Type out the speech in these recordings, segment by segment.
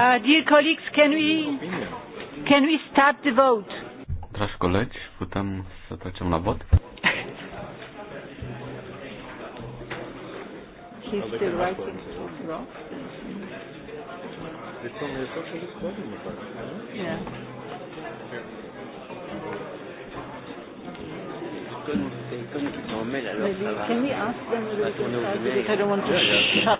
Uh, dear colleagues, can we, can we start the vote? Dragi colegi, putem să trecem la vot? He's still writing wrong. Yeah. Can we ask them to little Because I don't want to shut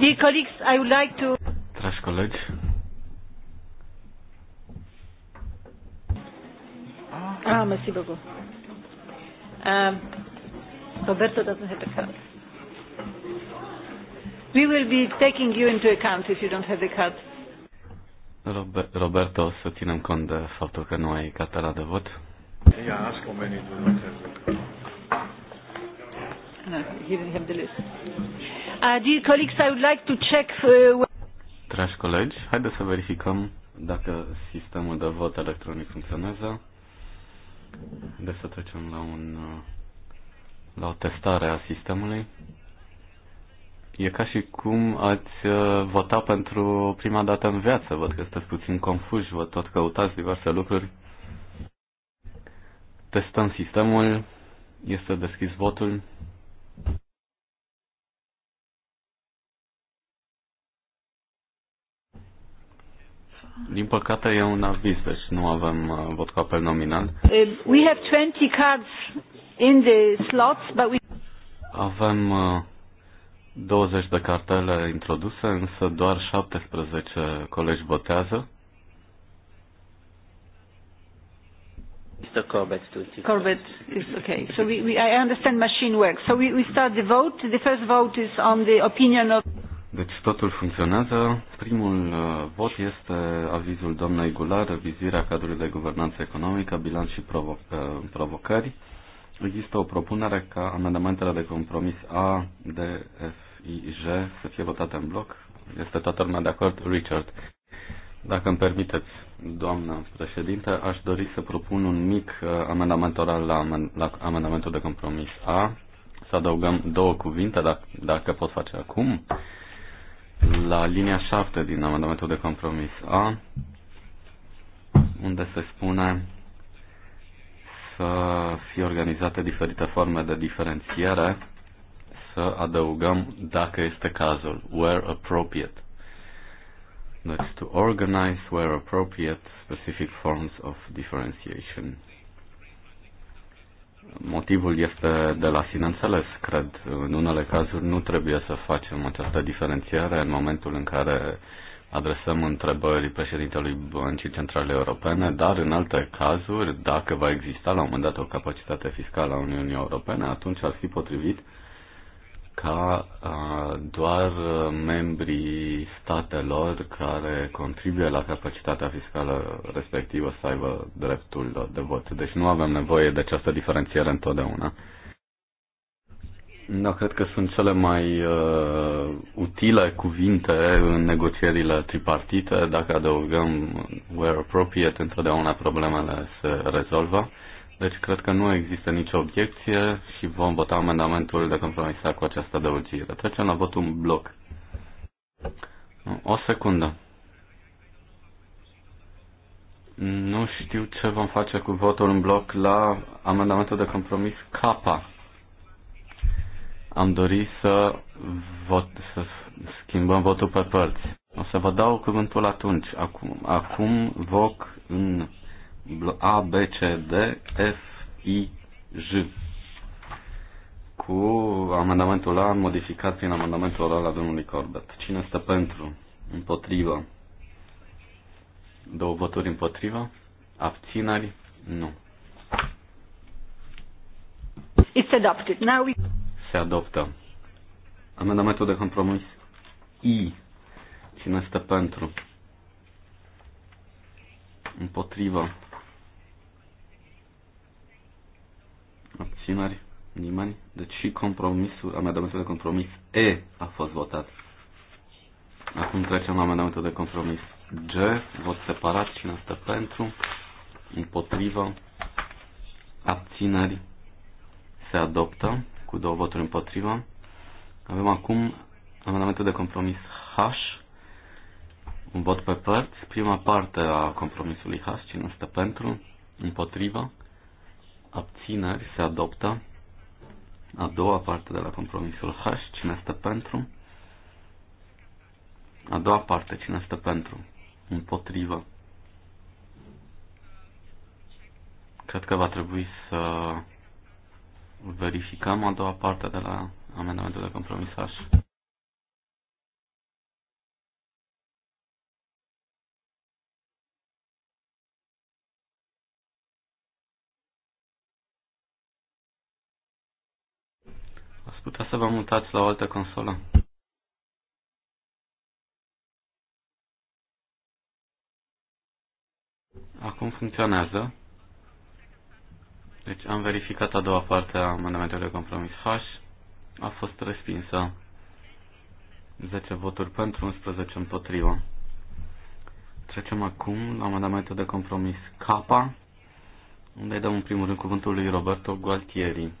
Dear colleagues, I would like to... Dragi colegi. Ah, mersi beaucoup. Um, Roberto doesn't have card. We will be taking you into account if you don't have card. Roberto, să ținem cont de faptul că nu ai la de vot. Yeah, ask how many do not have the card. No, he didn't have the list. Dragi colegi, haideți să verificăm dacă sistemul de vot electronic funcționează. Haideți să trecem la, un, uh, la o testare a sistemului. E ca și cum ați uh, vota pentru prima dată în viață. Văd că sunteți puțin confuși, vă tot căutați diverse lucruri. Testăm sistemul. Este deschis votul. Din păcate e un aviz, deci nu avem uh, vot cu apel nominal. Uh, we have 20 cards in the slots, but we... Avem uh, 20 de cartele introduse, însă doar 17 colegi votează. Mr. Corbett too. Corbett is okay. So we, we, I understand machine works. So we, we start the vote. The first vote is on the opinion of. Deci totul funcționează. Primul uh, vot este avizul doamnei Gular, revizirea cadrului de guvernanță economică, bilanț și provo- uh, provocări. Există o propunere ca amendamentele de compromis A, D, F, I, J să fie votate în bloc. Este toată lumea de acord? Richard. Dacă îmi permiteți, doamnă președinte, aș dori să propun un mic uh, amendament oral la, amen- la amendamentul de compromis A, să adăugăm două cuvinte, dacă, dacă pot face acum la linia 7 din amendamentul de compromis A, unde se spune să fie organizate diferite forme de diferențiere, să adăugăm dacă este cazul, where appropriate. Deci, to organize where appropriate specific forms of differentiation. Motivul este de la sine înțeles, cred. În unele cazuri nu trebuie să facem această diferențiere în momentul în care adresăm întrebări președintelui Băncii Centrale Europene, dar în alte cazuri, dacă va exista la un moment dat o capacitate fiscală a Uniunii Europene, atunci ar fi potrivit ca doar membrii statelor care contribuie la capacitatea fiscală respectivă să aibă dreptul de vot. Deci nu avem nevoie de această diferențiere întotdeauna. Da, cred că sunt cele mai uh, utile cuvinte în negocierile tripartite. Dacă adăugăm where appropriate, întotdeauna problemele se rezolvă. Deci cred că nu există nicio obiecție și vom vota amendamentul de compromis cu această adăugire. Trecem la votul în bloc. O secundă. Nu știu ce vom face cu votul în bloc la amendamentul de compromis K. Am dorit să, vot, să schimbăm votul pe părți. O să vă dau cuvântul atunci. Acum, acum voc în a, B, C, D, F, I, J. Cu amendamentul A modificat prin amendamentul oral al domnului Corbett. Cine este pentru? Împotrivă? Două voturi împotrivă? Abțineri? Nu. It's adopted. Now we... Se adoptă. Amendamentul de compromis I. Cine este pentru? Împotrivă. Abțineri? Nimeni? Deci și compromisul, amendamentul de compromis E a fost votat. Acum trecem la amendamentul de compromis G, vot separat, cine este pentru, împotrivă, abțineri, se adoptă cu două voturi împotrivă. Avem acum amendamentul de compromis H, un vot pe părți, prima parte a compromisului H, cine este pentru, împotrivă, abțineri se adoptă a doua parte de la compromisul H, cine este pentru, a doua parte, cine este pentru, împotrivă. Cred că va trebui să verificăm a doua parte de la amendamentul de compromis H. Ați putea să vă mutați la o altă consolă? Acum funcționează. Deci am verificat a doua parte a amendamentului de compromis H. A fost respinsă. 10 voturi pentru, 11 împotrivă. Trecem acum la amendamentul de compromis K, unde îi dăm în primul rând cuvântul lui Roberto Gualtieri.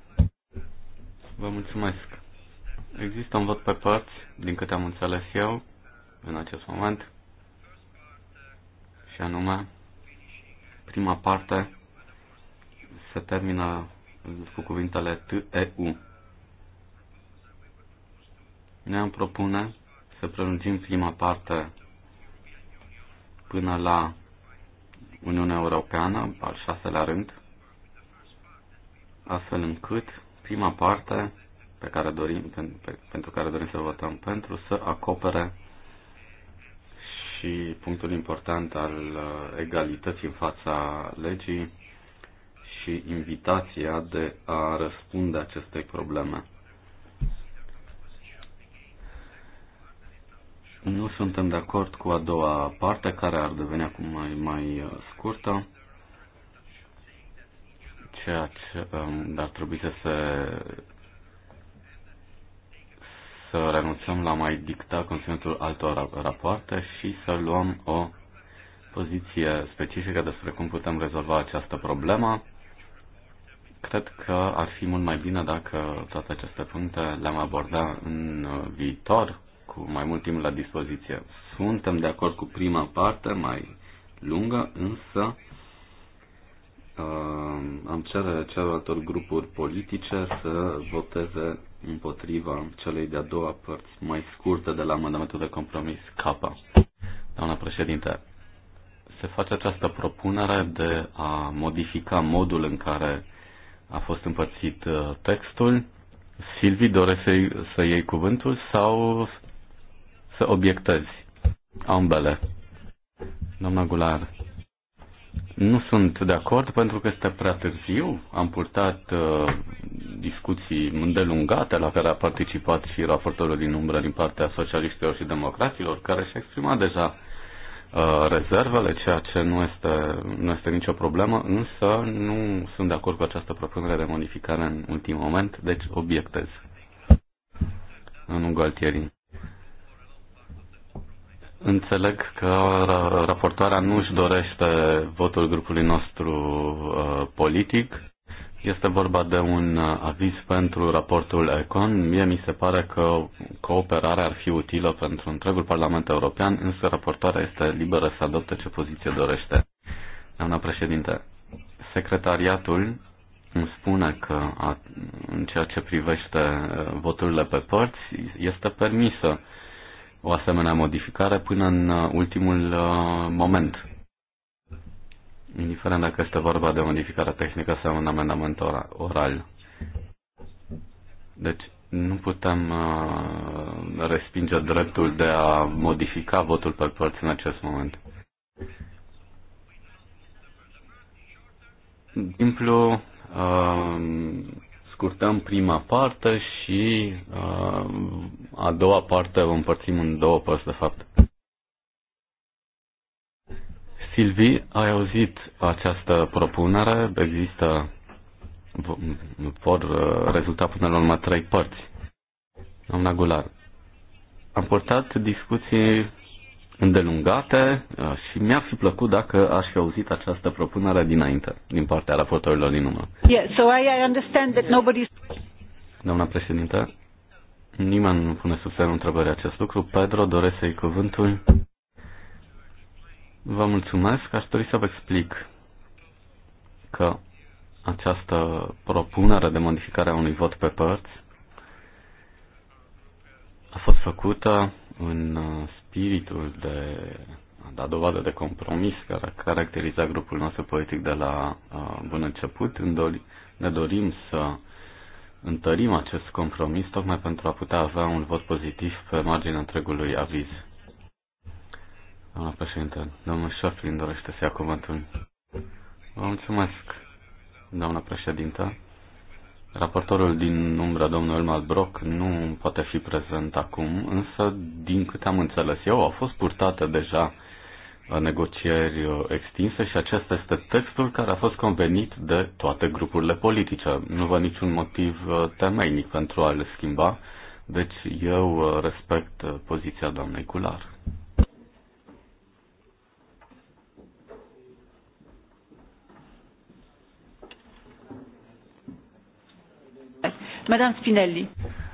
Vă mulțumesc. Există un vot pe părți, din câte am înțeles eu, în acest moment, și anume, prima parte se termină cu cuvintele TEU. Ne-am propune să prelungim prima parte până la Uniunea Europeană, al șaselea rând, astfel încât prima parte pe care dorim, pentru care dorim să votăm pentru să acopere și punctul important al uh, egalității în fața legii și invitația de a răspunde acestei probleme. Nu suntem de acord cu a doua parte, care ar deveni acum mai, mai uh, scurtă, ceea ce um, ar trebui să se să renunțăm la mai dicta conținutul altor rapoarte și să luăm o poziție specifică despre cum putem rezolva această problemă. Cred că ar fi mult mai bine dacă toate aceste puncte le-am aborda în viitor, cu mai mult timp la dispoziție. Suntem de acord cu prima parte, mai lungă, însă Um, am cere celorlaltor grupuri politice să voteze împotriva celei de-a doua părți mai scurte de la amendamentul de compromis K. Doamna președinte, se face această propunere de a modifica modul în care a fost împărțit uh, textul. Silvi, doresc să, să iei cuvântul sau să obiectezi? Ambele. Doamna Gular, nu sunt de acord pentru că este prea târziu. Am purtat uh, discuții îndelungate la care a participat și raportorul din umbră din partea socialiștilor și democraților, care și-a exprimat deja uh, rezervele, ceea ce nu este, nu este nicio problemă, însă nu sunt de acord cu această propunere de modificare în ultim moment, deci obiectez. În Gualtieri. Înțeleg că raportoarea nu își dorește votul grupului nostru uh, politic. Este vorba de un uh, aviz pentru raportul ECON. Mie mi se pare că cooperarea ar fi utilă pentru întregul Parlament European, însă raportoarea este liberă să adopte ce poziție dorește. Doamna președinte, secretariatul îmi spune că a, în ceea ce privește uh, voturile pe părți este permisă o asemenea modificare până în uh, ultimul uh, moment. Indiferent dacă este vorba de o modificare tehnică sau un amendament oral. Deci, nu putem uh, respinge dreptul de a modifica votul pe părți în acest moment. Simplu, scurtăm prima parte și uh, a doua parte o împărțim în două părți, de fapt. Silvi, ai auzit această propunere? Există, vor uh, rezulta până la urmă trei părți. Domnul Gular, am portat discuții îndelungate uh, și mi-ar fi plăcut dacă aș fi auzit această propunere dinainte, din partea raportorilor din urmă. Yeah, so I, I understand that nobody... Doamna președinte, nimeni nu pune sub semnul întrebării acest lucru. Pedro, doresc să-i cuvântul. Vă mulțumesc. Aș dori să vă explic că această propunere de modificare a unui vot pe părți a fost făcută în uh, spiritul de a da dovadă de compromis care a caracterizat grupul nostru politic de la uh, bun început. ne dorim să întărim acest compromis tocmai pentru a putea avea un vot pozitiv pe marginea întregului aviz. Doamna președinte, domnul Șoflin dorește să ia cuvântul. Vă mulțumesc, doamna președinte. Raportorul din umbra domnul Elmar Brock, nu poate fi prezent acum, însă, din câte am înțeles eu, au fost purtate deja uh, negocieri uh, extinse și acesta este textul care a fost convenit de toate grupurile politice. Nu văd niciun motiv uh, temeinic pentru a le schimba, deci eu respect poziția doamnei Cular. Madame Spinelli.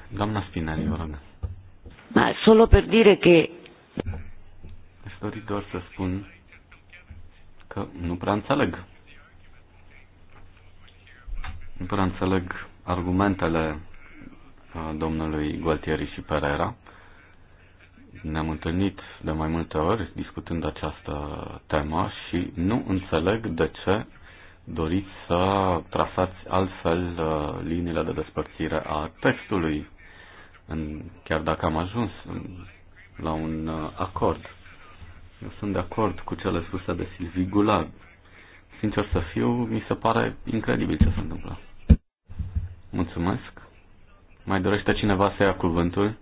Doamna Spinelli, vă rog. Ma da, solo per dire che... Aș doar să spun că nu prea înțeleg. Nu prea înțeleg argumentele uh, domnului Gualtieri și Pereira. Ne-am întâlnit de mai multe ori discutând această temă și nu înțeleg de ce doriți să trasați altfel uh, liniile de despărțire a textului, în, chiar dacă am ajuns la un uh, acord. Eu sunt de acord cu cele spuse de Silvii Gulag. Sincer să fiu, mi se pare incredibil ce se întâmplă. Mulțumesc. Mai dorește cineva să ia cuvântul?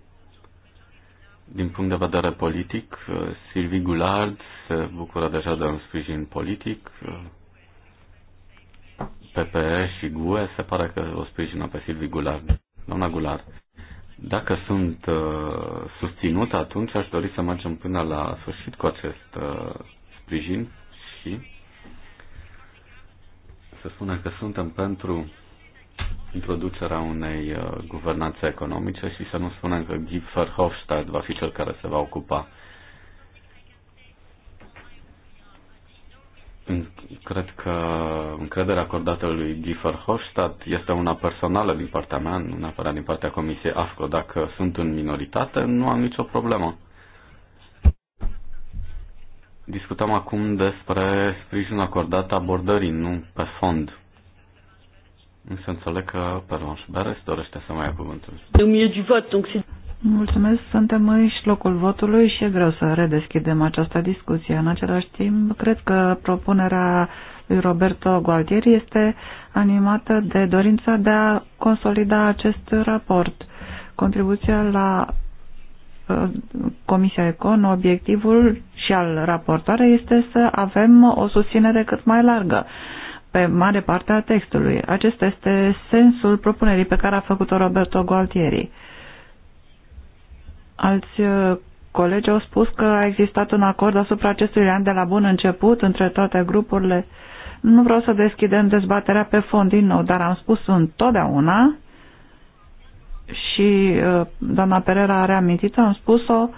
Din punct de vedere politic, uh, Silvi Gulard se bucură deja de un sprijin politic. PPE și GUE se pare că o sprijină pe Silvi Gular. Doamna Gular, dacă sunt uh, susținut, atunci aș dori să mergem până la sfârșit cu acest uh, sprijin și să spunem că suntem pentru introducerea unei uh, guvernanțe economice și să nu spunem că Guy Verhofstadt va fi cel care se va ocupa Cred că încrederea acordată lui Giefer Hofstadt este una personală din partea mea, nu neapărat din partea Comisiei AFCO. Dacă sunt în minoritate, nu am nicio problemă. Discutăm acum despre sprijinul acordat abordării, nu pe fond. se înțeleg că Pervanș Beres dorește să mai ia cuvântul. Mulțumesc, suntem în locul votului și e greu să redeschidem această discuție. În același timp, cred că propunerea lui Roberto Gualtieri este animată de dorința de a consolida acest raport. Contribuția la uh, Comisia Econ, obiectivul și al raportoarei este să avem o susținere cât mai largă pe mare parte a textului. Acesta este sensul propunerii pe care a făcut-o Roberto Gualtieri Alți uh, colegi au spus că a existat un acord asupra acestui an de la bun început între toate grupurile. Nu vreau să deschidem dezbaterea pe fond din nou, dar am spus întotdeauna și uh, doamna Perera a reamintit, am spus-o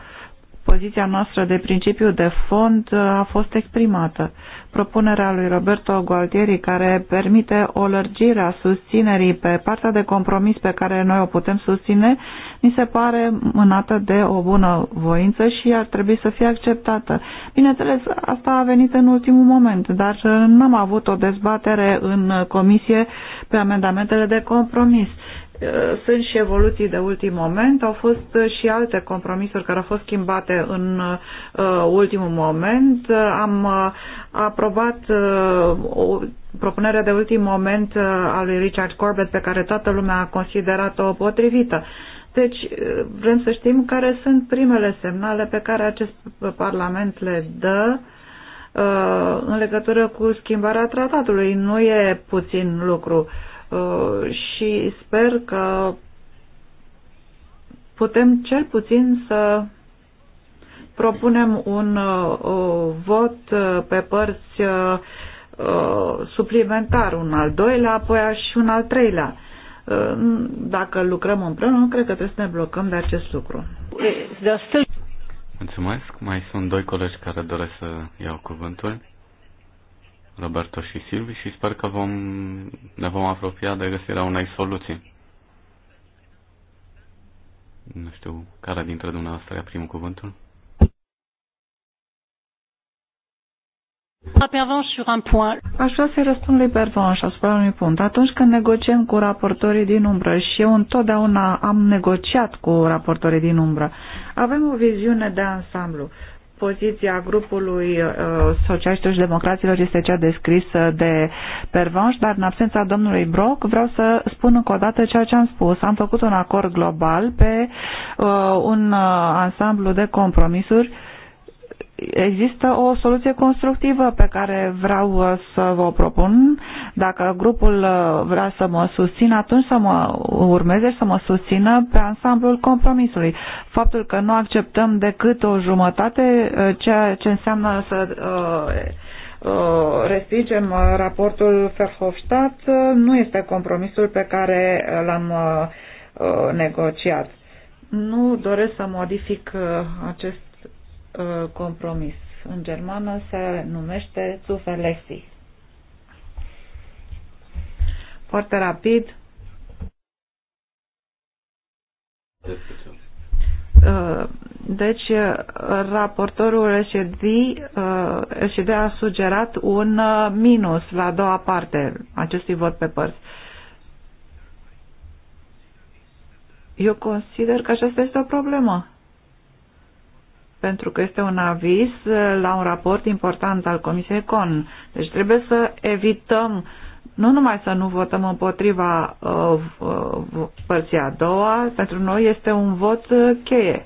poziția noastră de principiu de fond uh, a fost exprimată. Propunerea lui Roberto Gualtieri, care permite o lărgire a susținerii pe partea de compromis pe care noi o putem susține, mi se pare mânată de o bună voință și ar trebui să fie acceptată. Bineînțeles, asta a venit în ultimul moment, dar uh, n-am avut o dezbatere în comisie pe amendamentele de compromis. Eh, sunt și evoluții de ultim moment, au fost eh, și alte compromisuri care au fost schimbate în eh, ultimul moment. Am aprobat o propunere de ultim moment a lui Richard Corbett pe care toată lumea a considerat-o potrivită. Deci vrem să știm care sunt primele semnale pe care acest Parlament le dă în legătură cu schimbarea tratatului. Nu e puțin lucru. Uh, Uh, și sper că putem cel puțin să propunem un uh, vot uh, pe părți suplimentar, un al doilea, apoi și un al treilea. Dacă lucrăm împreună, nu cred că trebuie să ne blocăm de acest lucru. Mulțumesc. Mai sunt doi colegi care doresc să iau cuvântul. Roberto și Silvi și sper că vom, ne vom apropia de găsirea unei soluții. Nu știu care dintre dumneavoastră ia primul cuvântul. Aș vrea să-i răspund lui și asupra unui punct. Atunci când negociem cu raportorii din umbră și eu întotdeauna am negociat cu raportorii din umbră, avem o viziune de ansamblu. Poziția grupului uh, socialiștilor și democraților este cea descrisă de Pervanș, dar în absența domnului Brock vreau să spun încă o dată ceea ce am spus. Am făcut un acord global pe uh, un uh, ansamblu de compromisuri uh, Există o soluție constructivă pe care vreau uh, să vă propun. Dacă grupul uh, vrea să mă susțină, atunci să mă urmeze, să mă susțină pe ansamblul compromisului. Faptul că nu acceptăm decât o jumătate, uh, ceea ce înseamnă să respingem raportul Verhofstadt, nu este compromisul pe care l-am negociat. Nu doresc să modific acest Uh, compromis. În germană se numește Zuverlässig. Foarte rapid. Uh, deci, raportorul SED, uh, a sugerat un minus la a doua parte acestui vot pe părți. Eu consider că aceasta este o problemă pentru că este un aviz eh, la un raport important al Comisiei CON. Deci trebuie să evităm nu numai să nu votăm împotriva uh, uh, părții a doua, pentru noi este un vot cheie.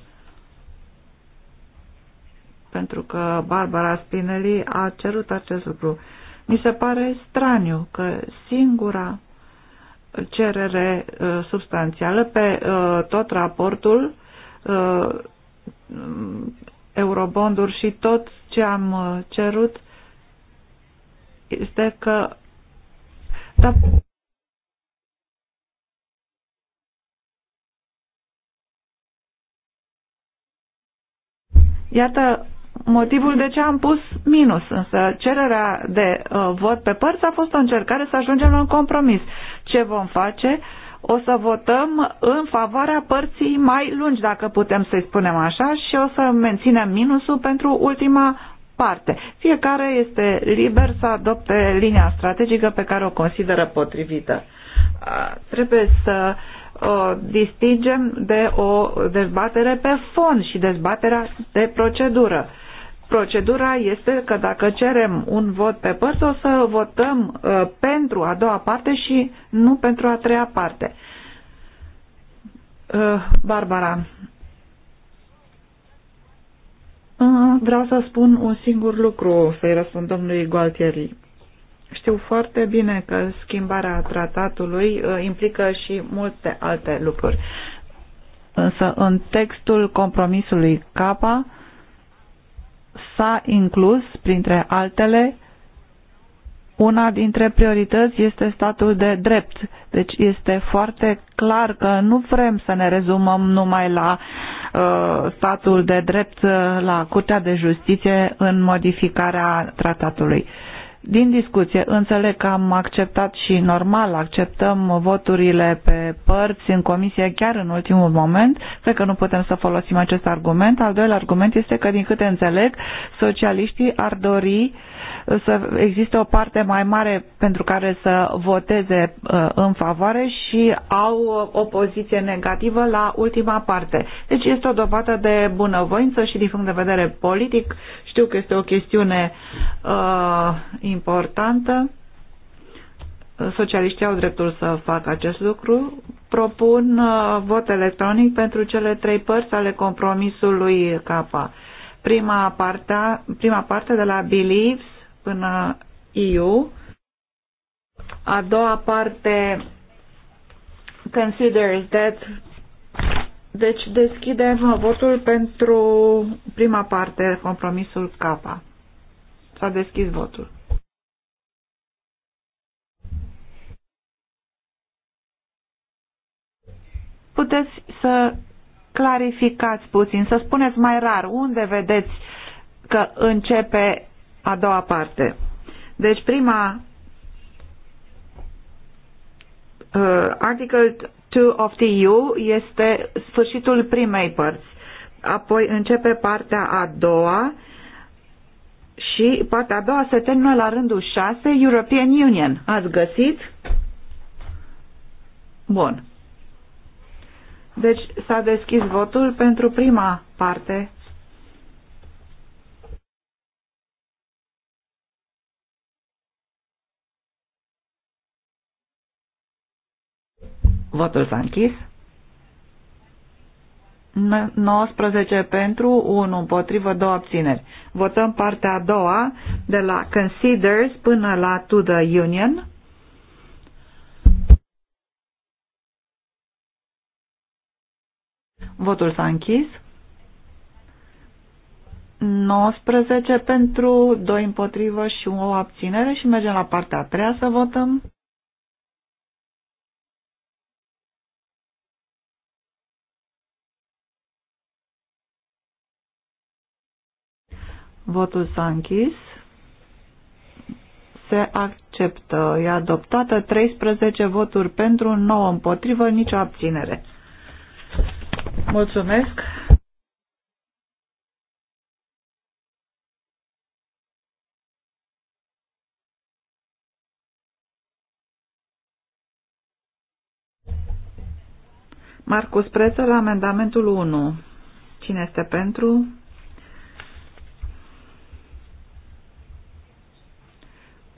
Pentru că Barbara Spinelli a cerut acest lucru. Mi se pare straniu că singura cerere uh, substanțială pe uh, tot raportul uh, Mm, eurobonduri și tot ce am uh, cerut este că da, Iată motivul de ce am pus minus, însă cererea de uh, vot pe părți a fost o încercare să ajungem la un compromis. Ce vom face? Uh, o să votăm în favoarea părții mai lungi, dacă putem să-i spunem așa, și o să menținem minusul pentru ultima parte. Fiecare este liber să adopte linia strategică pe care o consideră potrivită. Trebuie să o distingem de o dezbatere pe fond și dezbaterea de procedură. Procedura este că dacă cerem un vot pe părți, o să votăm uh, pentru a doua parte și nu pentru a treia parte. Uh, Barbara, uh, vreau să spun un singur lucru, să-i răspund domnului Gualtieri. Știu foarte bine că schimbarea tratatului uh, implică și multe alte lucruri. Însă în textul compromisului CAPA s-a inclus, printre altele, una dintre priorități este statul de drept. Deci este foarte clar că nu vrem să ne rezumăm numai la uh, statul de drept uh, la Curtea de Justiție în modificarea tratatului. Uh, din discuție, înțeleg că am acceptat și normal, acceptăm voturile pe părți în comisie chiar în ultimul moment. Cred că nu putem să folosim acest argument. Al doilea argument este că, din câte înțeleg, socialiștii ar dori uh, să existe o parte mai mare pentru care să voteze uh, în favoare și au o poziție negativă la ultima parte. Deci este o dovadă de bunăvoință și din punct de vedere politic. Știu că este o chestiune uh, importantă. Socialiștii au dreptul să facă acest lucru. Propun uh, vot electronic pentru cele trei părți ale compromisului CAPA prima parte, prima parte de la Beliefs până EU. A doua parte considers that deci deschidem votul pentru prima parte, compromisul K. S-a deschis votul. Puteți să clarificați puțin, să spuneți mai rar unde vedeți că începe a doua parte. Deci prima uh, Article 2 of the EU este sfârșitul primei părți. Apoi începe partea a doua și partea a doua se termină la rândul 6, European Union. Ați găsit? Bun. Deci s-a deschis votul pentru prima parte Votul s-a închis. 19 pentru, 1 împotrivă, 2 abțineri. Votăm partea a doua de la Considers până la To the Union. Votul s-a închis. 19 pentru, 2 împotrivă și 1 abținere și mergem la partea a treia să votăm. Votul s-a închis. Se acceptă. E adoptată 13 voturi pentru, 9 împotrivă, nicio abținere. Mulțumesc. Marcus la amendamentul 1. Cine este pentru?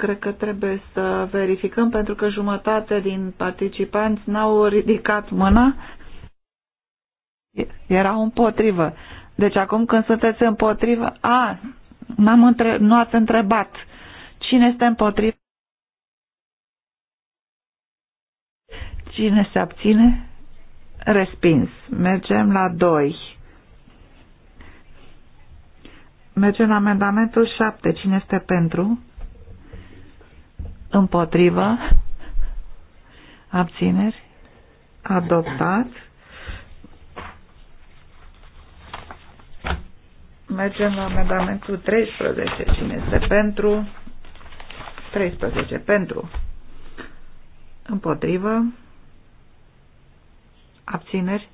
cred că trebuie să verificăm pentru că jumătate din participanți n-au ridicat mâna. Erau împotrivă. Deci acum când sunteți împotrivă, a, -am între, nu ați întrebat cine este împotrivă. Cine se abține? Respins. Mergem la 2. Mergem la amendamentul 7. Cine este pentru? împotrivă, abțineri, adoptat. Mergem la amendamentul 13. Cine este pentru? 13. Pentru. Împotrivă. Abțineri.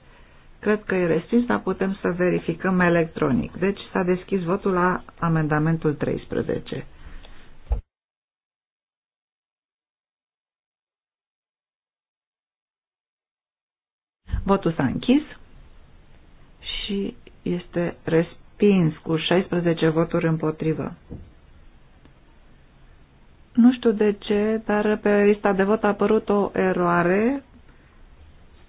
Cred că e respins, dar putem să verificăm electronic. Deci s-a deschis votul la amendamentul 13. Votul s-a închis și este respins cu 16 voturi împotrivă. Nu știu de ce, dar pe lista de vot a apărut o eroare,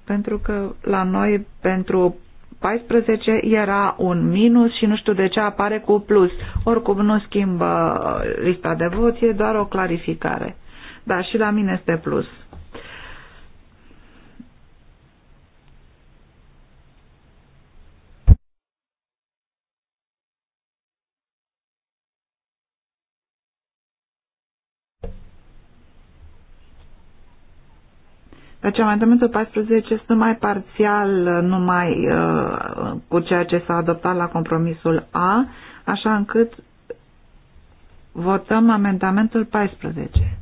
pentru că la noi pentru 14 era un minus și nu știu de ce apare cu plus. Oricum nu schimbă uh, lista de vot, e doar o clarificare. Dar și la mine este plus. Facem deci amendamentul 14 este numai parțial, numai uh, cu ceea ce s-a adoptat la compromisul A, așa încât votăm amendamentul 14.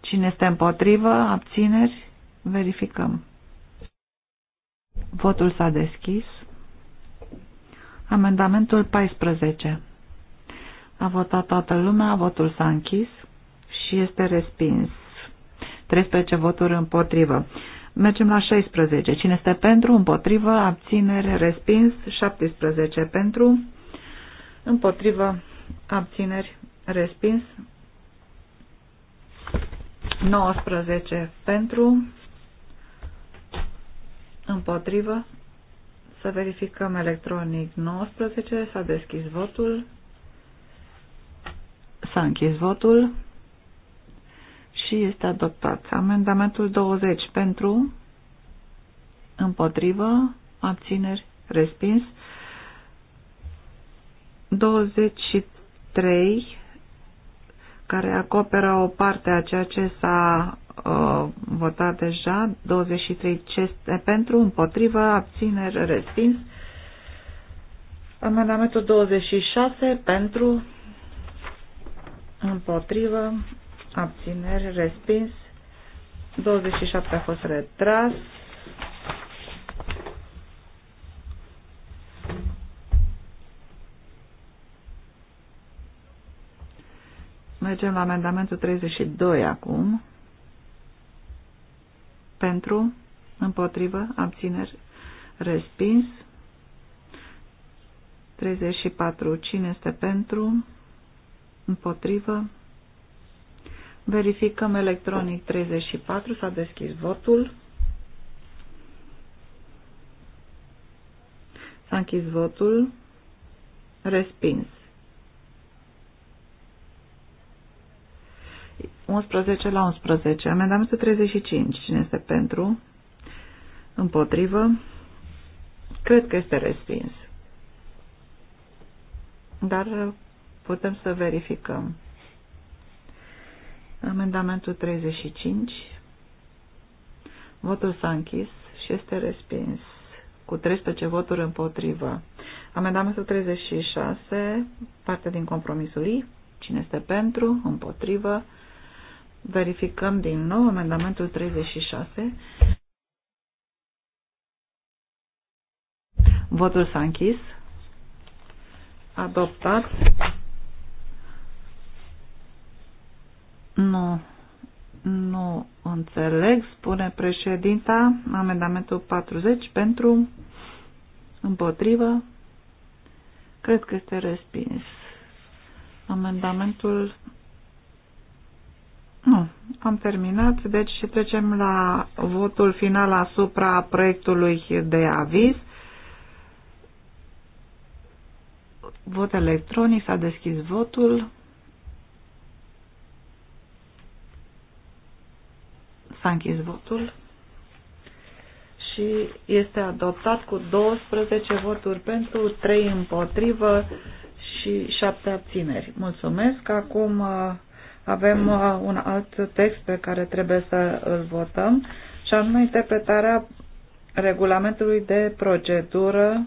Cine este împotrivă, abțineri, verificăm. Votul s-a deschis. Amendamentul 14. A votat toată lumea, votul s-a închis și este respins. 13 voturi împotrivă. Mergem la 16. Cine este pentru, împotrivă, abținere, respins. 17 pentru, împotrivă, abțineri, respins. 19 pentru, împotrivă. Să verificăm electronic 19. S-a deschis votul. S-a închis votul și este adoptat. Amendamentul 20 pentru, împotrivă, abțineri, respins. 23 care acoperă o parte a ceea ce s-a uh, votat deja, 23 ce pentru, împotrivă, abțineri, respins. Amendamentul 26 pentru, împotrivă, abțineri, respins. 27 a fost retras. Mergem la amendamentul 32 acum. Pentru, împotrivă, abțineri, respins. 34. Cine este pentru? Împotrivă, Verificăm electronic 34, s-a deschis votul. S-a închis votul. Respins. 11 la 11. Amendamentul 35. Cine este pentru? Împotrivă? Cred că este respins. Dar putem să verificăm. Amendamentul 35. Votul s-a închis și este respins cu 13 voturi împotrivă. Amendamentul 36, parte din compromisul I. Cine este pentru? Împotrivă. Verificăm din nou amendamentul 36. Votul s-a închis. Adoptat Nu, nu înțeleg, spune președinta, amendamentul 40 pentru, împotrivă, cred că este respins. Amendamentul nu, am terminat, deci și trecem la votul final asupra proiectului de aviz. Vot electronic, s-a deschis votul. S-a închis votul și este adoptat cu 12 voturi pentru, 3 împotrivă și 7 abțineri. Mulțumesc. Acum uh, avem uh, un alt text pe care trebuie să îl votăm și anume interpretarea regulamentului de procedură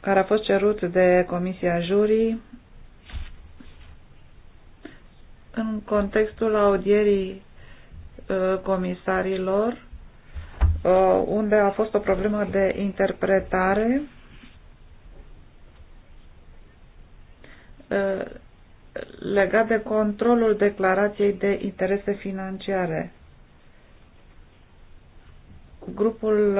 care a fost cerut de Comisia Jurii în contextul audierii Uh, comisarilor, uh, unde a fost o problemă de interpretare. Uh, legat de controlul declarației de interese financiare. Grupul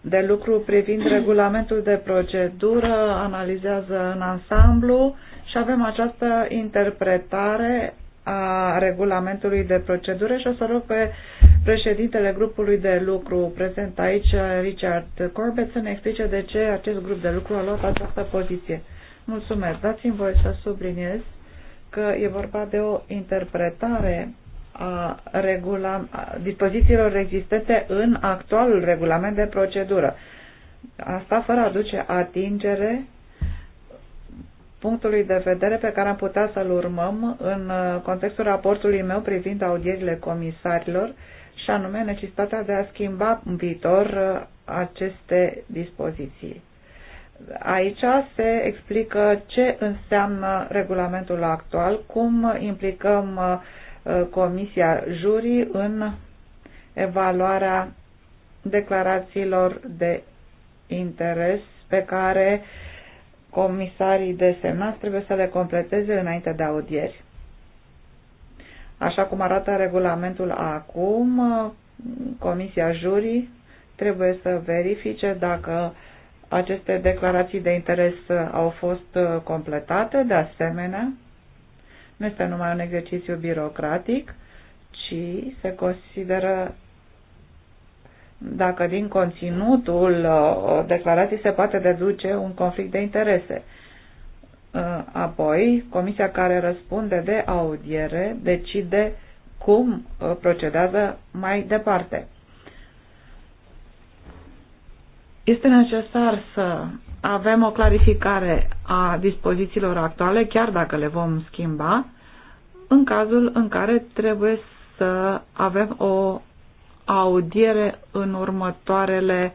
de lucru privind regulamentul de procedură analizează în ansamblu și avem această interpretare a regulamentului de procedură și o să rog pe președintele grupului de lucru prezent aici, Richard Corbett, să ne explice de ce acest grup de lucru a luat această poziție. Mulțumesc. Dați-mi voie să subliniez că e vorba de o interpretare a, regula, a dispozițiilor existente în actualul regulament de procedură. Asta fără a aduce atingere punctului de vedere pe care am putea să-l urmăm în uh, contextul raportului meu privind audierile comisarilor și anume necesitatea de a schimba în viitor uh, aceste dispoziții. Aici se explică ce înseamnă regulamentul actual, cum implicăm uh, Comisia Jurii în evaluarea declarațiilor de interes pe care uh, comisarii desemnați trebuie să le completeze înainte de audieri. Așa cum arată regulamentul acum, Comisia Jurii trebuie să verifice dacă aceste declarații de interes au fost completate. De asemenea, nu este numai un exercițiu birocratic, ci se consideră dacă din conținutul uh, declarației se poate deduce un conflict de interese. Uh, apoi, comisia care răspunde de audiere decide cum uh, procedează mai departe. Este necesar să avem o clarificare a dispozițiilor actuale, chiar dacă le vom schimba, în cazul în care trebuie să avem o audiere în următoarele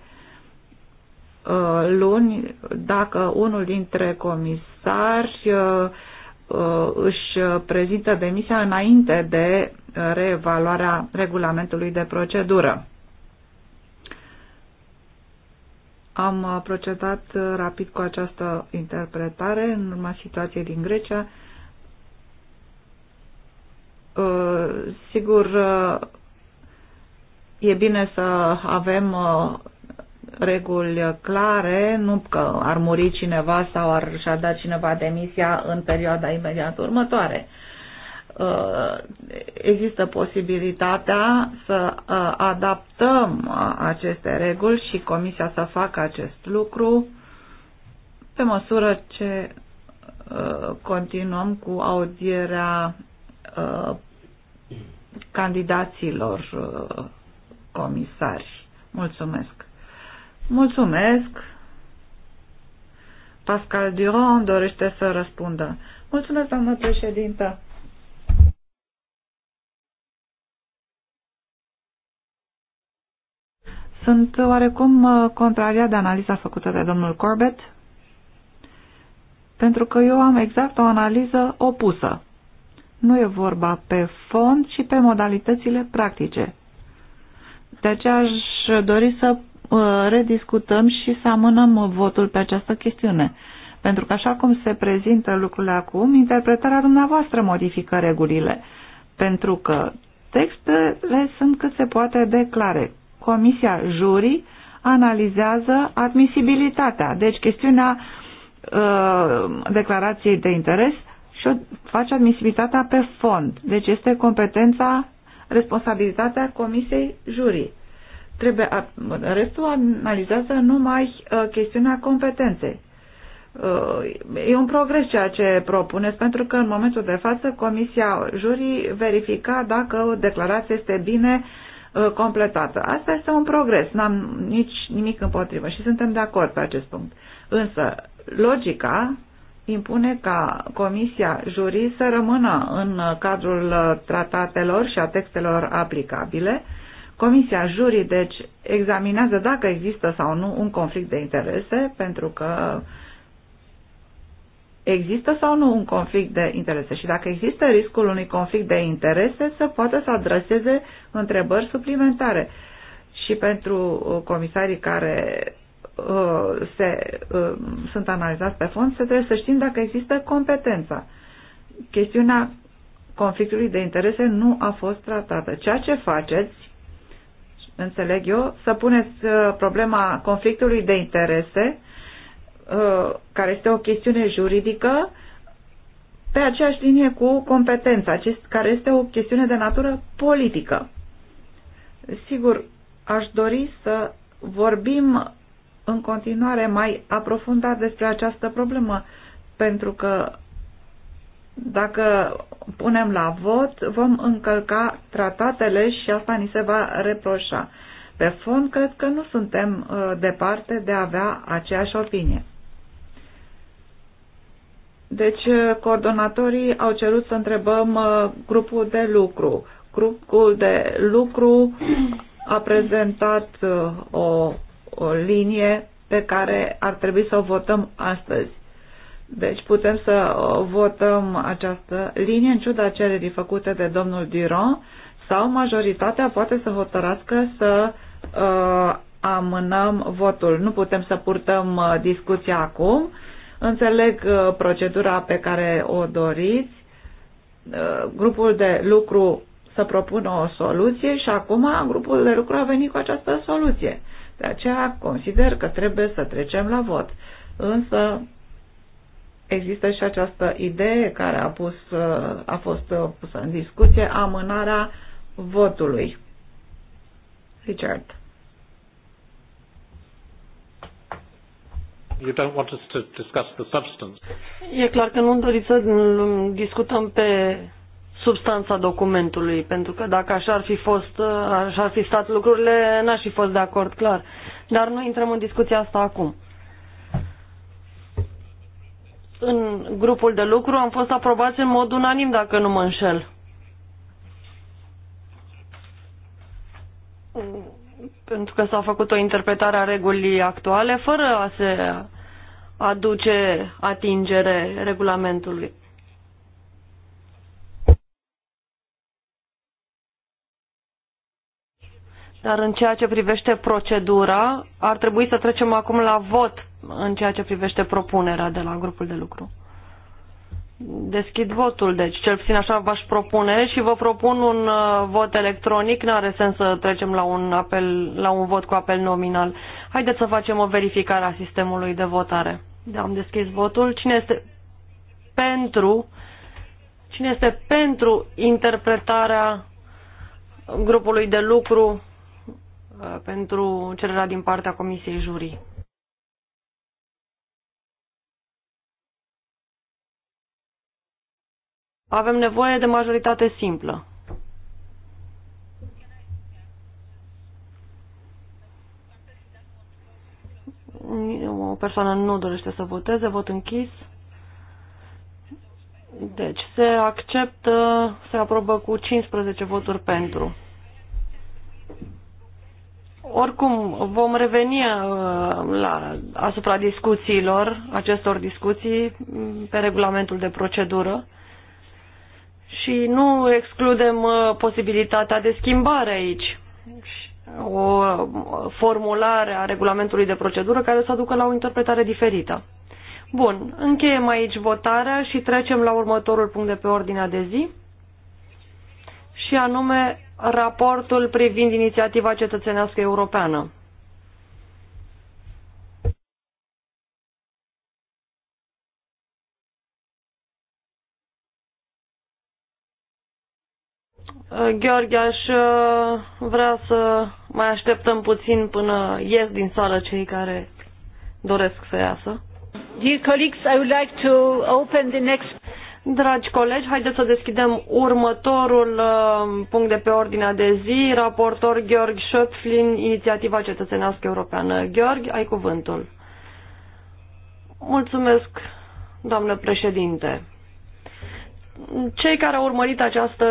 uh, luni dacă unul dintre comisari uh, uh, își prezintă demisia înainte de reevaluarea regulamentului de procedură. Am procedat rapid cu această interpretare în urma situației din Grecia. Sigur, E bine să avem uh, reguli clare, nu că ar muri cineva sau ar și-a dat cineva demisia în perioada imediat următoare. Uh, există posibilitatea să uh, adaptăm aceste reguli și Comisia să facă acest lucru pe măsură ce continuăm cu audierea candidaților comisari. Mulțumesc! Mulțumesc! Pascal Durand dorește să răspundă. Mulțumesc, doamnă președintă! Sunt oarecum uh, contraria de analiza făcută de domnul Corbett, pentru că eu am exact o analiză opusă. Nu e vorba pe fond, ci pe modalitățile practice de deci aceea aș dori să uh, rediscutăm și să amânăm votul pe această chestiune. Pentru că așa cum se prezintă lucrurile acum, interpretarea dumneavoastră modifică regulile. Pentru că textele sunt cât se poate de clare. Comisia jurii analizează admisibilitatea, deci chestiunea uh, declarației de interes și o face admisibilitatea pe fond. Deci este competența responsabilitatea Comisiei Jurii. Trebuie, restul analizează numai ă, chestiunea competenței. Ă, e un progres ceea ce propuneți, pentru că în momentul de față Comisia Jurii verifica dacă o declarație este bine ă, completată. Asta este un progres, n-am nici nimic împotrivă și suntem de acord pe acest punct. Însă, logica impune ca Comisia Jurii să rămână în cadrul tratatelor și a textelor aplicabile. Comisia Jurii, deci, examinează dacă există sau nu un conflict de interese, pentru că există sau nu un conflict de interese și dacă există riscul unui conflict de interese, să poată să adreseze întrebări suplimentare. Și pentru comisarii care Uh, se, uh, sunt analizați pe fond, se trebuie să știm dacă există competența. Chestiunea conflictului de interese nu a fost tratată. Ceea ce faceți, înțeleg eu, să puneți uh, problema conflictului de interese, care este o chestiune juridică, pe aceeași linie cu competența, care este o chestiune de natură politică. Sigur, aș dori să vorbim în continuare mai aprofundat despre această problemă, pentru că dacă punem la vot, vom încălca tratatele și asta ni se va reproșa. Pe fond, cred că nu suntem uh, departe de a avea aceeași opinie. Deci, uh, coordonatorii au cerut să întrebăm uh, grupul de lucru. Grupul de lucru a prezentat uh, o o linie pe care ar trebui să o votăm astăzi. Deci putem să votăm această linie în ciuda cererii făcute de domnul Diron sau majoritatea poate să hotărască să uh, amânăm votul. Nu putem să purtăm uh, discuția acum. Înțeleg uh, procedura pe care o doriți. Uh, grupul de lucru să propună o soluție și acum grupul de lucru a venit cu această soluție. De aceea consider că trebuie să trecem la vot. Însă există și această idee care a, pus, a fost pusă în discuție, amânarea votului. Richard. You don't want us to discuss the substance. E clar că nu doriți să discutăm pe substanța documentului, pentru că dacă așa ar fi fost, așa ar fi stat lucrurile, n-aș fi fost de acord clar. Dar nu intrăm în discuția asta acum. În grupul de lucru am fost aprobați în mod unanim, dacă nu mă înșel. Pentru că s-a făcut o interpretare a regulii actuale fără a se aduce atingere regulamentului. Dar în ceea ce privește procedura, ar trebui să trecem acum la vot în ceea ce privește propunerea de la grupul de lucru. Deschid votul, deci cel puțin așa v-aș propune și vă propun un uh, vot electronic, nu are sens să trecem la un, apel, la un vot cu apel nominal. Haideți să facem o verificare a sistemului de votare. Da, am deschis votul. Cine este pentru, cine este pentru interpretarea grupului de lucru Uh, pentru cererea din partea Comisiei Jurii. Avem nevoie de majoritate simplă. O persoană nu dorește să voteze, vot închis. Deci se acceptă, se aprobă cu 15 voturi pentru. Oricum, vom reveni uh, la, asupra discuțiilor, acestor discuții, mm, pe regulamentul de procedură și nu excludem uh, posibilitatea de schimbare aici. Uh, o formulare a regulamentului de procedură care să aducă la o interpretare diferită. Bun, încheiem aici votarea și trecem la următorul punct de pe ordinea de zi și anume raportul privind inițiativa cetățenească europeană. Gheorghe, aș uh, vrea să mai așteptăm puțin până ies din sală cei care doresc să iasă. Dear colleagues, I would like to open the next Dragi colegi, haideți să deschidem următorul uh, punct de pe ordinea de zi, raportor Gheorg Schöpflin, Inițiativa Cetățenească Europeană. Gheorg, ai cuvântul. Mulțumesc, doamnă președinte. Cei care au urmărit această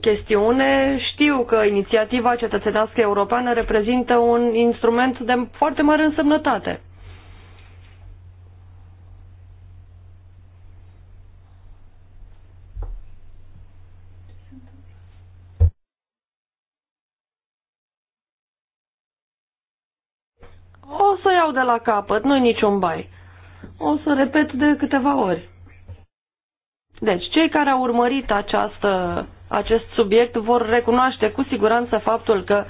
chestiune știu că inițiativa cetățenească europeană reprezintă un instrument de foarte mare însemnătate iau de la capăt, nu-i niciun bai. O să repet de câteva ori. Deci, cei care au urmărit această, acest subiect vor recunoaște cu siguranță faptul că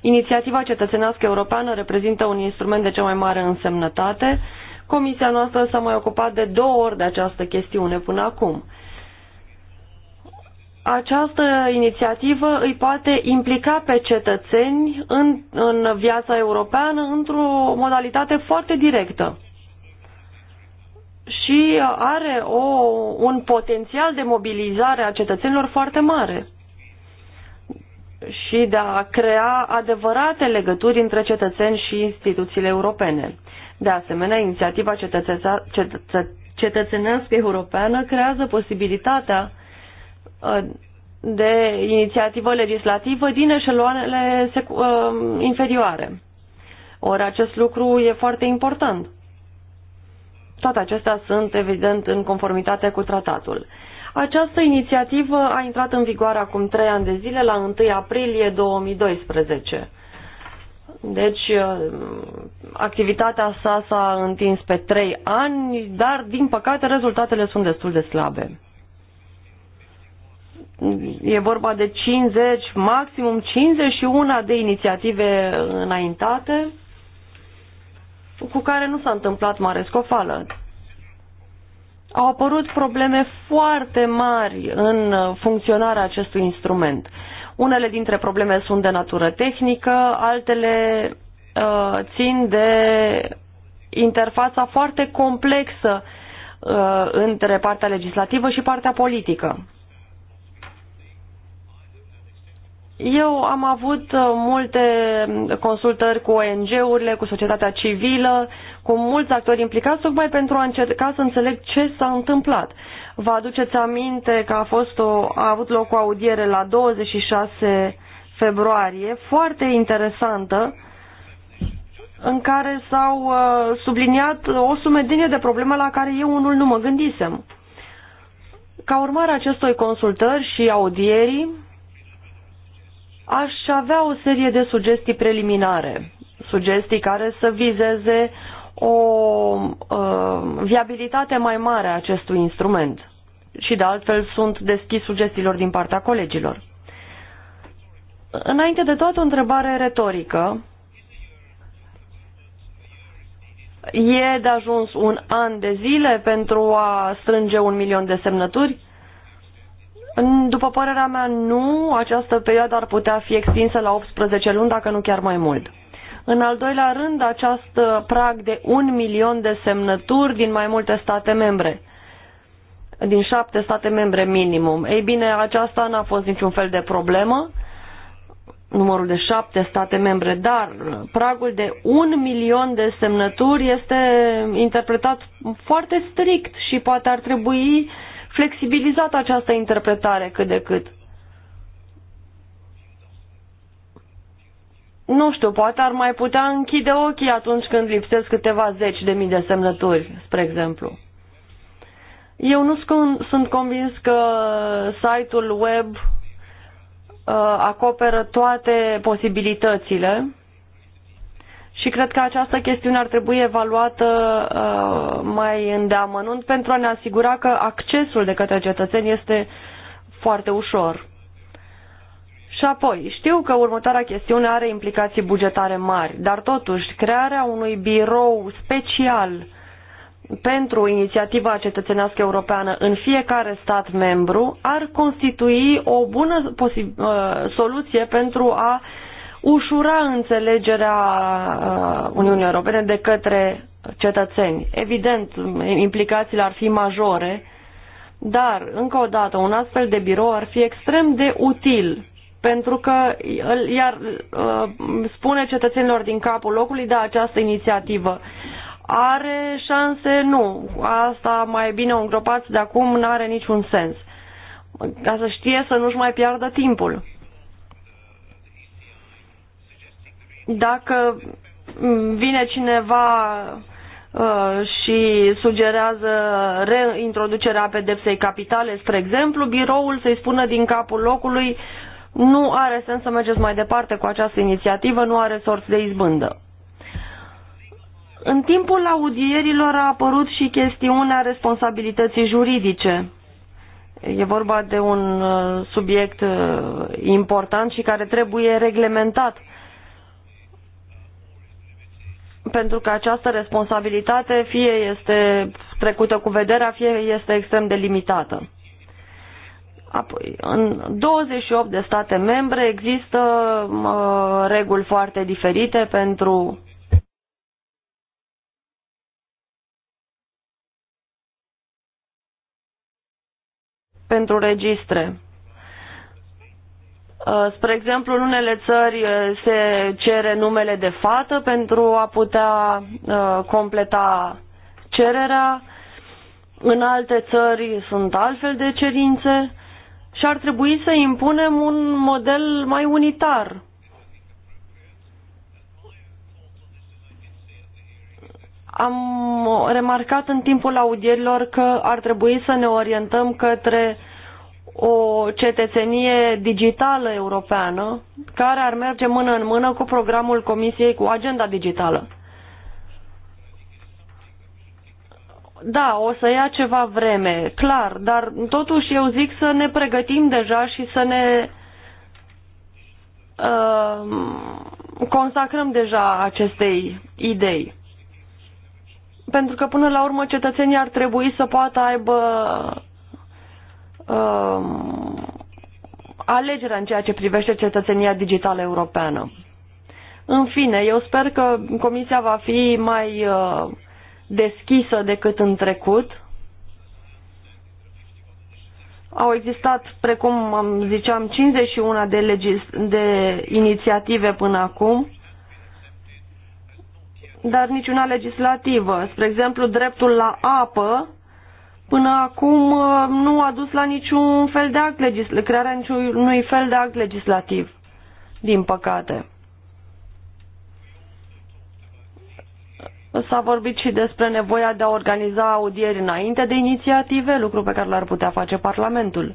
inițiativa cetățenească europeană reprezintă un instrument de cea mai mare însemnătate. Comisia noastră s-a mai ocupat de două ori de această chestiune până acum această inițiativă îi poate implica pe cetățeni în, în viața europeană într-o modalitate foarte directă și are o, un potențial de mobilizare a cetățenilor foarte mare și de a crea adevărate legături între cetățeni și instituțiile europene. De asemenea, inițiativa cetățenească europeană creează posibilitatea de inițiativă legislativă din eșeloanele ă, inferioare. Ori acest lucru e foarte important. Toate acestea sunt, evident, în conformitate cu tratatul. Această inițiativă a intrat în vigoare acum trei ani de zile, la 1 aprilie 2012. Deci, ă, activitatea sa s-a întins pe trei ani, dar, din păcate, rezultatele sunt destul de slabe. E vorba de 50, maximum 51 de inițiative înaintate cu care nu s-a întâmplat mare scofală. Au apărut probleme foarte mari în funcționarea acestui instrument. Unele dintre probleme sunt de natură tehnică, altele uh, țin de interfața foarte complexă uh, între partea legislativă și partea politică. Eu am avut uh, multe mm, consultări cu ONG-urile, cu societatea civilă, cu mulți actori implicați, tocmai pentru a încerca să înțeleg ce s-a întâmplat. Vă aduceți aminte că a, fost o, a avut loc o audiere la 26 februarie, foarte interesantă, în care s-au uh, subliniat o sumedenie de probleme la care eu unul nu mă gândisem. Ca urmare a acestor consultări și audierii, aș avea o serie de sugestii preliminare, sugestii care să vizeze o uh, viabilitate mai mare a acestui instrument. Și de altfel sunt deschis sugestiilor din partea colegilor. Înainte de toate, o întrebare retorică. E de ajuns un an de zile pentru a strânge un milion de semnături? După părerea mea, nu, această perioadă ar putea fi extinsă la 18 luni, dacă nu chiar mai mult. În al doilea rând, acest prag de un milion de semnături din mai multe state membre, din șapte state membre minimum. Ei bine, aceasta n-a fost niciun fel de problemă, numărul de șapte state membre, dar pragul de un milion de semnături este interpretat foarte strict și poate ar trebui uh, flexibilizat această interpretare cât de cât. Nu știu, poate ar mai putea închide ochii atunci când lipsesc câteva zeci de mii de semnături, spre exemplu. Eu nu sunt convins că site-ul web uh, acoperă toate posibilitățile și cred că această chestiune ar trebui evaluată uh, mai îndeamănunt pentru a ne asigura că accesul de către cetățeni este foarte ușor. Și apoi, știu că următoarea chestiune are implicații bugetare mari, dar totuși crearea unui birou special pentru inițiativa cetățenească europeană în fiecare stat membru ar constitui o bună uh, soluție pentru a ușura înțelegerea uh, Uniunii Europene de către cetățeni. Evident, implicațiile ar fi majore, dar, încă o dată, un astfel de birou ar fi extrem de util pentru că iar uh, spune cetățenilor din capul locului, da, această inițiativă are șanse? Nu. Asta mai bine o îngropați de acum, nu are niciun sens. Ca să știe să nu-și mai piardă timpul. Dacă vine cineva uh, și sugerează reintroducerea pedepsei capitale, spre exemplu, biroul să-i spună din capul locului nu are sens să mergeți mai departe cu această inițiativă, nu are sorți de izbândă. În timpul audierilor a apărut și chestiunea responsabilității juridice. E vorba de un uh, subiect uh, important și care trebuie reglementat pentru că această responsabilitate fie este trecută cu vederea, fie este extrem de limitată. Apoi, în 28 de state membre există mă, reguli foarte diferite pentru pentru registre. Uh, spre exemplu, în unele țări uh, se cere numele de fată pentru a putea uh, completa cererea, în alte țări sunt altfel de cerințe și ar trebui să impunem un model mai unitar. Am remarcat în timpul audierilor că ar trebui să ne orientăm către uh, o cetățenie digitală europeană care ar merge mână în mână cu programul Comisiei, cu agenda digitală. Da, o să ia ceva vreme, clar, dar totuși eu zic să ne pregătim deja și să ne uh, consacrăm deja acestei idei. Pentru că până la urmă cetățenii ar trebui să poată aibă Um, alegerea în ceea ce privește cetățenia digitală europeană. În fine, eu sper că Comisia va fi mai uh, deschisă decât în trecut. Au existat, precum am ziceam, 51 de, legis- de inițiative până acum, dar niciuna legislativă. Spre exemplu, dreptul la apă până acum uh, nu a dus la niciun fel de act legislativ, crearea niciunui fel de act legislativ, din păcate. S-a vorbit și despre nevoia de a organiza audieri înainte de inițiative, lucru pe care l-ar putea face Parlamentul.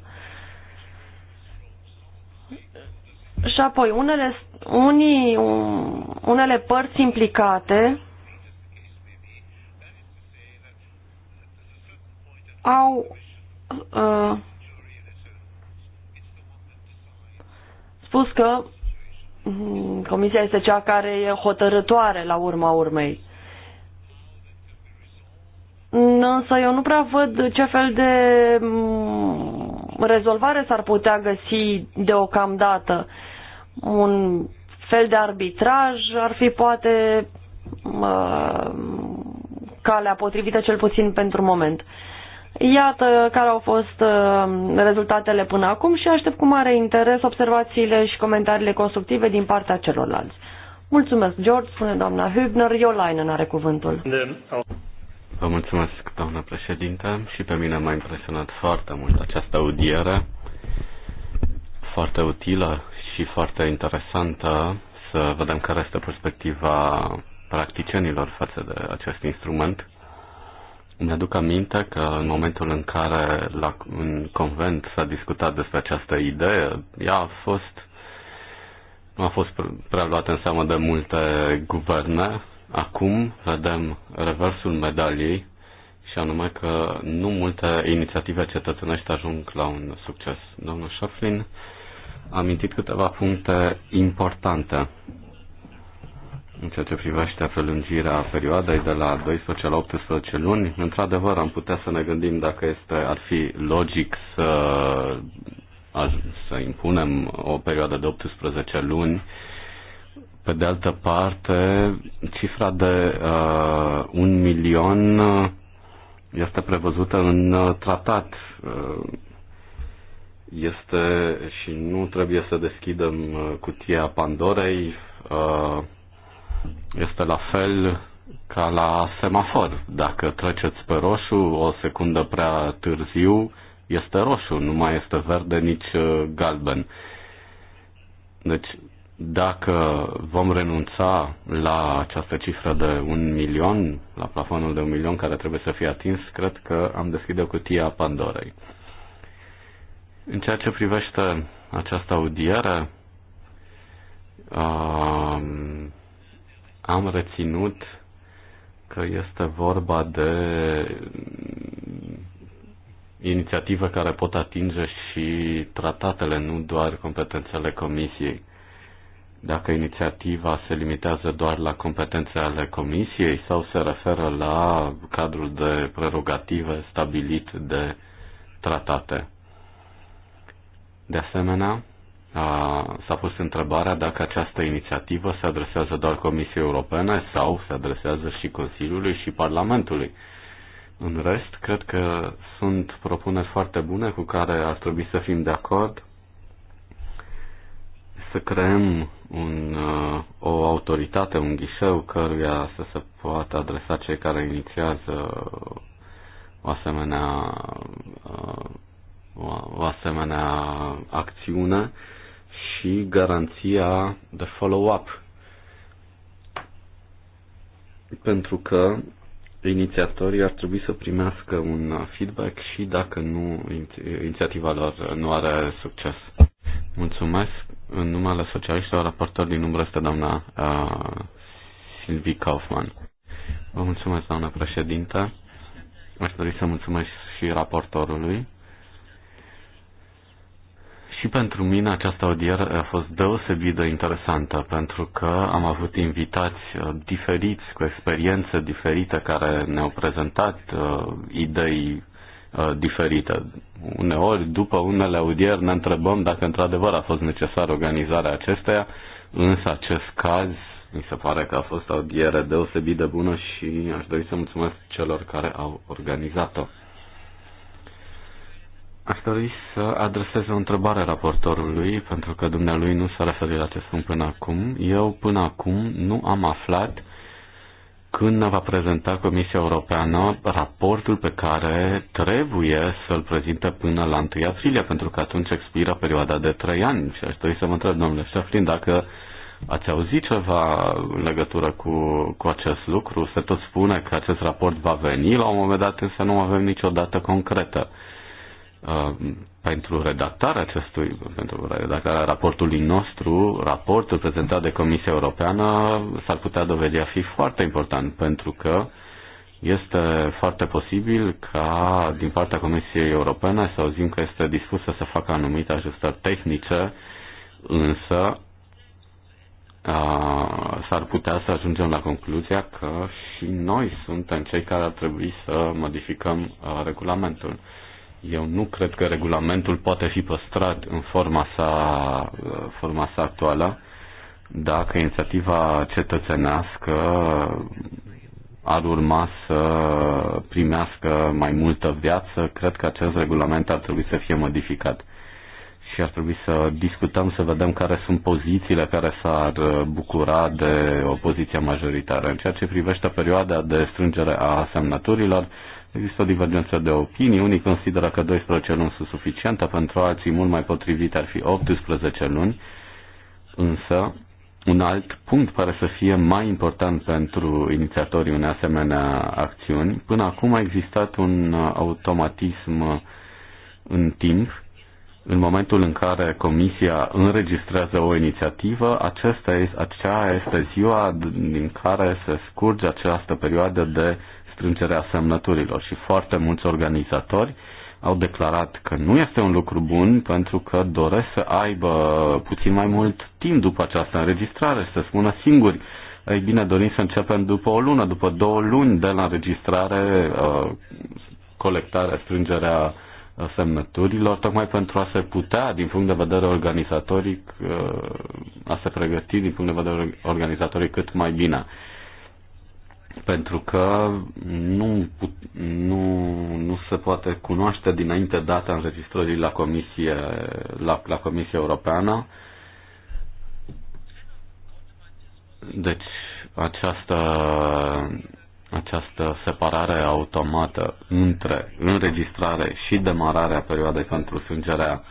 Și apoi, unele, unii, unele părți implicate au uh, spus că mm, Comisia este cea care e hotărătoare la urma urmei. Însă eu nu prea văd ce fel de mm, rezolvare s-ar putea găsi deocamdată. Un fel de arbitraj ar fi poate mm, uh, calea potrivită cel puțin pentru moment. Uh, Iată care au fost uh, rezultatele până acum și aștept cu mare interes observațiile și comentariile constructive din partea celorlalți. Mulțumesc, George, spune doamna Hübner, Iolainen are cuvântul. Vă mulțumesc, doamna președinte, și pe mine m-a impresionat foarte mult această audiere, foarte utilă și foarte interesantă să vedem care este perspectiva practicienilor față de acest instrument îmi aduc aminte că în momentul în care la, în convent s-a discutat despre această idee, ea a fost nu a fost prea luată în seamă de multe guverne. Acum vedem reversul medaliei și anume că nu multe inițiative cetățenești ajung la un succes. Domnul Șoflin a amintit câteva puncte importante în ceea ce privește prelungirea perioadei de la 12 la 18 luni, într-adevăr am putea să ne gândim dacă este, ar fi logic să, să impunem o perioadă de 18 luni. Pe de altă parte, cifra de uh, un milion este prevăzută în tratat. este și nu trebuie să deschidem cutia Pandorei. Uh, este la fel ca la semafor. Dacă treceți pe roșu o secundă prea târziu, este roșu, nu mai este verde nici uh, galben. Deci, dacă vom renunța la această cifră de un milion, la plafonul de un milion care trebuie să fie atins, cred că am deschide cutia Pandorei. În ceea ce privește această audiere, uh, am reținut că este vorba de mm, inițiativă care pot atinge și tratatele, nu doar competențele comisiei. Dacă inițiativa se limitează doar la competențe ale comisiei sau se referă la cadrul de prerogative stabilit de tratate. De asemenea, s-a pus întrebarea dacă această inițiativă se adresează doar Comisiei Europene sau se adresează și Consiliului și Parlamentului. În rest, cred că sunt propuneri foarte bune cu care ar trebui să fim de acord să creăm un, uh, o autoritate, un ghișeu căruia să se poată adresa cei care inițiază o asemenea, uh, o asemenea acțiune și garanția de follow-up. Pentru că inițiatorii ar trebui să primească un feedback și dacă nu, inițiativa lor nu are succes. Mulțumesc. În numele socialiștilor, raportor din umbră este doamna uh, Silvi Kaufman. Vă mulțumesc, doamna președinte. Aș dori să mulțumesc și raportorului și pentru mine această audiere a fost deosebit de interesantă, pentru că am avut invitați uh, diferiți, cu experiențe diferite, care ne-au prezentat uh, idei uh, diferite. Uneori, după unele audieri, ne întrebăm dacă într-adevăr a fost necesară organizarea acesteia, însă acest caz mi se pare că a fost o audiere deosebit de bună și aș dori să mulțumesc celor care au organizat-o. Aș dori să adresez o întrebare raportorului, pentru că dumnealui nu s-a referit la acest punct până acum. Eu până acum nu am aflat când ne va prezenta Comisia Europeană raportul pe care trebuie să-l prezinte până la 1 aprilie, pentru că atunci expiră perioada de 3 ani. Și aș dori să mă întreb, domnule Șeflin, dacă ați auzit ceva în legătură cu, cu acest lucru? Se tot spune că acest raport va veni la un moment dat, însă nu avem nicio dată concretă. Uh, pentru redactarea acestui, pentru redactarea raportului nostru, raportul prezentat de Comisia Europeană s-ar putea dovedi a fi foarte important pentru că este foarte posibil ca din partea Comisiei Europene să auzim că este dispusă să facă anumite ajustări tehnice, însă uh, s-ar putea să ajungem la concluzia că și noi suntem cei care ar trebui să modificăm uh, regulamentul. Eu nu cred că regulamentul poate fi păstrat în forma sa, forma sa actuală dacă inițiativa cetățenească ar urma să primească mai multă viață, cred că acest regulament ar trebui să fie modificat. Și ar trebui să discutăm, să vedem care sunt pozițiile care s-ar bucura de o poziție majoritară. În ceea ce privește perioada de strângere a semnăturilor, Există o divergență de opinii. Unii consideră că 12 luni sunt suficiente, pentru alții mult mai potrivit ar fi 18 luni, însă un alt punct pare să fie mai important pentru inițiatorii unei asemenea acțiuni. Până acum a existat un automatism în timp. În momentul în care Comisia înregistrează o inițiativă, acesta este, acea este ziua din care se scurge această perioadă de strângerea semnăturilor și foarte mulți organizatori au declarat că nu este un lucru bun pentru că doresc să aibă puțin mai mult timp după această înregistrare, să spună singuri, ei bine, dorim să începem după o lună, după două luni de la înregistrare, uh, colectarea, strângerea uh, semnăturilor, tocmai pentru a se putea, din punct de vedere organizatoric, uh, a se pregăti din punct de vedere organizatoric cât mai bine pentru că nu, nu, nu se poate cunoaște dinainte data înregistrării la Comisie, la, la comisie Europeană. Deci această, această separare automată între înregistrare și demararea perioadei pentru sângerea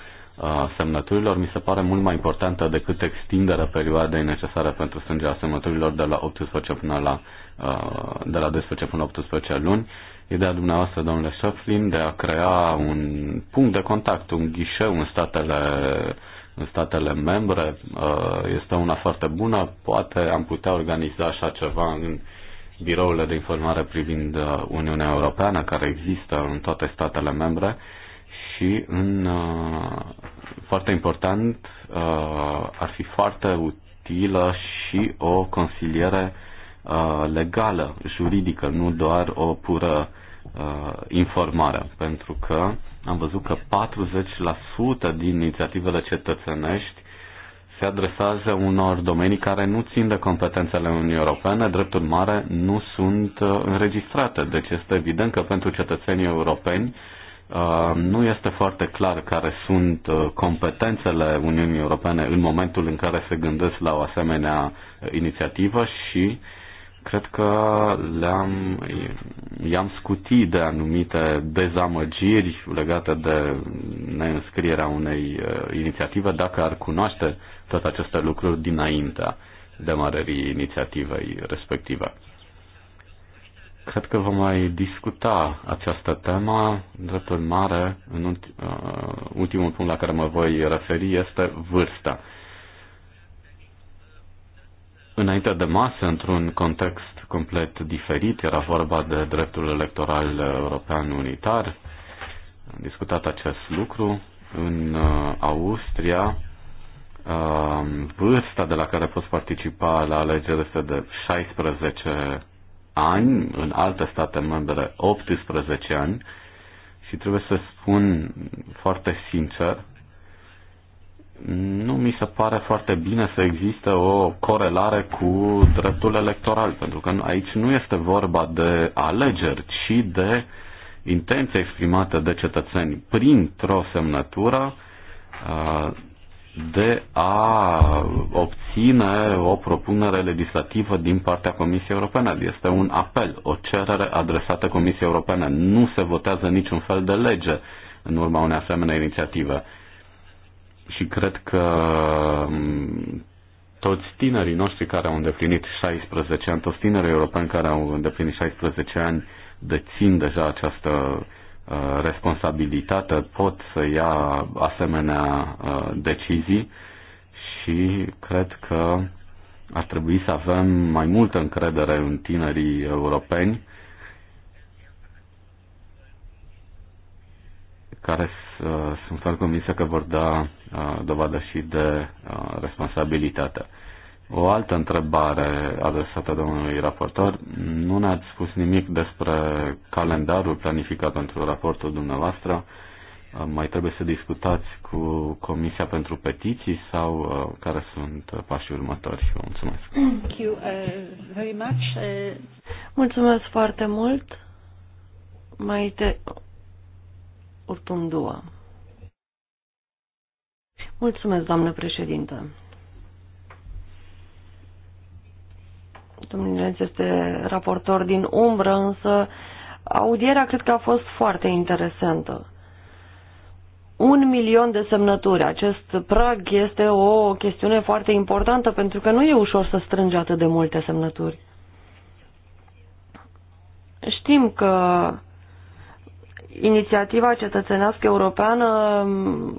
semnăturilor mi se pare mult mai importantă decât extinderea perioadei necesare pentru sângerea semnăturilor de la 18 până la Uh, de la 12 până 18 luni. Ideea dumneavoastră, domnule Schöpflin, de a crea un punct de contact, un ghișeu în statele, în statele membre, uh, este una foarte bună. Poate am putea organiza așa ceva în birourile de informare privind uh, Uniunea Europeană, care există în toate statele membre și în, foarte important ar fi foarte utilă și o consiliere legală, juridică, nu doar o pură informare, pentru că am văzut că 40% din inițiativele cetățenești se adresează unor domenii care nu țin de competențele Uniunii Europene, drept urmare nu sunt înregistrate. Deci este evident că pentru cetățenii europeni nu este foarte clar care sunt competențele Uniunii Europene în momentul în care se gândesc la o asemenea inițiativă și uh, cred că le-am, i-am scutit de anumite dezamăgiri legate de neînscrierea unei uh, inițiative dacă ar cunoaște toate aceste lucruri dinaintea demarării inițiativei respective. Cred că vom mai discuta această temă. Dreptul mare, în uh, ultimul punct la care mă voi referi este vârsta înainte de masă într-un context complet diferit. Era vorba de dreptul electoral european unitar. Am discutat acest lucru. În uh, Austria, uh, vârsta de la care poți participa la alegeri este de 16 ani, în alte state membre 18 ani și trebuie să spun foarte sincer nu mi se pare foarte bine să există o corelare cu dreptul electoral, pentru că aici nu este vorba de alegeri, ci de intenție exprimată de cetățeni printr-o semnătură uh, de a obține o propunere legislativă din partea Comisiei Europene. Este un apel, o cerere adresată Comisiei Europene. Nu se votează niciun fel de lege în urma unei asemenea inițiative și cred că mm, toți tinerii noștri care au îndeplinit 16 ani, toți tinerii europeni care au îndeplinit 16 ani dețin deja această uh, responsabilitate, pot să ia asemenea uh, decizii și cred că ar trebui să avem mai multă încredere în tinerii europeni care Uh, sunt foarte convinsă că vor da uh, dovadă și de uh, responsabilitate. O altă întrebare adresată domnului raportor. Nu ne-ați spus nimic despre calendarul planificat pentru raportul dumneavoastră. Mai trebuie să discutați cu Comisia pentru Petiții sau care sunt pașii următori? Vă mulțumesc. Thank you, very much. Mulțumesc foarte mult. Mai te... 8.2. Mulțumesc, doamnă președintă. Domnul Lenț este raportor din umbră, însă audierea cred că a fost foarte interesantă. Un milion de semnături. Acest prag este o chestiune foarte importantă pentru că nu e ușor să strângi atât de multe semnături. Știm că inițiativa cetățenească europeană, um,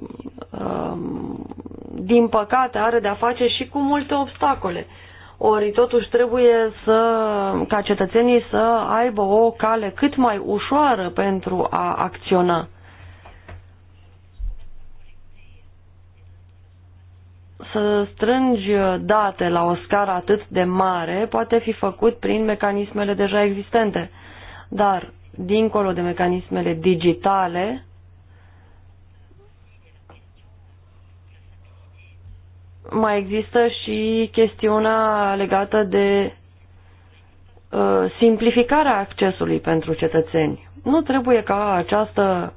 um, din păcate, are de-a face și cu multe obstacole. Ori totuși trebuie să, ca cetățenii să aibă o cale cât mai ușoară pentru a acționa. Să strângi date la o scară atât de mare poate fi făcut prin mecanismele deja existente. Dar dincolo de mecanismele digitale, mai există și chestiunea legată de uh, simplificarea accesului pentru cetățeni. Nu trebuie ca această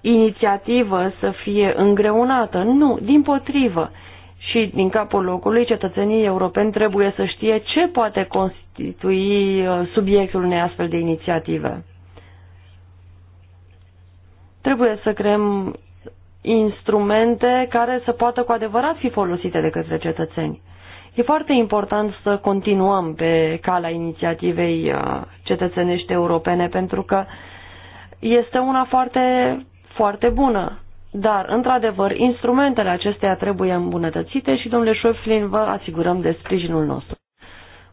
inițiativă să fie îngreunată. Nu, din potrivă și din capul locului cetățenii europeni trebuie să știe ce poate constitui uh, subiectul unei astfel de inițiative. Trebuie să creăm instrumente care să poată cu adevărat fi folosite de către cetățeni. E foarte important să continuăm pe calea inițiativei uh, cetățenești europene pentru că este una foarte, foarte bună. Dar, într-adevăr, instrumentele acesteia trebuie îmbunătățite și, domnule Șoflin, vă asigurăm de sprijinul nostru.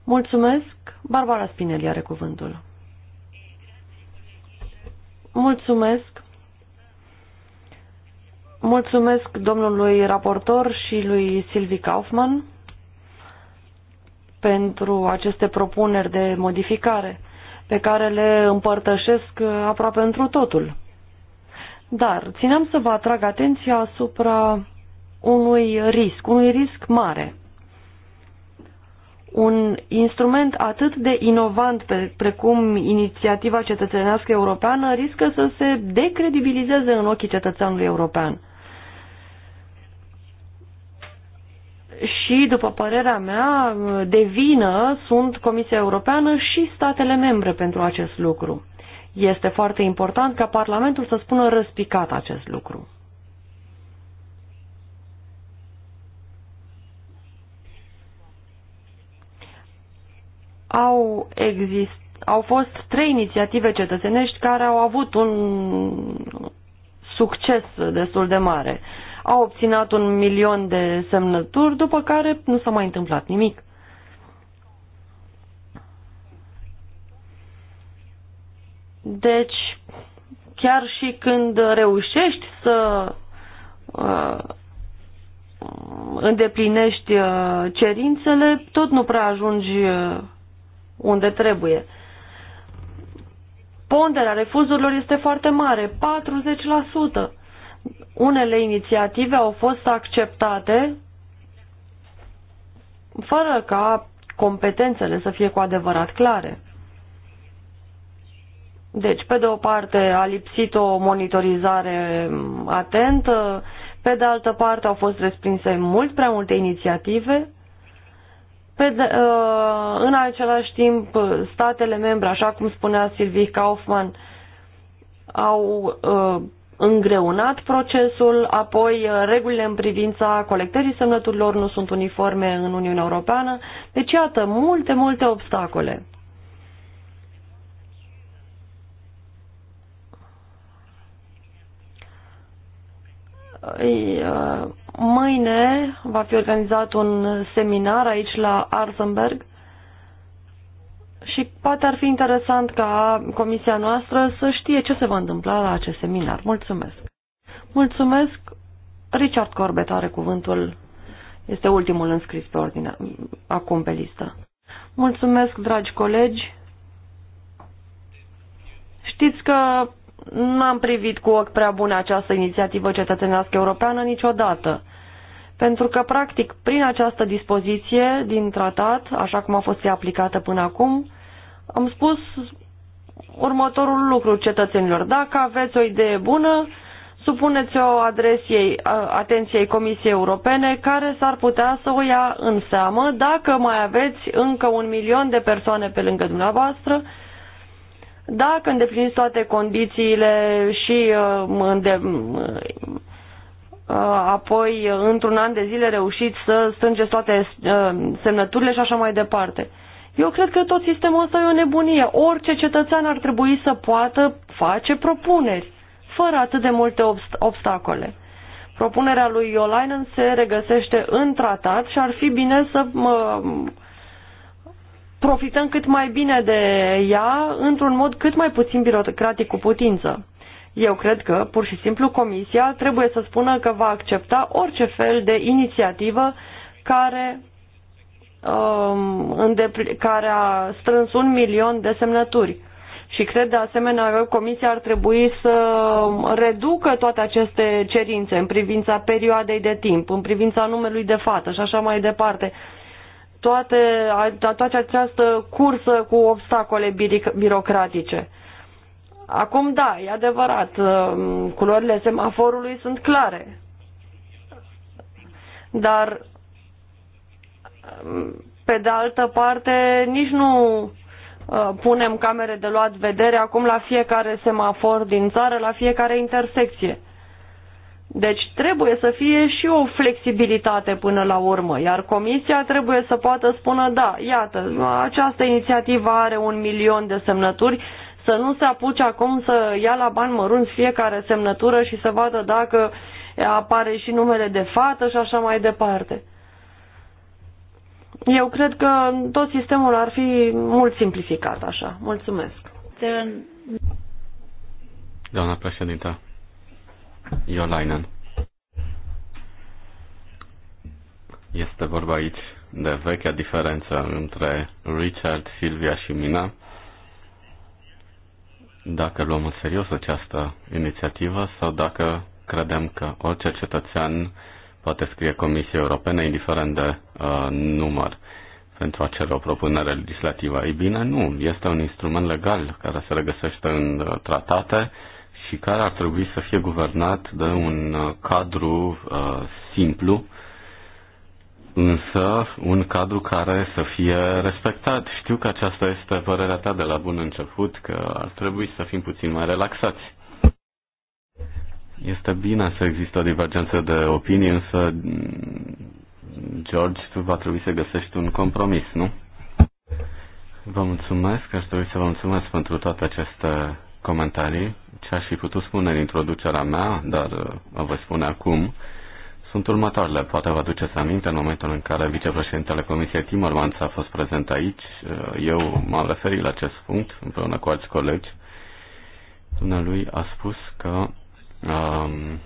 Mulțumesc. Barbara Spinelli are cuvântul. Mulțumesc. Mulțumesc domnului raportor și lui Silvi Kaufman pentru aceste propuneri de modificare, pe care le împărtășesc aproape întru totul. Dar țineam să vă atrag atenția asupra unui risc, unui risc mare. Un instrument atât de inovant pe, precum inițiativa cetățenească europeană riscă să se decredibilizeze în ochii cetățeanului european. și, după părerea mea, de vină sunt Comisia Europeană și statele membre pentru acest lucru. Este foarte important ca Parlamentul să spună răspicat acest lucru. Au, exist, au fost trei inițiative cetățenești care au avut un succes destul de mare. Au obținut un milion de semnături, după care nu s-a mai întâmplat nimic. Deci, chiar și când reușești să uh, îndeplinești uh, cerințele, tot nu prea ajungi uh, unde trebuie. Ponderea refuzurilor este foarte mare, 40%. Unele inițiative au fost acceptate fără ca competențele să fie cu adevărat clare. Deci, pe de o parte, a lipsit o monitorizare atentă, pe de altă parte, au fost respinse mult prea multe inițiative. Pe de, uh, în același timp, statele membre, așa cum spunea Silvii Kaufman, au uh, îngreunat procesul, apoi uh, regulile în privința colectării semnăturilor nu sunt uniforme în Uniunea Europeană. Deci, iată, multe, multe obstacole. Uh, mâine va fi organizat un seminar aici la Arsenberg și poate ar fi interesant ca comisia noastră să știe ce se va întâmpla la acest seminar. Mulțumesc! Mulțumesc! Richard Corbett are cuvântul. Este ultimul înscris pe ordine, acum pe listă. Mulțumesc, dragi colegi! Știți că nu am privit cu ochi prea bune această inițiativă cetățenească europeană niciodată. Pentru că, practic, prin această dispoziție din tratat, așa cum a fost ea aplicată până acum, am spus următorul lucru cetățenilor. Dacă aveți o idee bună, supuneți-o adresiei, atenției Comisiei Europene, care s-ar putea să o ia în seamă dacă mai aveți încă un milion de persoane pe lângă dumneavoastră dacă îndepliniți toate condițiile și uh, înde uh, uh, apoi într-un an de zile reușiți să strângeți toate semnăturile și așa mai departe. Eu cred că tot sistemul ăsta e o nebunie. Orice cetățean ar trebui să poată face propuneri, fără atât de multe obst obstacole. Propunerea lui Iolainen se regăsește în tratat și ar fi bine să profităm cât mai bine de ea într-un mod cât mai puțin birocratic cu putință. Eu cred că, pur și simplu, Comisia trebuie să spună că va accepta orice fel de inițiativă care, um, care a strâns un milion de semnături. Și cred de asemenea că Comisia ar trebui să reducă toate aceste cerințe în privința perioadei de timp, în privința numelui de fată și așa mai departe toate, toate această cursă cu obstacole birocratice. Acum, da, e adevărat, uh, culorile semaforului sunt clare. Dar, um, pe de altă parte, nici nu uh, punem camere de luat vedere acum la fiecare semafor din țară, la fiecare intersecție. Deci trebuie să fie și o flexibilitate până la urmă, iar comisia trebuie să poată spune, da, iată, această inițiativă are un milion de semnături, să nu se apuce acum să ia la bani mărunți fiecare semnătură și să vadă dacă apare și numele de fată și așa mai departe. Eu cred că tot sistemul ar fi mult simplificat așa. Mulțumesc. Doamna președinte. Iolainen. Este vorba aici de vechea diferență între Richard, Silvia și mine. Dacă luăm în serios această inițiativă sau dacă credem că orice cetățean poate scrie Comisiei Europene, indiferent de uh, număr, pentru a cere o propunere legislativă. Ei bine, nu. Este un instrument legal care se regăsește în uh, tratate și care ar trebui să fie guvernat de un uh, cadru uh, simplu, însă un cadru care să fie respectat. Știu că aceasta este părerea ta de la bun început, că ar trebui să fim puțin mai relaxați. Este bine să există o divergență de opinie, însă, mm, George, tu va trebui să găsești un compromis, nu? Vă mulțumesc, aș trebui să vă mulțumesc pentru toate aceste comentarii. Ce aș fi putut spune în introducerea mea, dar o uh, voi spune acum, sunt următoarele. Poate vă aduceți aminte în momentul în care vicepreședintele Comisiei Timmermans a fost prezent aici. Uh, eu m-am referit la acest punct împreună cu alți colegi. Dumnealui a spus că um,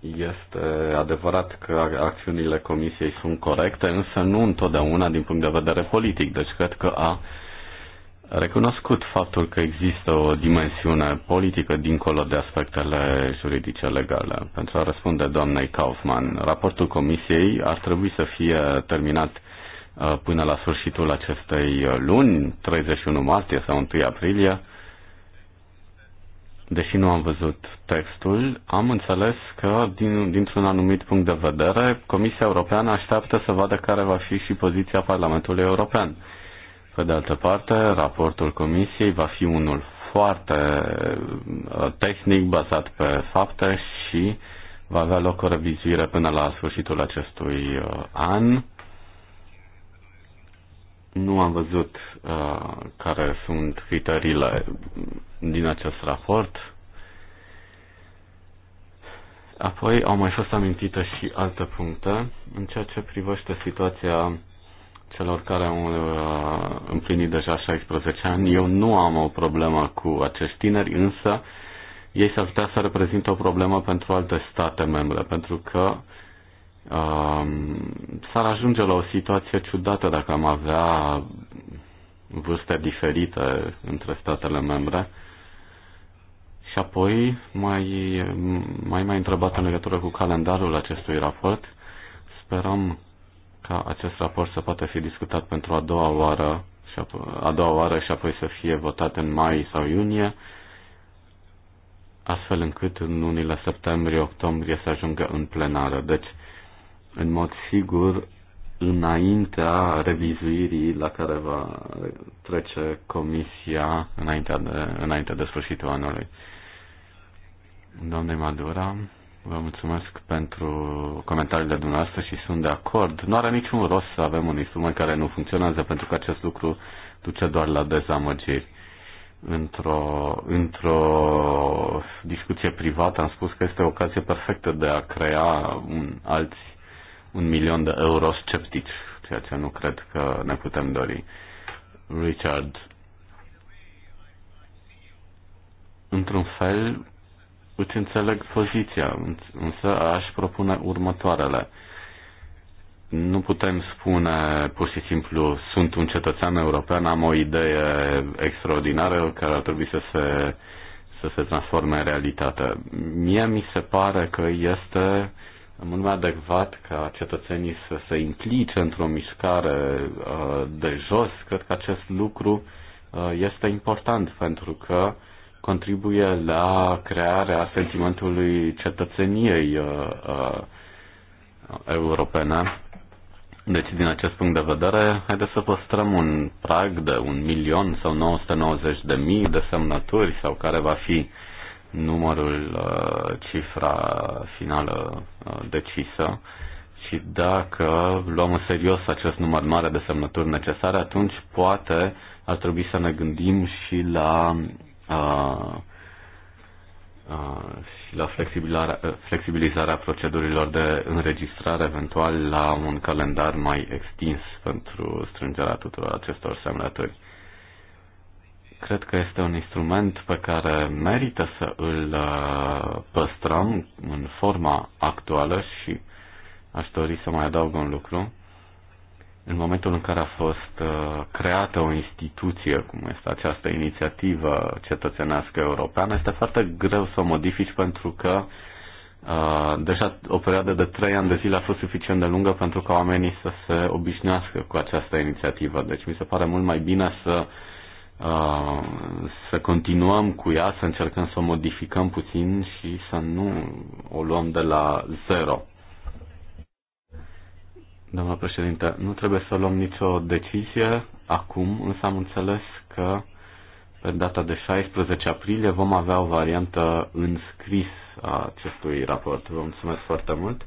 este adevărat că acțiunile Comisiei sunt corecte, însă nu întotdeauna din punct de vedere politic. Deci cred că a recunoscut faptul că există o dimensiune politică dincolo de aspectele juridice legale. Pentru a răspunde doamnei Kaufman, raportul comisiei ar trebui să fie terminat uh, până la sfârșitul acestei uh, luni, 31 martie sau 1 aprilie. Deși nu am văzut textul, am înțeles că, din, dintr-un anumit punct de vedere, Comisia Europeană așteaptă să vadă care va fi și poziția Parlamentului European pe de altă parte, raportul comisiei va fi unul foarte uh, tehnic, bazat pe fapte și va avea loc o revizuire până la sfârșitul acestui uh, an. Nu am văzut uh, care sunt criteriile din acest raport. Apoi au mai fost amintite și alte puncte în ceea ce privește situația celor care au uh, împlinit deja 16 ani. Eu nu am o problemă cu acești tineri, însă ei s-ar putea să reprezintă o problemă pentru alte state membre, pentru că um, s-ar ajunge la o situație ciudată dacă am avea vârste diferite între statele membre. Și apoi mai, mai mai întrebat în legătură cu calendarul acestui raport. Sperăm ca acest raport să poată fi discutat pentru a doua oară și ap- a doua oară și apoi să fie votat în mai sau iunie, astfel încât în lunile septembrie-octombrie să ajungă în plenară. Deci, în mod sigur, înaintea revizuirii la care va trece comisia înainte de, înainte de sfârșitul anului. Doamne Madura, Vă mulțumesc pentru comentariile dumneavoastră și sunt de acord. Nu are niciun rost să avem un instrument care nu funcționează, pentru că acest lucru duce doar la dezamăgiri. Într-o, într-o discuție privată am spus că este o ocazie perfectă de a crea un alt un milion de euro sceptici, ceea ce nu cred că ne putem dori. Richard, într-un fel, îți înțeleg poziția, însă aș propune următoarele. Nu putem spune pur și simplu sunt un cetățean european, am o idee extraordinară care ar trebui să se, să se transforme în realitate. Mie mi se pare că este mult mai adecvat ca cetățenii să se implice într-o mișcare uh, de jos. Cred că acest lucru uh, este important pentru că contribuie la crearea sentimentului cetățeniei uh, uh, europene. Deci, din acest punct de vedere, haideți să păstrăm un prag de un milion sau 990 de mii de semnături sau care va fi numărul, uh, cifra finală uh, decisă. Și dacă luăm în serios acest număr mare de semnături necesare, atunci poate ar trebui să ne gândim și la și la flexibilizarea procedurilor de înregistrare, eventual la un calendar mai extins pentru strângerea tuturor acestor semnături. Cred că este un instrument pe care merită să îl păstrăm în forma actuală și aș dori să mai adaug un lucru în momentul în care a fost uh, creată o instituție, cum este această inițiativă cetățenească europeană, este foarte greu să o modifici pentru că uh, deja o perioadă de trei ani de zile a fost suficient de lungă pentru ca oamenii să se obișnuiască cu această inițiativă. Deci mi se pare mult mai bine să, uh, să continuăm cu ea, să încercăm să o modificăm puțin și să nu o luăm de la zero. Domnul președinte, nu trebuie să luăm nicio decizie acum, însă am înțeles că pe data de 16 aprilie vom avea o variantă în scris a acestui raport. Vă mulțumesc foarte mult.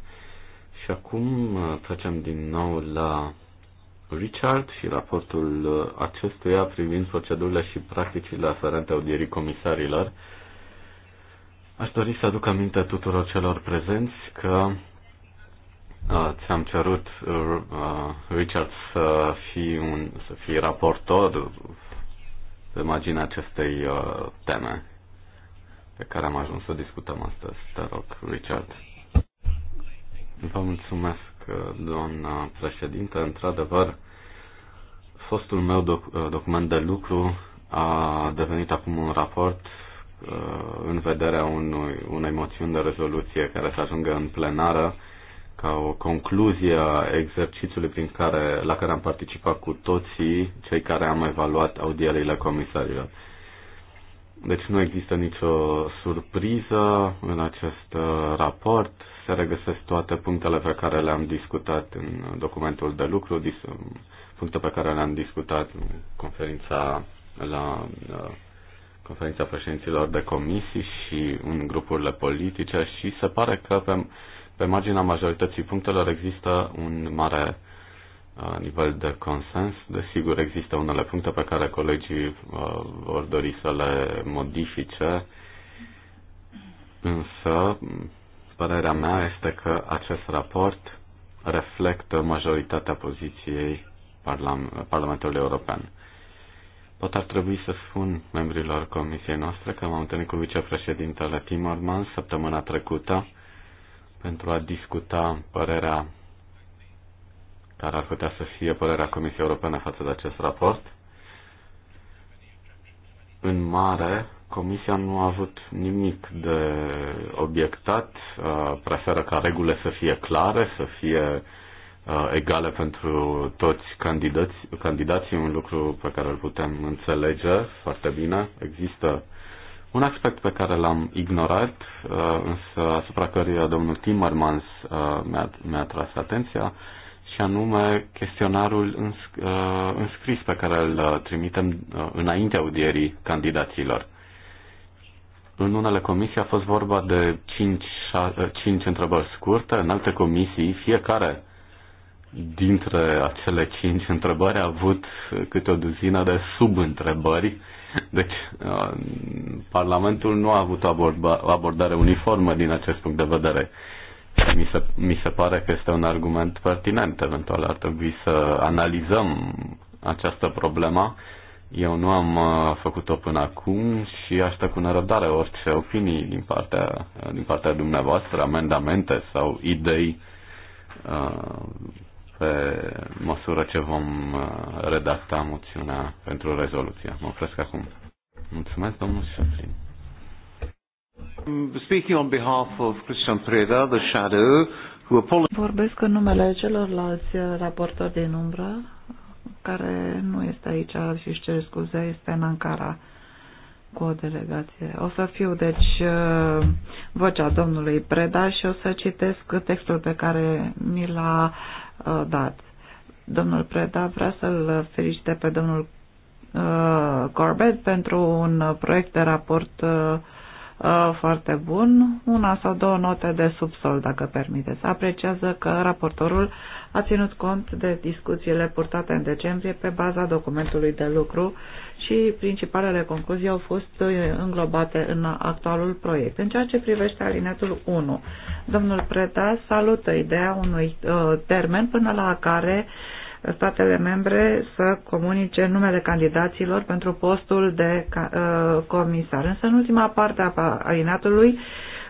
Și acum uh, trecem din nou la Richard și raportul uh, acestuia privind procedurile și practicile aferente audierii comisarilor. Aș dori să aduc aminte tuturor celor prezenți că Uh, ți-am cerut, uh, Richard, să fii, un, să fii raportor pe imaginea acestei uh, teme pe care am ajuns să discutăm astăzi. Te rog, Richard. Vă mulțumesc, doamna președinte. Într-adevăr, fostul meu doc- document de lucru a devenit acum un raport în vederea unui, unei moțiuni de rezoluție care să ajungă în plenară ca o concluzie a exercițiului prin care, la care am participat cu toții cei care am evaluat audierile comisarilor. Deci nu există nicio surpriză în acest uh, raport, se regăsesc toate punctele pe care le-am discutat în documentul de lucru, um, puncte pe care le-am discutat în conferința la uh, conferința președinților de comisii și în grupurile politice și se pare că pe pe marginea majorității punctelor există un mare uh, nivel de consens. Desigur, există unele puncte pe care colegii uh, vor dori să le modifice, însă părerea mea este că acest raport reflectă majoritatea poziției Parlamentului European. Pot ar trebui să spun membrilor comisiei noastre că m-am întâlnit cu vicepreședintele Timmermans săptămâna trecută pentru a discuta părerea care ar putea să fie părerea Comisiei Europene față de acest raport. În mare, Comisia nu a avut nimic de obiectat, preferă ca regulile să fie clare, să fie egale pentru toți candidați, candidații, un lucru pe care îl putem înțelege foarte bine. Există un aspect pe care l-am ignorat, uh, însă asupra căruia domnul Timmermans uh, mi-a, mi tras atenția, și anume chestionarul uh, înscris pe care îl trimitem înainte audierii candidaților. În unele comisii a fost vorba de 5, 6, 5 întrebări scurte, în alte comisii fiecare dintre acele 5 întrebări a avut câte o duzină de subîntrebări deci, uh, Parlamentul nu a avut o abordare uniformă din acest punct de vedere. Mi se, mi se pare că este un argument pertinent. Eventual ar trebui să analizăm această problemă. Eu nu am uh, făcut-o până acum și aștept cu nerăbdare orice opinii din partea, din partea dumneavoastră, amendamente sau idei uh, pe măsură ce vom uh, redacta moțiunea pentru rezoluție. Mă opresc acum. Mulțumesc, domnul Șeflin. Speaking on behalf of Christian Preda, the shadow, who apologized... Vorbesc în numele celorlalți uh, raportori din umbră, care nu este aici și își cer scuze, este în Ankara cu o delegație. O să fiu, deci, uh, vocea domnului Preda și o să citesc textul pe care mi l-a Uh, dat. Domnul Preda vrea să-l felicite pe domnul uh, Corbett pentru un proiect de raport uh, foarte bun, una sau două note de subsol, dacă permiteți. Apreciază că raportorul a ținut cont de discuțiile purtate în decembrie pe baza documentului de lucru și principalele concluzii au fost înglobate în actualul proiect. În ceea ce privește alinetul 1, domnul Preda salută ideea unui uh, termen până la care statele membre să comunice numele candidaților pentru postul de uh, comisar. Însă în ultima parte a alineatului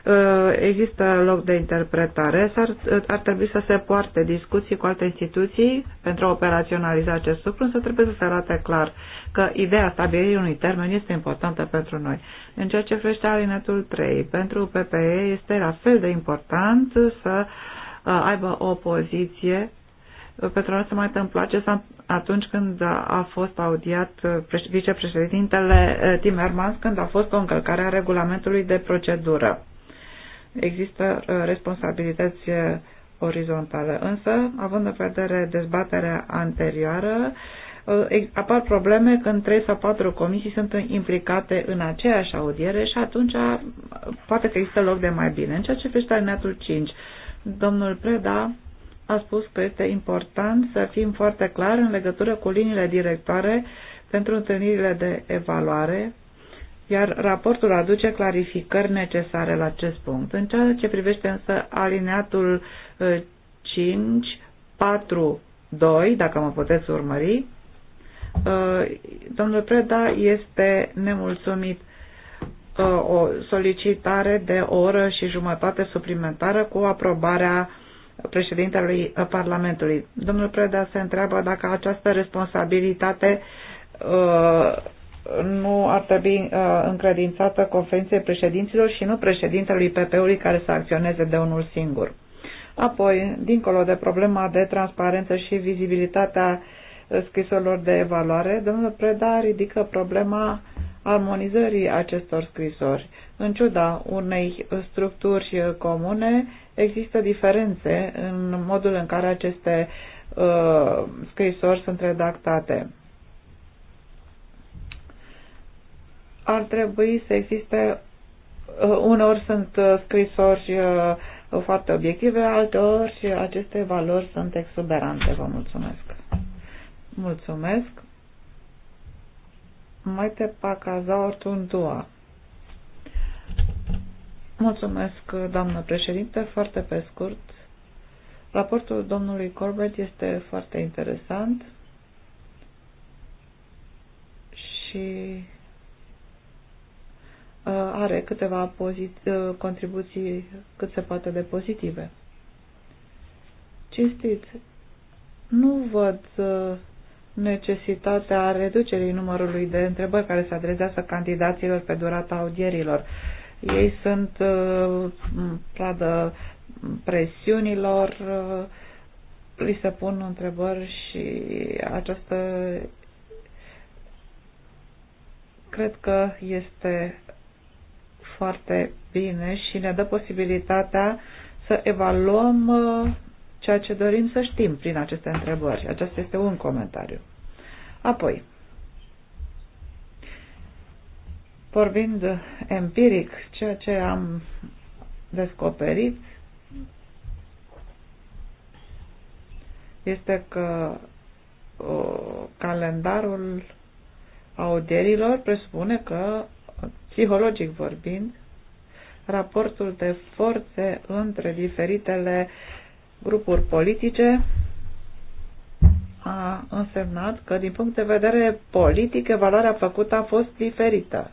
Eh, există loc de interpretare, ar, ar trebui să se poarte discuții cu alte instituții pentru a operaționaliza acest lucru, însă trebuie să se arate clar că ideea stabilirii unui termen este importantă pentru noi. În ceea ce privește alinetul 3, pentru PPE este la fel de important să eh, aibă o poziție pentru noi se mai întâmpla ce atunci când a fost audiat eh, vicepreședintele Timmermans, când a fost o încălcare a regulamentului de procedură există uh, responsabilități uh, orizontală. Însă, având în vedere dezbaterea anterioară, uh, apar probleme când trei sau patru comisii sunt implicate în aceeași audiere și atunci poate că există loc de mai bine. În ceea ce privește alineatul 5, domnul Preda a spus că este important să fim foarte clari în legătură cu liniile directoare pentru întâlnirile de evaluare iar raportul aduce clarificări necesare la acest punct. În ceea ce privește însă alineatul 5, 4, 2, dacă mă puteți urmări, uh, domnul Preda este nemulțumit uh, o solicitare de o oră și jumătate suplimentară cu aprobarea președintelui Parlamentului. Domnul Preda se întreabă dacă această responsabilitate uh, nu ar trebui uh, încredințată conferinței președinților și nu președintelui PP-ului care să acționeze de unul singur. Apoi, dincolo de problema de transparență și vizibilitatea uh, scrisorilor de evaluare, domnul Preda ridică problema armonizării acestor scrisori. În ciuda unei structuri uh, comune, există diferențe în modul în care aceste uh, scrisori sunt redactate. ar trebui să existe, uh, uneori sunt uh, scrisori uh, foarte obiective, alteori aceste valori sunt exuberante. Vă mulțumesc. Mulțumesc. Mai te pacaza ortundua. Mulțumesc, doamnă președinte, foarte pe scurt. Raportul domnului Corbett este foarte interesant și Uh, are câteva uh, contribuții cât se poate de pozitive. Cinstit, nu văd uh, necesitatea reducerii numărului de întrebări care se adresează candidaților pe durata audierilor. Ei sunt pradă presiunilor, li se pun întrebări și această cred că este foarte bine și ne dă posibilitatea să evaluăm uh, ceea ce dorim să știm prin aceste întrebări. Acesta este un comentariu. Apoi, vorbind empiric, ceea ce am descoperit este că o, uh, calendarul audierilor presupune că Psihologic vorbind, raportul de forțe între diferitele grupuri politice a însemnat că, din punct de vedere politic, evaluarea făcută a fost diferită.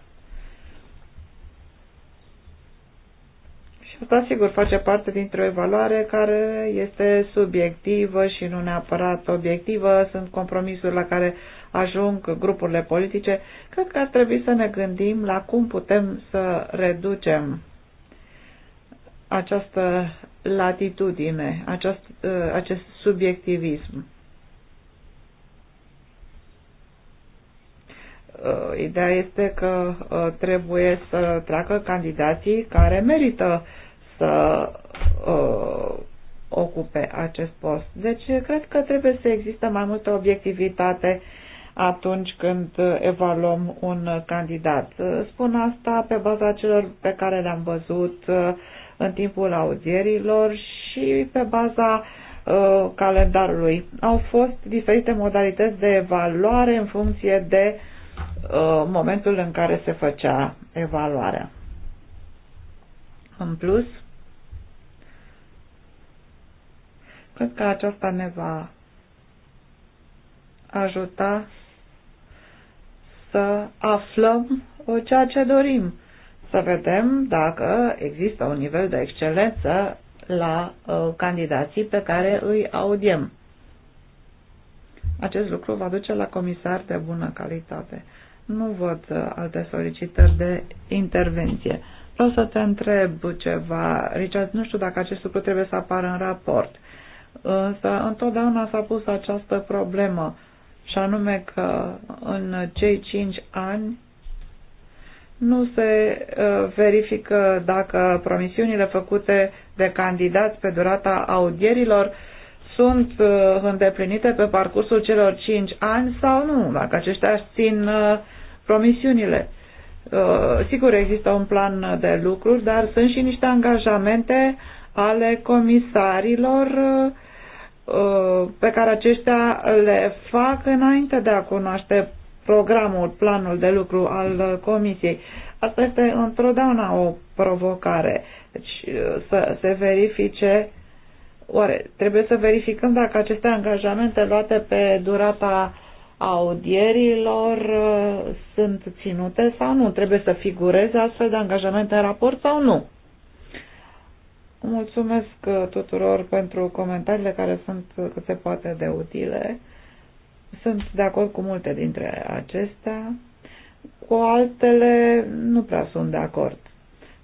Asta sigur face parte dintr-o evaluare care este subiectivă și nu neapărat obiectivă. Sunt compromisuri la care ajung grupurile politice. Cred că ar trebui să ne gândim la cum putem să reducem această latitudine, acest, uh, acest subiectivism. Uh, ideea este că uh, trebuie să treacă candidații care merită să uh, ocupe acest post. Deci cred că trebuie să există mai multă obiectivitate atunci când evaluăm un candidat. Spun asta pe baza celor pe care le-am văzut uh, în timpul audierilor și pe baza uh, calendarului. Au fost diferite modalități de evaluare în funcție de uh, momentul în care se făcea evaluarea. În plus, Cred că aceasta ne va ajuta să aflăm uh, ceea ce dorim, să vedem dacă există un nivel de excelență la uh, candidații pe care îi audiem. Acest lucru va duce la comisar de bună calitate. Nu văd uh, alte solicitări de intervenție. Vreau să te întreb ceva, Richard, nu știu dacă acest lucru trebuie să apară în raport. Însă întotdeauna s-a pus această problemă și anume că în cei cinci ani nu se ă, verifică dacă promisiunile făcute de candidați pe durata audierilor sunt ă, îndeplinite pe parcursul celor cinci ani sau nu, dacă aceștia își țin ă, promisiunile. Sigur există un plan de lucruri, dar sunt și niște angajamente uh, ale comisarilor uh, pe care aceștia le fac înainte de a cunoaște programul, planul de lucru al comisiei. Asta este întotdeauna o provocare. Deci uh, să se verifice Oare trebuie să verificăm dacă aceste angajamente luate pe durata audierilor uh, sunt ținute sau nu? Trebuie să figureze astfel de angajamente în raport sau nu? Mulțumesc uh, tuturor pentru comentariile care sunt cât se poate de utile. Sunt de acord cu multe dintre acestea. Cu altele nu prea sunt de acord.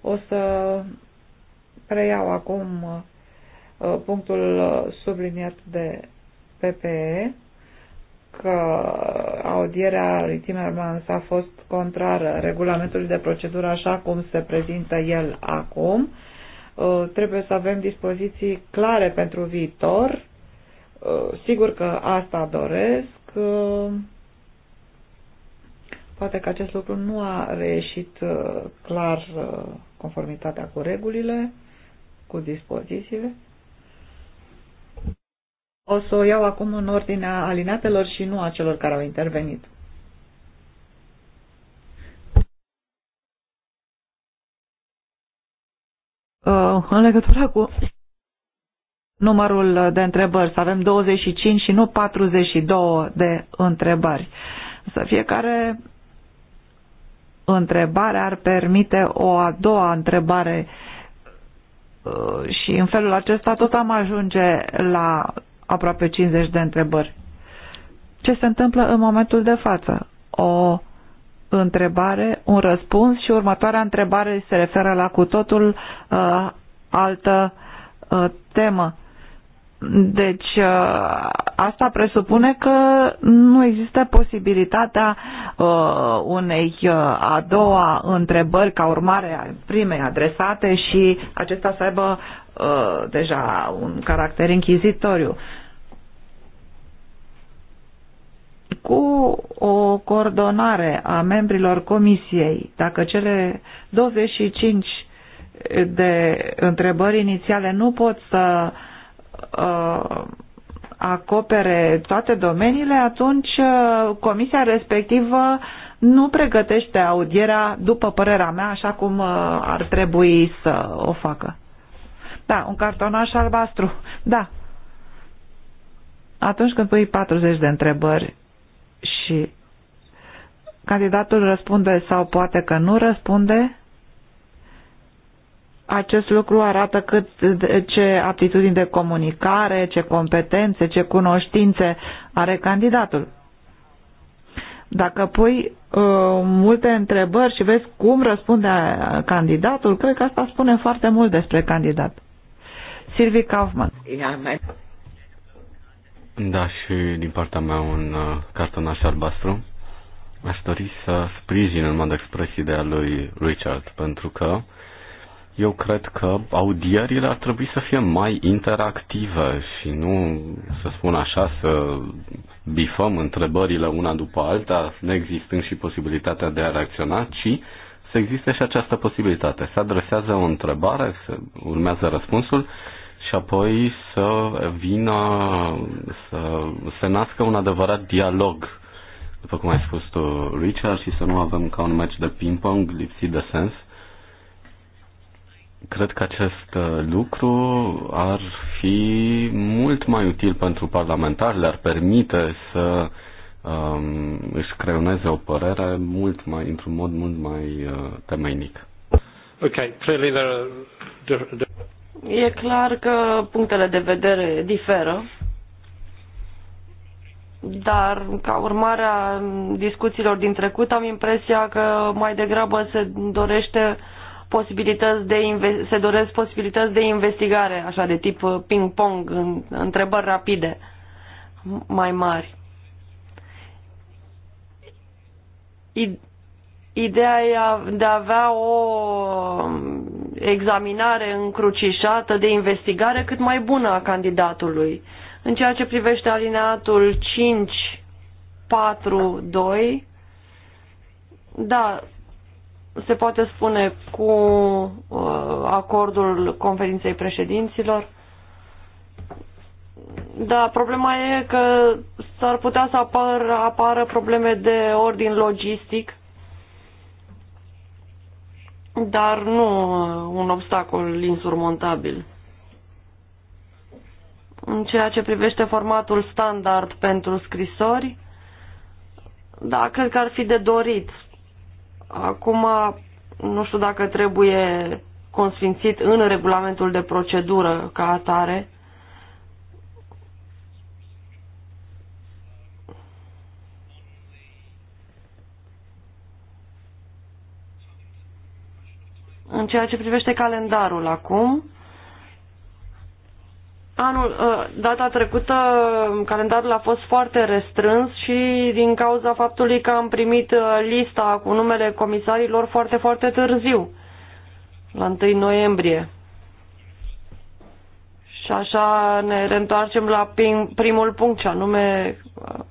O să preiau acum uh, punctul subliniat de PPE că audierea lui Timmermans a fost contrară regulamentului de procedură așa cum se prezintă el acum Uh, trebuie să avem dispoziții clare pentru viitor. Uh, sigur că asta doresc. Uh, poate că acest lucru nu a reieșit clar conformitatea cu regulile, cu dispozițiile. O să o iau acum în ordinea alinatelor și nu a celor care au intervenit. Uh, în legătură cu numărul de întrebări, să avem 25 și nu 42 de întrebări. Să fiecare întrebare ar permite o a doua întrebare uh, și în felul acesta tot am ajunge la aproape 50 de întrebări. Ce se întâmplă în momentul de față? O întrebare, un răspuns și următoarea întrebare se referă la cu totul uh, altă uh, temă. Deci uh, asta presupune că nu există posibilitatea uh, unei uh, a doua întrebări ca urmare a primei adresate și acesta să aibă uh, deja un caracter închizitoriu. Uh, cu o coordonare a membrilor comisiei, dacă cele 25 de întrebări inițiale nu pot să uh, acopere toate domeniile, atunci uh, comisia respectivă nu pregătește audierea, după părerea mea, așa cum uh, ar trebui să o facă. Da, un cartonaș albastru, da. Atunci când pui 40 de întrebări și candidatul răspunde sau poate că nu răspunde, acest lucru arată cât, ce aptitudini de comunicare, ce competențe, ce cunoștințe are candidatul. Dacă pui uh, multe întrebări și vezi cum răspunde candidatul, cred că asta spune foarte mult despre candidat. Silvi Kaufman. Da, și din partea mea un uh, cartonaș albastru. Aș dori să sprijin în mod expres ideea lui Richard, pentru că eu cred că audierile ar trebui să fie mai interactive și nu, să spun așa, să bifăm întrebările una după alta, neexistând și posibilitatea de a reacționa, ci să existe și această posibilitate. Se adresează o întrebare, urmează răspunsul și apoi să vină, să se nască un adevărat dialog, după cum ai spus tu, Richard, și să nu avem ca un meci de ping-pong lipsit de sens. Cred că acest uh, lucru ar fi mult mai util pentru parlamentari, le-ar permite să um, își creioneze o părere mult mai, într-un mod mult mai uh, temeinic. Okay, clearly there are E clar că punctele de vedere diferă, dar ca urmare a discuțiilor din trecut am impresia că mai degrabă se dorește posibilități de se doresc posibilități de investigare, așa de tip ping-pong, întrebări rapide mai mari. Ideea de a avea o examinare încrucișată de investigare cât mai bună a candidatului. În ceea ce privește alineatul 5, 4, 2, da, se poate spune cu uh, acordul conferinței președinților. Da, problema e că s-ar putea să apar, apară probleme de ordin logistic dar nu uh, un obstacol insurmontabil. În ceea ce privește formatul standard pentru scrisori, da, cred că ar fi de dorit. Acum, nu știu dacă trebuie consfințit în regulamentul de procedură ca atare, În ceea ce privește calendarul acum, Anul, ă, data trecută calendarul a fost foarte restrâns și din cauza faptului că am primit ă, lista cu numele comisarilor foarte, foarte târziu, la 1 noiembrie. Și așa ne reîntoarcem la primul punct, ce anume ă,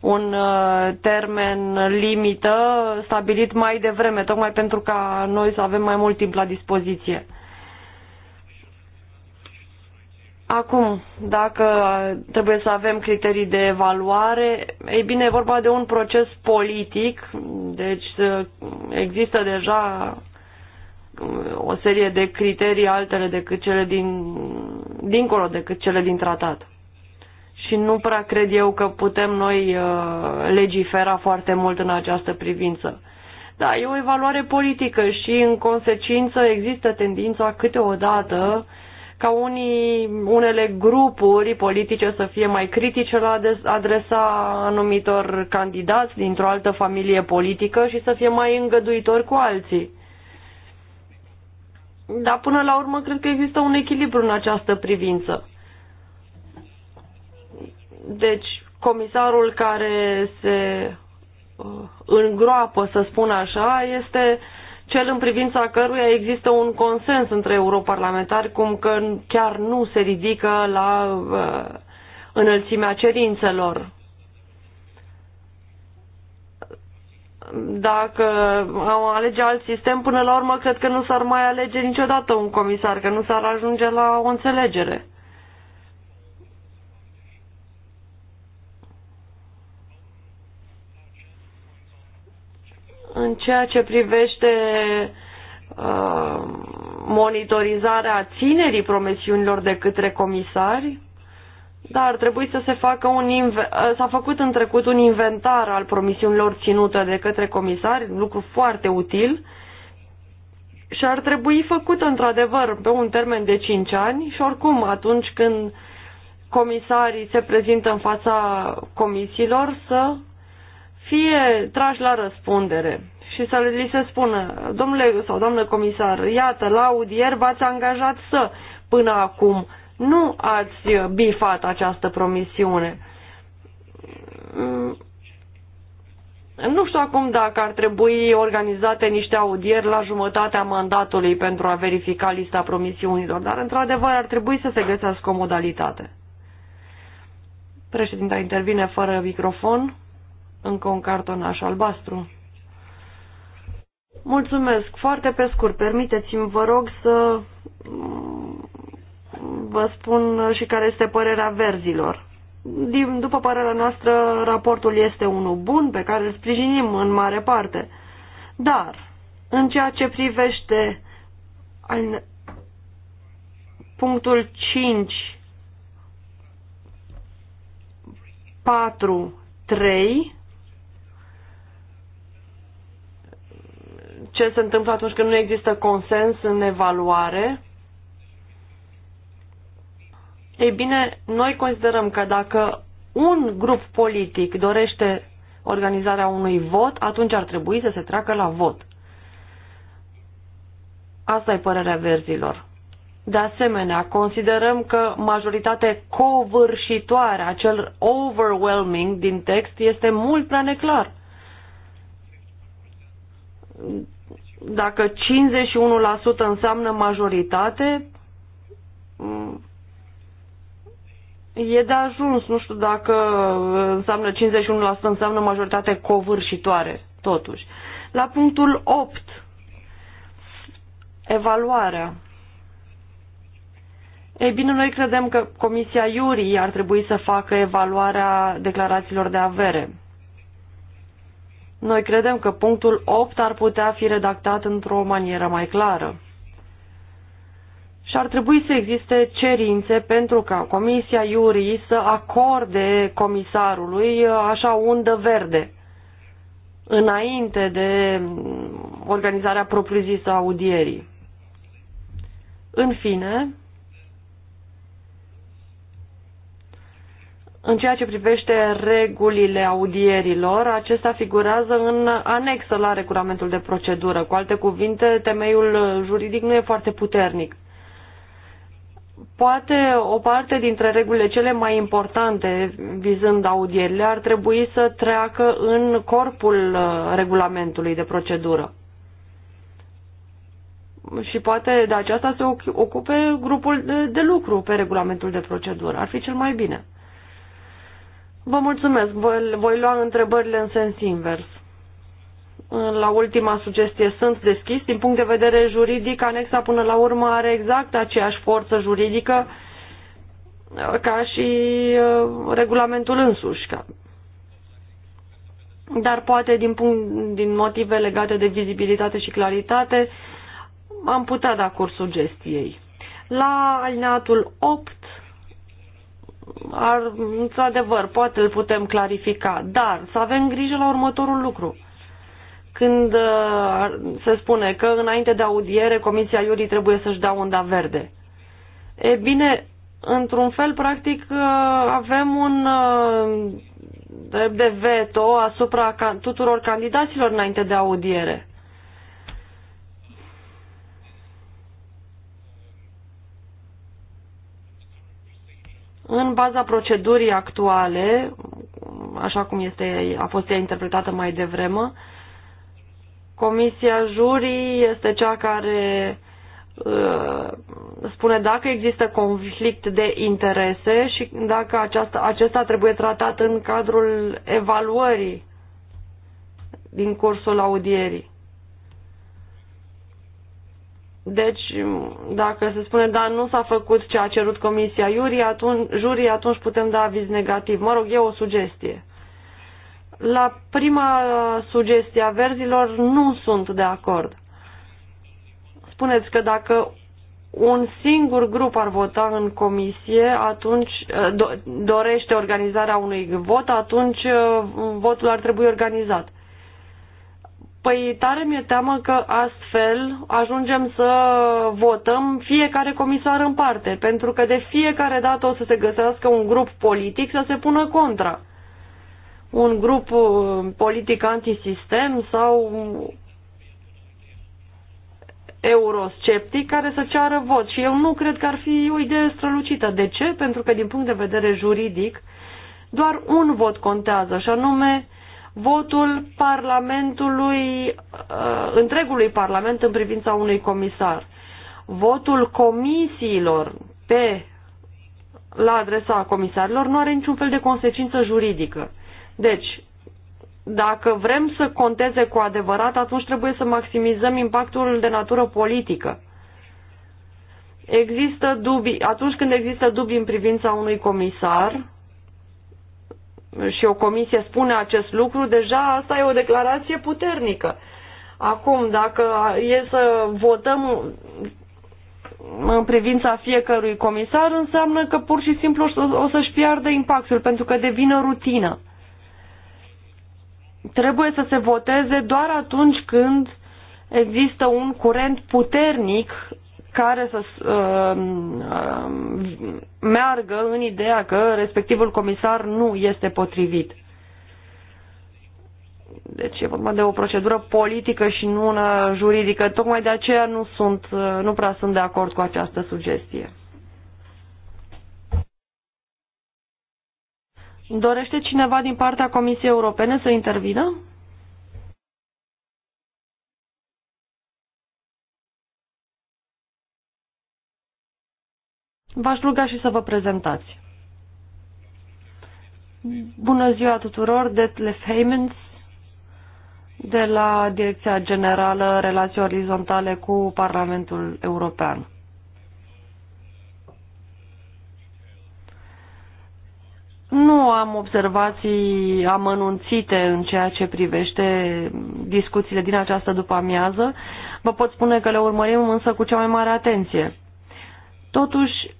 un uh, termen limită stabilit mai devreme, tocmai pentru ca noi să avem mai mult timp la dispoziție. Acum, dacă trebuie să avem criterii de evaluare, e bine, e vorba de un proces politic, deci uh, există deja uh, o serie de criterii altele decât cele din, dincolo decât cele din tratat și nu prea cred eu că putem noi uh, legifera foarte mult în această privință. Da, e o evaluare politică și în consecință există tendința câteodată ca unii, unele grupuri politice să fie mai critice la adresa anumitor candidați dintr-o altă familie politică și să fie mai îngăduitori cu alții. Dar până la urmă cred că există un echilibru în această privință. Deci, comisarul care se uh, îngroapă, să spun așa, este cel în privința căruia există un consens între europarlamentari, cum că chiar nu se ridică la uh, înălțimea cerințelor. Dacă am alege alt sistem, până la urmă cred că nu s-ar mai alege niciodată un comisar, că nu s-ar ajunge la o înțelegere. În ceea ce privește uh, monitorizarea ținerii promisiunilor de către comisari, dar trebuie să se facă un uh, s-a făcut în trecut un inventar al promisiunilor ținute de către comisari, lucru foarte util, și ar trebui făcut într-adevăr pe un termen de 5 ani și oricum atunci când comisarii se prezintă în fața comisiilor să fie trași la răspundere și să li se spună, domnule sau doamnă comisar, iată, la audier v-ați angajat să, până acum, nu ați bifat această promisiune. Mm, nu știu acum dacă ar trebui organizate niște audieri la jumătatea mandatului pentru a verifica lista promisiunilor, dar într-adevăr ar trebui să se găsească o modalitate. Președinta intervine fără microfon încă un cartonaș albastru. Mulțumesc. Foarte pe scurt, permiteți-mi, vă rog, să mm, vă spun și care este părerea verzilor. Din, după părerea noastră, raportul este unul bun pe care îl sprijinim în mare parte. Dar, în ceea ce privește în punctul 5, 4, 3, ce se întâmplă atunci când nu există consens în evaluare. Ei bine, noi considerăm că dacă un grup politic dorește organizarea unui vot, atunci ar trebui să se treacă la vot. Asta e părerea verzilor. De asemenea, considerăm că majoritatea covârșitoare, acel overwhelming din text, este mult prea neclar. Dacă 51% înseamnă majoritate, mm, e de ajuns. Nu știu dacă uh, înseamnă 51% înseamnă majoritate covârșitoare, totuși. La punctul 8, evaluarea. Ei bine, noi credem că Comisia Iurii ar trebui să facă evaluarea declarațiilor de avere. Noi credem că punctul 8 ar putea fi redactat într-o manieră mai clară. Și ar trebui să existe cerințe pentru ca Comisia Iurii să acorde comisarului uh, așa undă verde înainte de mm, organizarea propriu-zisă audierii. În fine, În ceea ce privește regulile audierilor, acesta figurează în anexă la regulamentul de procedură. Cu alte cuvinte, temeiul juridic nu e foarte puternic. Poate o parte dintre regulile cele mai importante vizând audierile ar trebui să treacă în corpul uh, regulamentului de procedură. Și poate de aceasta se ocupe grupul de lucru pe regulamentul de procedură. Ar fi cel mai bine. Vă mulțumesc. Voi, voi lua întrebările în sens invers. La ultima sugestie sunt deschis. Din punct de vedere juridic, anexa până la urmă are exact aceeași forță juridică ca și uh, regulamentul însuși. Dar poate din, punct, din motive legate de vizibilitate și claritate am putea da curs sugestiei. La alineatul 8 ar, într-adevăr, poate îl putem clarifica, dar să avem grijă la următorul lucru. Când uh, se spune că înainte de audiere Comisia Iurii trebuie să-și dea unda verde. E bine, într-un fel, practic, uh, avem un uh, de veto asupra ca tuturor candidaților înainte de audiere. În baza procedurii actuale, așa cum este, a fost ea interpretată mai devremă, Comisia jurii este cea care uh, spune dacă există conflict de interese și dacă aceasta, acesta trebuie tratat în cadrul evaluării din cursul audierii. Deci, dacă se spune, da, nu s-a făcut ce a cerut comisia jurii, atunci, jurii, atunci putem da aviz negativ. Mă rog, e o sugestie. La prima sugestie a verzilor nu sunt de acord. Spuneți că dacă un singur grup ar vota în comisie, atunci do, dorește organizarea unui vot, atunci uh, votul ar trebui organizat. Păi tare mi-e teamă că astfel ajungem să votăm fiecare comisar în parte, pentru că de fiecare dată o să se găsească un grup politic să se pună contra. Un grup uh, politic antisistem sau eurosceptic care să ceară vot și eu nu cred că ar fi o idee strălucită. De ce? Pentru că din punct de vedere juridic doar un vot contează și anume uh, votul Parlamentului, uh, întregului Parlament în privința unui comisar. Votul comisiilor pe la adresa comisarilor nu are niciun fel de consecință juridică. Deci, dacă vrem să conteze cu adevărat, atunci trebuie să maximizăm impactul de natură politică. Există dubii, atunci când există dubii în privința unui comisar, și o comisie spune acest lucru, deja asta e o declarație puternică. Acum, dacă e să votăm în privința fiecărui comisar, înseamnă că pur și simplu o să-și piardă impactul, pentru că devine rutină. Trebuie să se voteze doar atunci când există un curent puternic care să uh, uh, meargă în ideea că respectivul comisar nu este potrivit. Deci e vorba de o procedură politică și nu una juridică. Tocmai de aceea nu, sunt, uh, nu prea sunt de acord cu această sugestie. Dorește cineva din partea Comisiei Europene să intervină? V-aș ruga și să vă prezentați. Bună ziua tuturor, Detlef Heymans de la Direcția Generală Relații Orizontale cu Parlamentul European. Nu am observații amănunțite în ceea ce privește discuțiile din această după-amiază. Vă pot spune că le urmărim însă cu cea mai mare atenție. Totuși,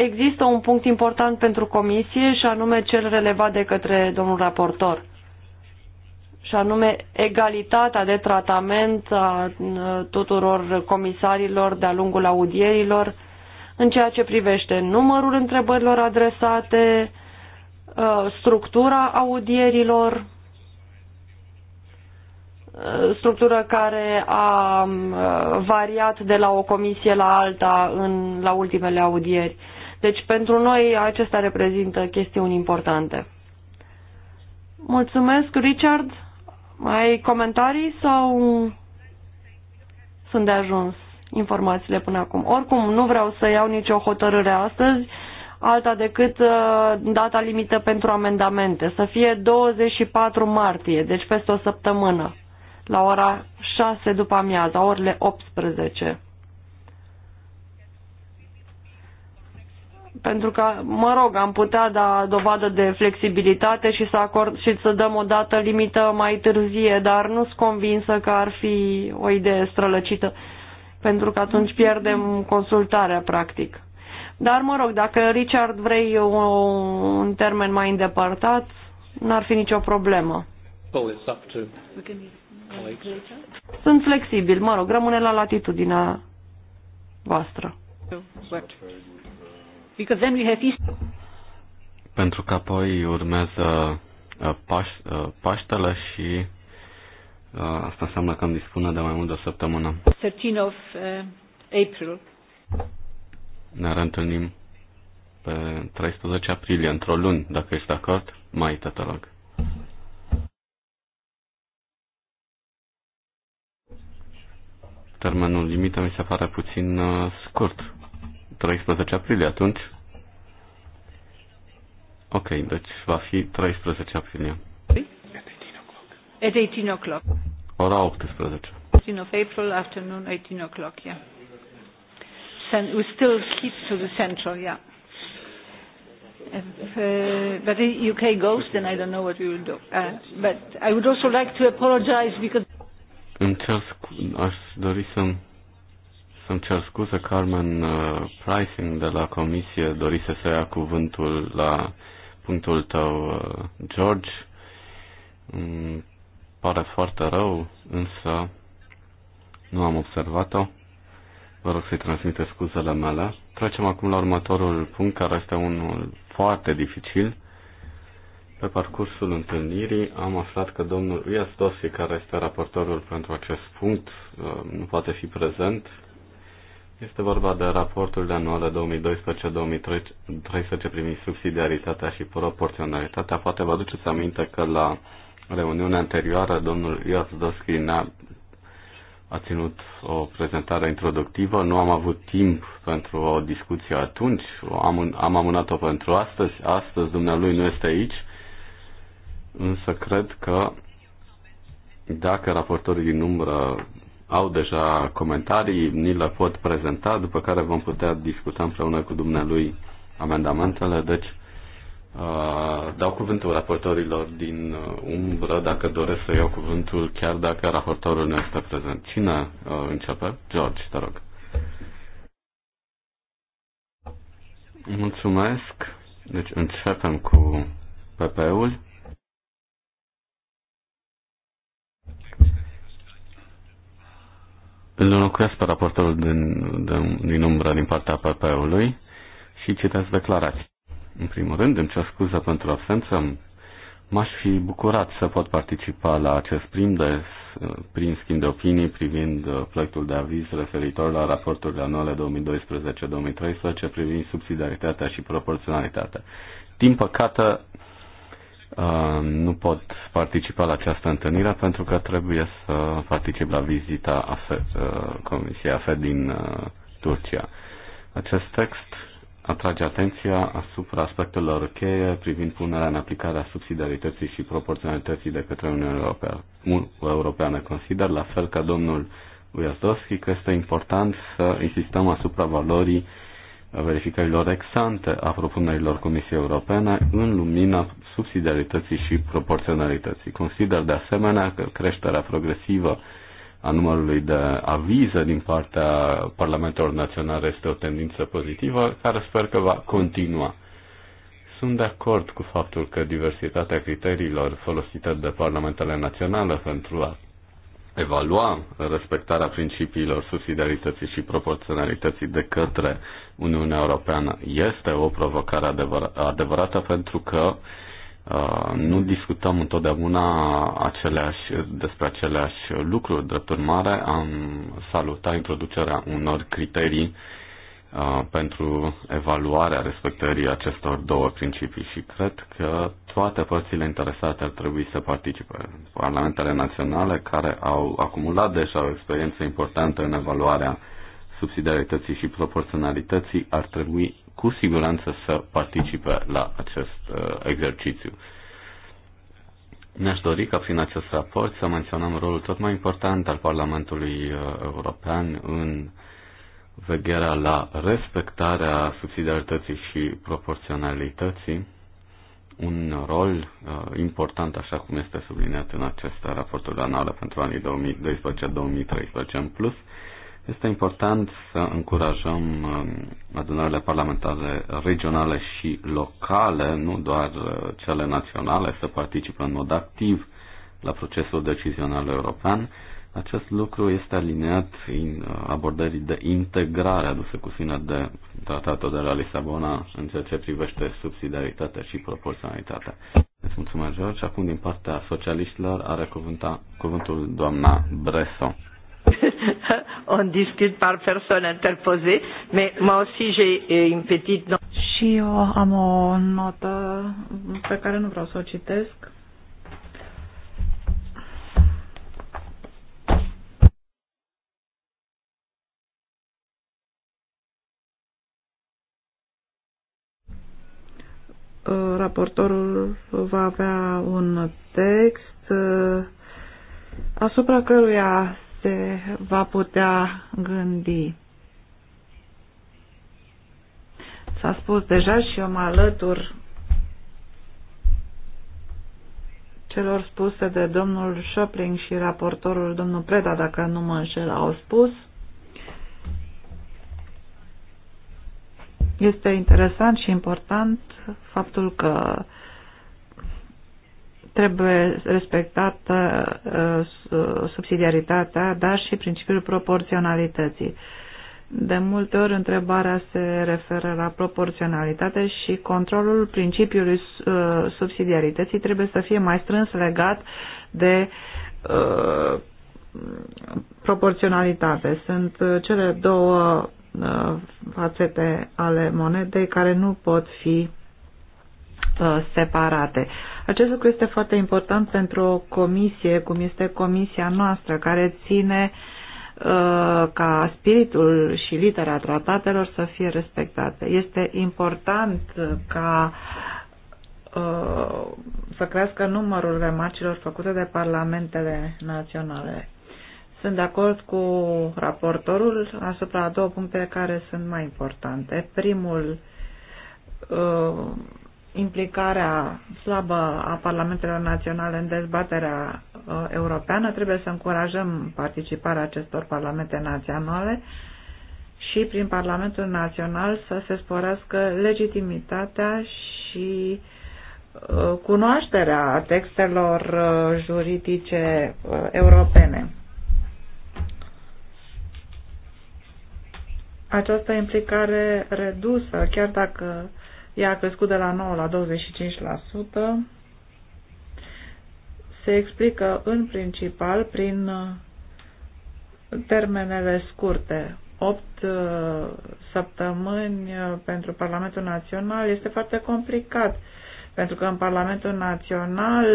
există un punct important pentru comisie și anume cel relevat de către domnul raportor și anume egalitatea de tratament a tuturor comisarilor de-a lungul audierilor în ceea ce privește numărul întrebărilor adresate, structura audierilor, structură care a variat de la o comisie la alta în, la ultimele audieri. Deci pentru noi acesta reprezintă chestiuni importante. Mulțumesc, Richard. Ai comentarii sau sunt de ajuns informațiile până acum? Oricum, nu vreau să iau nicio hotărâre astăzi, alta decât uh, data limită pentru amendamente, să fie 24 martie, deci peste o săptămână, la ora 6 după amiază orele 18. pentru că, mă rog, am putea da dovadă de flexibilitate și să, acord, și să dăm o dată limită mai târzie, dar nu sunt convinsă că ar fi o idee strălăcită, pentru că atunci pierdem consultarea, practic. Dar, mă rog, dacă Richard vrei un termen mai îndepărtat, n-ar fi nicio problemă. Sunt flexibil, mă rog, rămâne la latitudinea voastră. Because then we have Easter. Pentru că apoi urmează uh, Paș, uh, Paștele și uh, asta înseamnă că îmi dispune de mai mult de o săptămână. 13 of April. Ne reîntâlnim pe 13 aprilie, într-o luni, dacă ești de acord, mai tătălog. Termenul limită mi se pare puțin scurt 13 aprilie atunci. Ok, deci va fi 13 aprilie. At 18 o'clock. Ora 18. 18 of April, afternoon, 18 o'clock, yeah. Sen- we still keep to the central, yeah. If, uh, but if UK goes, then I don't know what we will do. Uh, but I would also like to apologize because... Încerc, aș dori să mi îmi cer scuze, Carmen uh, Pricing de la Comisie dorise să ia cuvântul la punctul tău, uh, George. pare foarte rău, însă nu am observat-o. Vă rog să-i transmite scuzele mele. Trecem acum la următorul punct, care este unul foarte dificil. Pe parcursul întâlnirii am aflat că domnul Ias Dossi, care este raportorul pentru acest punct, uh, nu poate fi prezent este vorba de raportul de anual 2012-2013 privind subsidiaritatea și proporționalitatea. Poate vă aduceți aminte că la reuniunea anterioară domnul Iazdowski ne-a a ținut o prezentare introductivă. Nu am avut timp pentru o discuție atunci. Am, am amânat-o pentru astăzi. Astăzi dumnealui nu este aici. Însă cred că dacă raportorii din umbră au deja comentarii, ni le pot prezenta, după care vom putea discuta împreună cu dumnealui amendamentele. Deci, uh, dau cuvântul raportorilor din uh, umbră dacă doresc să iau cuvântul, chiar dacă raportorul nu este prezent. Cine uh, începe? George, te rog. Mulțumesc. Deci începem cu PP-ul. îl înlocuiesc pe raportorul din, din, din umbră din partea PP-ului și citesc declarații. În primul rând, îmi cer scuză pentru absență. M-aș fi bucurat să pot participa la acest prim, de, prim schimb de opinii privind uh, proiectul de aviz referitor la raporturile anuale 2012-2013 privind subsidiaritatea și proporționalitatea. Din păcate, Uh, nu pot participa la această întâlnire pentru că trebuie să particip la vizita AFE, uh, Comisiei AFE din uh, Turcia. Acest text atrage atenția asupra aspectelor cheie privind punerea în aplicare a subsidiarității și proporționalității de către Uniunea Europeană. Consider, la fel ca domnul Uiazdowski, că este important să insistăm asupra valorii verificărilor ex ante a propunerilor Comisiei Europene în lumina subsidiarității și proporționalității. Consider de asemenea că creșterea progresivă a numărului de avize din partea Parlamentelor Naționale este o tendință pozitivă care sper că va continua. Sunt de acord cu faptul că diversitatea criteriilor folosite de Parlamentele Naționale pentru a evalua respectarea principiilor subsidiarității și proporționalității de către Uniunea Europeană este o provocare adevărată pentru că Uh, nu discutăm întotdeauna aceleași, despre aceleași lucruri. Drept urmare, am salutat introducerea unor criterii uh, pentru evaluarea respectării acestor două principii și cred că toate părțile interesate ar trebui să participe. Parlamentele naționale care au acumulat deja o experiență importantă în evaluarea subsidiarității și proporționalității ar trebui cu siguranță să participe la acest uh, exercițiu. ne aș dori ca prin acest raport să menționăm rolul tot mai important al Parlamentului uh, European în vegherea la respectarea subsidiarității și proporționalității, un rol uh, important, așa cum este subliniat în acest raport anual pentru anii 2012-2013 în plus, este important să încurajăm um, adunările parlamentare regionale și locale, nu doar uh, cele naționale, să participe în mod activ la procesul decizional european. Acest lucru este aliniat în uh, abordării de integrare aduse cu sine de Tratatul de la Lisabona în ceea ce privește subsidiaritatea și proporționalitatea. Îți mulțumesc, George. Acum, din partea socialiștilor, are cuvânta, cuvântul doamna Bresso. on discute par personne interposée, mais moi aussi j'ai euh, une petite note. Și eu am o notă pe care nu vreau să o citesc. raportorul va avea un text uh, asupra căruia se va putea gândi. S-a spus deja și eu mă alătur celor spuse de domnul Schöpling și raportorul domnul Preda, dacă nu mă înșel, au spus. Este interesant și important faptul că uh, trebuie respectată uh, subsidiaritatea, dar și principiul proporționalității. De multe ori întrebarea se referă la proporționalitate și controlul principiului uh, subsidiarității trebuie să fie mai strâns legat de uh, proporționalitate. Sunt cele două fațete ale monedei care nu pot fi separate. Acest lucru este foarte important pentru o comisie, cum este comisia noastră, care ține uh, ca spiritul și litera tratatelor să fie respectate. Este important ca uh, să crească numărul remarcilor făcute de parlamentele naționale. Sunt de acord cu raportorul asupra două puncte care sunt mai importante. Primul, uh, implicarea slabă a parlamentelor naționale în dezbaterea uh, europeană, trebuie să încurajăm participarea acestor parlamente naționale și prin Parlamentul Național să se sporească legitimitatea și uh, cunoașterea textelor uh, juridice europene. Această implicare redusă, chiar dacă ea a crescut de la 9% la 25%. Se explică în principal prin uh, termenele scurte. 8 uh, săptămâni uh, pentru Parlamentul Național este foarte complicat pentru că în Parlamentul Național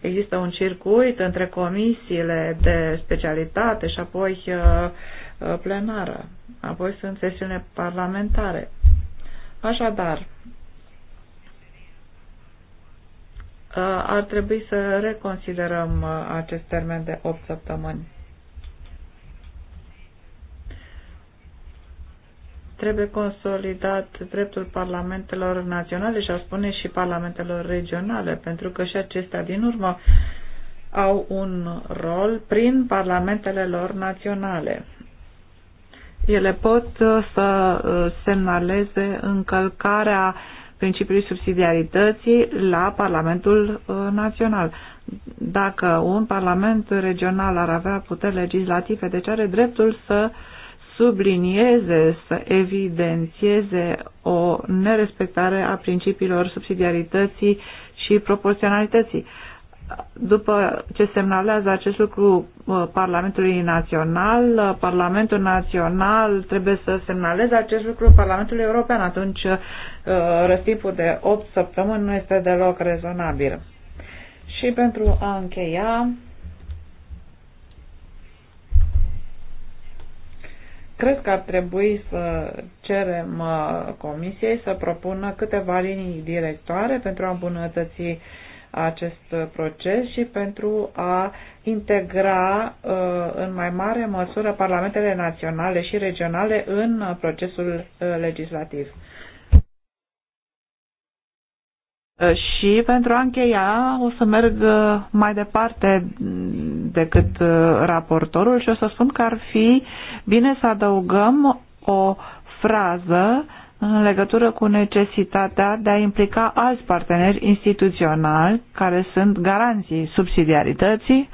există un circuit între comisiile de specialitate și apoi plenară, apoi sunt sesiune parlamentare. Așadar, uh, ar trebui să reconsiderăm uh, acest termen de 8 săptămâni. Trebuie consolidat dreptul parlamentelor naționale și a spune și parlamentelor regionale, pentru că și acestea din urmă au un rol prin parlamentele lor naționale. Ele pot uh, să uh, semnaleze încălcarea principiului subsidiarității la Parlamentul uh, Național. Dacă un Parlament regional ar avea puteri legislative, deci are dreptul să sublinieze, să evidențieze o nerespectare a principiilor subsidiarității și proporționalității după ce semnalează acest lucru uh, Parlamentului Național, uh, Parlamentul Național trebuie să semnaleze acest lucru Parlamentului European, atunci uh, răstipul de 8 săptămâni nu este deloc rezonabil. Și pentru a încheia, cred că ar trebui să cerem Comisiei să propună câteva linii directoare pentru a îmbunătăți uh, acest uh, proces și pentru a integra uh, în mai mare măsură parlamentele naționale și regionale în uh, procesul legislativ. Și pentru a încheia, o să merg mai departe decât raportorul și o să spun că ar fi bine să adăugăm o frază în legătură cu necesitatea de a implica alți parteneri instituționali care sunt garanții subsidiarității,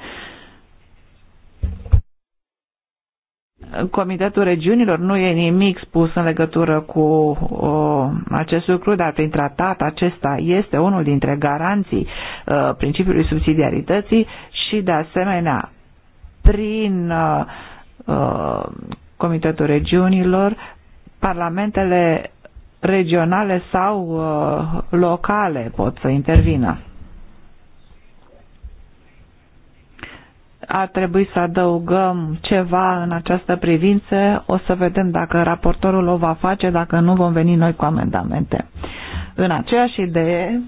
Comitetul Regiunilor nu e nimic spus în legătură cu o, acest lucru, dar prin tratat acesta este unul dintre garanții uh, principiului subsidiarității și, de asemenea, prin uh, uh Comitetul Regiunilor, parlamentele regionale sau uh, locale pot să intervină. Ar trebui să adăugăm ceva în această privință, o să vedem dacă raportorul o va face, dacă nu vom veni noi cu amendamente. În aceeași idee,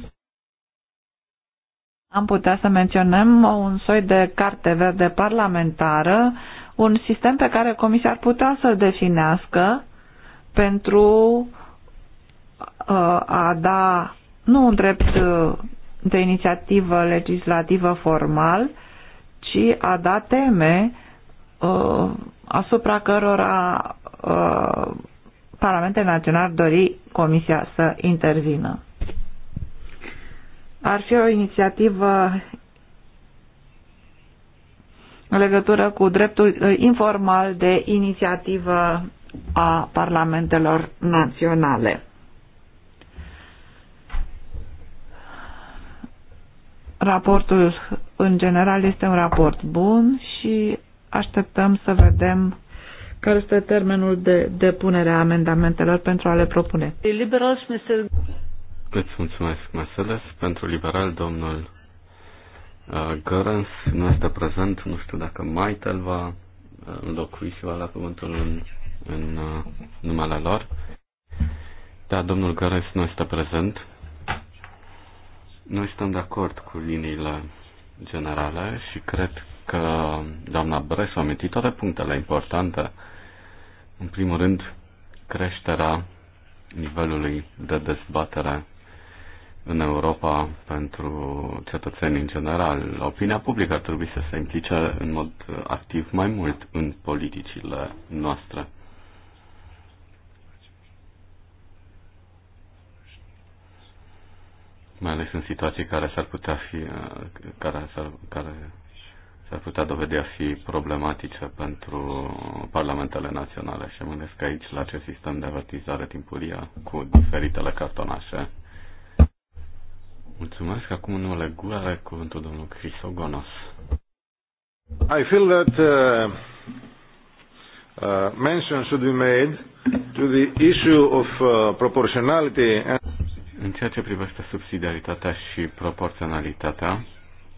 am putea să menționăm un soi de carte verde parlamentară, un sistem pe care Comisia ar putea să-l definească pentru uh, a da nu un drept uh, de inițiativă legislativă formal, ci a da teme uh, asupra cărora uh, Parlamentul național ar dori Comisia să intervină. Ar fi o inițiativă în legătură cu dreptul informal de inițiativă a Parlamentelor Naționale. Raportul, în general, este un raport bun și așteptăm să vedem care este termenul de depunere a amendamentelor pentru a le propune. Liberals, Mr. Îți mulțumesc, Meseles, pentru liberal, domnul uh, Gărens nu este prezent, nu știu dacă Maitel va uh, înlocui și va la cuvântul în, în uh, numele lor. Da, domnul Gărens nu este prezent. Noi suntem de acord cu liniile generale și cred că doamna Bres a amintit toate punctele importante. În primul rând, creșterea nivelului de dezbatere în Europa pentru cetățenii în general. Opinia publică ar trebui să se implice în mod activ mai mult în politicile noastre. mai ales în situații care s-ar putea fi, uh, care s-ar, care s-ar putea dovedi a fi problematice pentru parlamentele naționale și mă gândesc aici la acest sistem de avertizare timpurie cu diferitele cartonașe. Mulțumesc. Acum în le are cuvântul domnul Crisogonos. I feel that uh, uh, mention should be made to the issue of uh, proportionality and în ceea ce privește subsidiaritatea și proporționalitatea,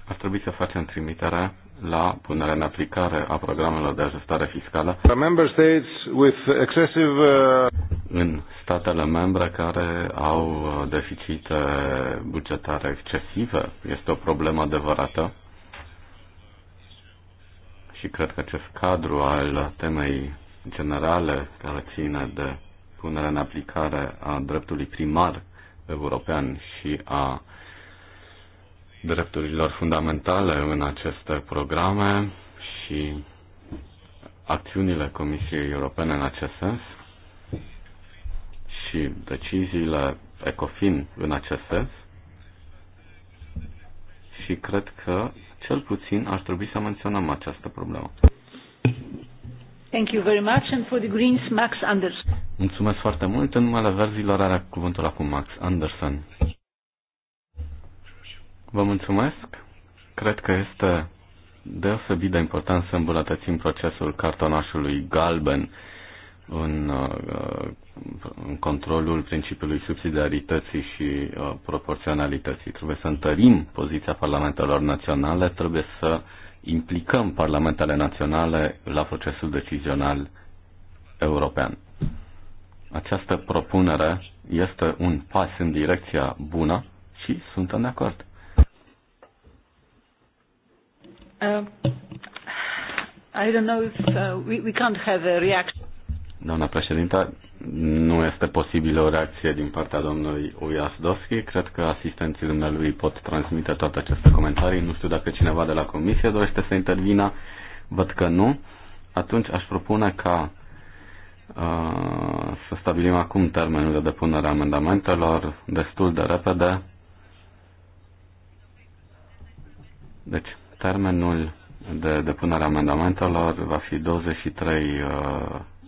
ar trebui să facem trimitere la punerea în aplicare a programelor de ajustare fiscală member states with excessive, uh... în statele membre care au uh, deficite bugetare excesive. Este o problemă adevărată și cred că acest cadru al temei generale care ține de punerea în aplicare a dreptului primar european și a drepturilor fundamentale în aceste programe și acțiunile Comisiei Europene în acest sens și deciziile ECOFIN în acest sens și cred că cel puțin ar trebui să menționăm această problemă. Thank you very much and for the Greens, Max Anderson. Mulțumesc foarte mult. În numele verzilor are cuvântul acum Max Anderson. Vă mulțumesc. Cred că este deosebit de important să îmbunătățim procesul cartonașului galben în, uh, în controlul principiului subsidiarității și uh, proporționalității. Trebuie să întărim poziția parlamentelor naționale, trebuie să uh, implicăm parlamentele naționale la procesul decizional european. Această propunere este un pas în direcția bună și suntem de acord. Uh, I don't know if uh, we, we can't have a reaction. Doamna președintă, nu este posibilă o reacție din partea domnului Doschi. Cred că asistenții dumnealui pot transmite toate aceste comentarii. Nu știu dacă cineva de la comisie dorește să intervină. Văd că nu. Atunci aș propune ca uh, să stabilim acum termenul de depunere a amendamentelor destul de repede. Deci, termenul de depunere a amendamentelor va fi 23 uh,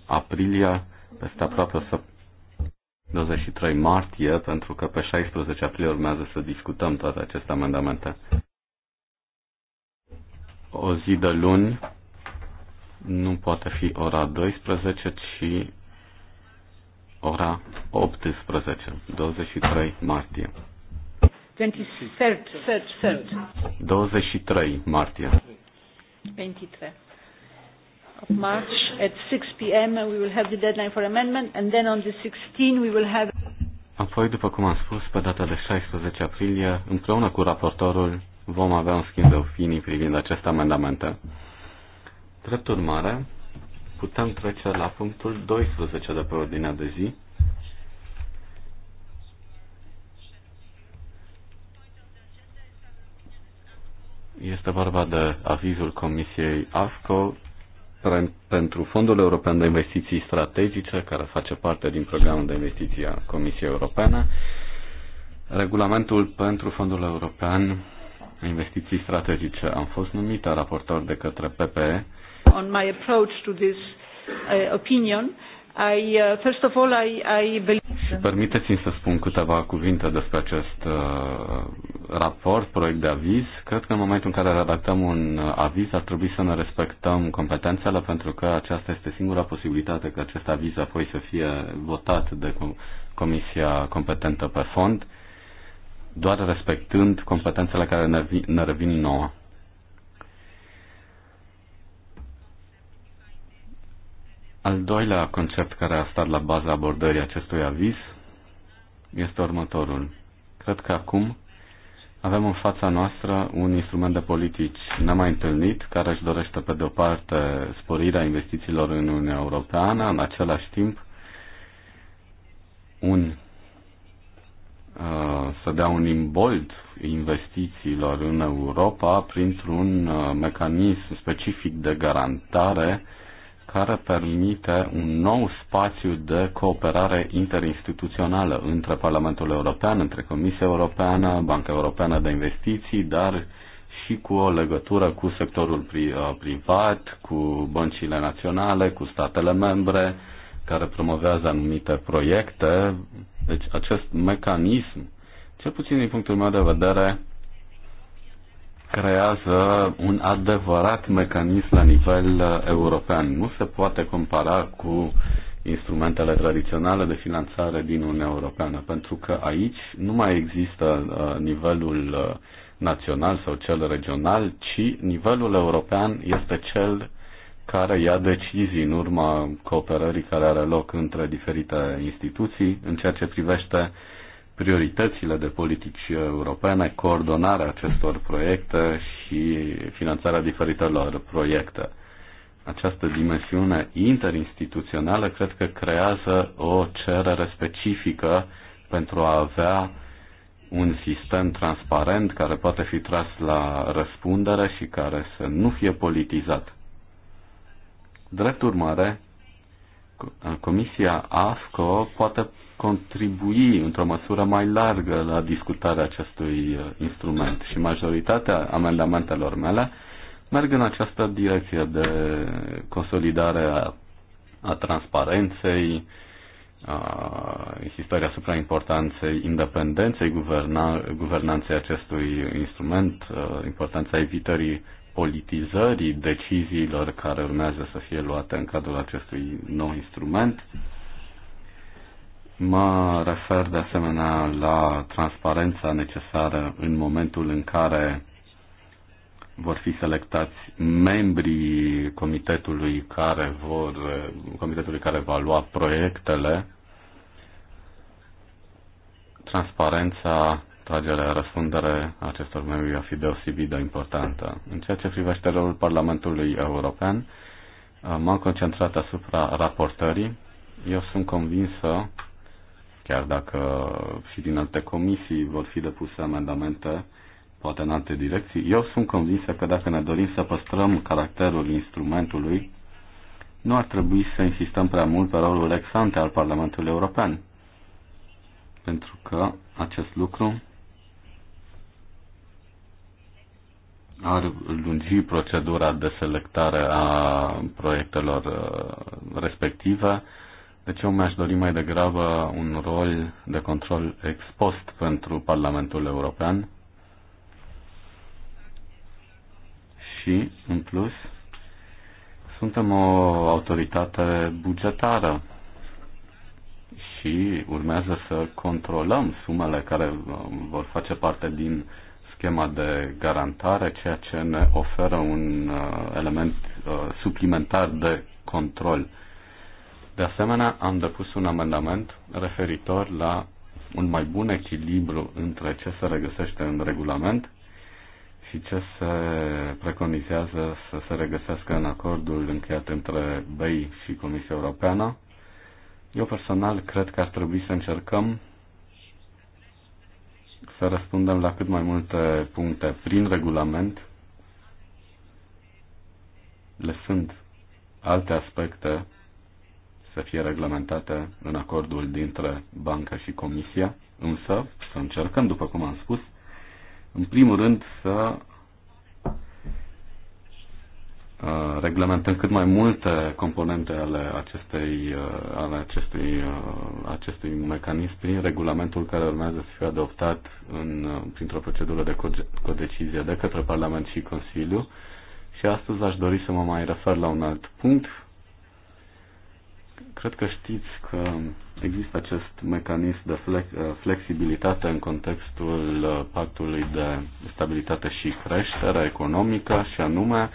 aprilie peste aproape o săptămână 23 martie, pentru că pe 16 aprilie urmează să discutăm toate aceste amendamente. O zi de luni nu poate fi ora 12, ci ora 18, 23 martie. 23. 23 martie. 23 of March at 6 p.m. we will have the deadline for amendment and then on the 16 we will have Apoi, după cum am spus, pe data de 16 aprilie, împreună cu raportorul, vom avea un schimb de opinii privind aceste amendamente. Drept urmare, putem trece la punctul 12 de pe ordinea de zi, Este vorba de avizul Comisiei AFCO pentru Fondul European de Investiții Strategice, care face parte din programul de investiții a Comisiei Europene, regulamentul pentru Fondul European de Investiții Strategice. Am fost numită raportor de către PPE. On my approach to this uh, opinion, I, uh, first of all, I, I believe... Permiteți-mi să spun câteva cuvinte despre acest uh, raport, proiect de aviz. Cred că în momentul în care redactăm un aviz ar trebui să ne respectăm competențele pentru că aceasta este singura posibilitate că acest aviz apoi să fie votat de comisia competentă pe fond, doar respectând competențele care ne, ne revin nouă. Al doilea concept care a stat la baza abordării acestui aviz este următorul. Cred că acum avem în fața noastră un instrument de politici nemai întâlnit, care își dorește pe de-o parte sporirea investițiilor în Uniunea Europeană, în același timp un, uh, să dea un imbold investițiilor în Europa printr-un uh, mecanism specific de garantare care permite un nou spațiu de cooperare interinstituțională între Parlamentul European, între Comisia Europeană, Banca Europeană de Investiții, dar și cu o legătură cu sectorul uh, privat, cu băncile naționale, cu statele membre care promovează anumite proiecte. Deci acest mecanism, cel puțin din punctul meu de vedere, creează un adevărat mecanism la nivel uh, european. Nu se poate compara cu instrumentele tradiționale de finanțare din Uniunea Europeană, pentru că aici nu mai există uh, nivelul uh, național sau cel regional, ci nivelul european este cel care ia decizii în urma cooperării care are loc între diferite instituții în ceea ce privește uh, prioritățile de politici europene, coordonarea acestor proiecte și finanțarea diferitelor proiecte. Această dimensiune interinstituțională cred că creează o cerere specifică pentru a avea un sistem transparent care poate fi tras la răspundere și care să nu fie politizat. Drept urmare, Comisia AFCO poate contribui într-o măsură mai largă la discutarea acestui uh, instrument și majoritatea amendamentelor mele merg în această direcție de consolidare a, a transparenței, a, istoria asupra importanței independenței guverna, guvernanței acestui instrument, uh, importanța evitării politizării deciziilor care urmează să fie luate în cadrul acestui nou instrument. Mă refer de asemenea la transparența necesară în momentul în care vor fi selectați membrii comitetului care vor comitetului care va lua proiectele transparența tragerea răspundere acestor membri va fi deosebit de importantă. În ceea ce privește rolul Parlamentului European, m-am concentrat asupra raportării. Eu sunt convinsă chiar dacă și din alte comisii vor fi depuse amendamente, poate în alte direcții. Eu sunt convinsă că dacă ne dorim să păstrăm caracterul instrumentului, nu ar trebui să insistăm prea mult pe rolul ex al Parlamentului European, pentru că acest lucru ar lungi procedura de selectare a proiectelor uh, respective, deci eu mi-aș dori mai degrabă un rol de control ex post pentru Parlamentul European și, în plus, suntem o autoritate bugetară și urmează să controlăm sumele care um, vor face parte din schema de garantare, ceea ce ne oferă un uh, element uh, suplimentar de control de asemenea, am depus un amendament referitor la un mai bun echilibru între ce se regăsește în regulament și ce se preconizează să se regăsească în acordul încheiat între BEI și Comisia Europeană. Eu personal cred că ar trebui să încercăm să răspundem la cât mai multe puncte prin regulament, lăsând alte aspecte să fie reglementate în acordul dintre bancă și comisia, însă să încercăm, după cum am spus, în primul rând să uh, reglementăm cât mai multe componente ale acestei, uh, ale acestui, uh, acestui mecanism prin regulamentul care urmează să fie adoptat în, printr-o procedură de codecizie de către Parlament și Consiliu. Și astăzi aș dori să mă mai refer la un alt punct Cred că știți că există acest mecanism de uh, flexibilitate în contextul uh, pactului de stabilitate și creștere economică și anume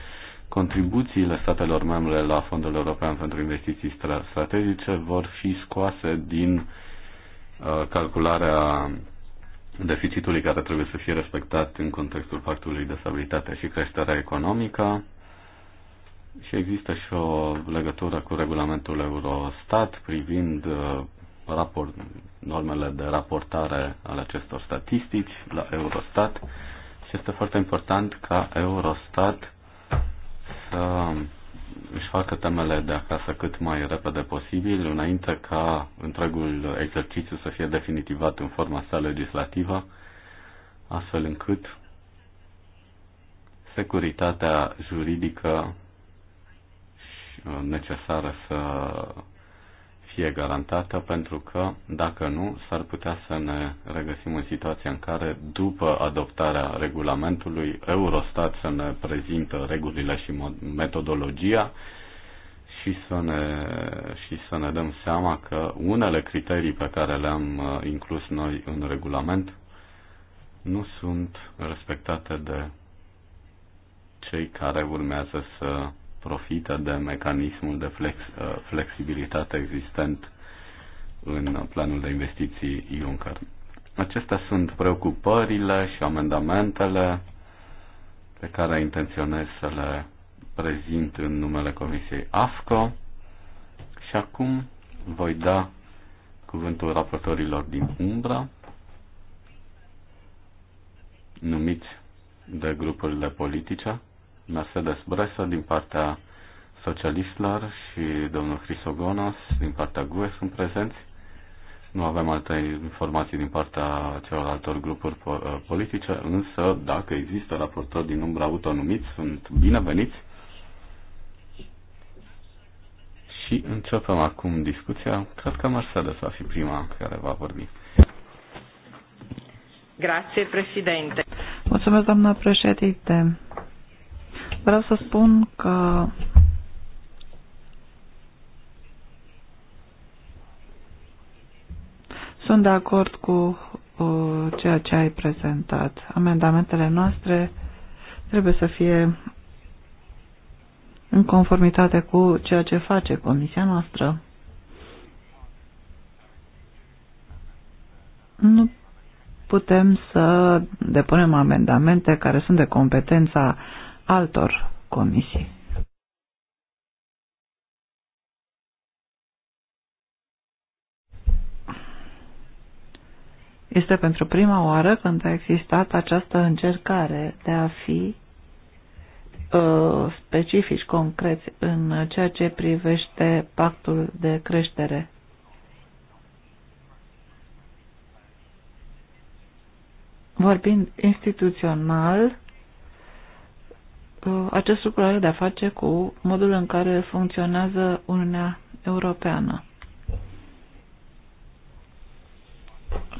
contribuțiile statelor membre la Fondul European pentru Investiții Strategice vor fi scoase din uh, calcularea deficitului care trebuie să fie respectat în contextul pactului de stabilitate și creștere economică și există și o legătură cu regulamentul Eurostat privind uh, raport, normele de raportare ale acestor statistici la Eurostat și este foarte important ca Eurostat să își facă temele de acasă cât mai repede posibil, înainte ca întregul exercițiu să fie definitivat în forma sa legislativă, astfel încât securitatea juridică necesară să fie garantată, pentru că, dacă nu, s-ar putea să ne regăsim în situația în care, după adoptarea regulamentului, Eurostat să ne prezintă regulile și metodologia și să ne, și să ne dăm seama că unele criterii pe care le-am uh, inclus noi în regulament nu sunt respectate de cei care urmează să profită de mecanismul de flex, uh, flexibilitate existent în planul de investiții Juncker. Acestea sunt preocupările și amendamentele pe care intenționez să le prezint în numele Comisiei AFCO și acum voi da cuvântul raportorilor din Umbra, numiți de grupurile politice. Mercedes Bresa din partea socialistilor și domnul Crisogonos din partea GUE sunt prezenți. Nu avem alte informații din partea celorlaltor grupuri uh, politice, însă dacă există raportori din umbra autonumiți, sunt bineveniți. Și începem acum discuția. Cred că Mercedes va fi prima care va vorbi. Grazie, președinte. Mulțumesc, doamna președinte. Vreau să spun că sunt de acord cu uh, ceea ce ai prezentat. Amendamentele noastre trebuie să fie în conformitate cu ceea ce face comisia noastră. Nu putem să depunem amendamente care sunt de competența altor comisii. Este pentru prima oară când a existat această încercare de a fi uh, specifici, concreți în ceea ce privește pactul de creștere. Vorbind instituțional, Uh, acest lucru are de-a face cu modul în care funcționează Uniunea Europeană.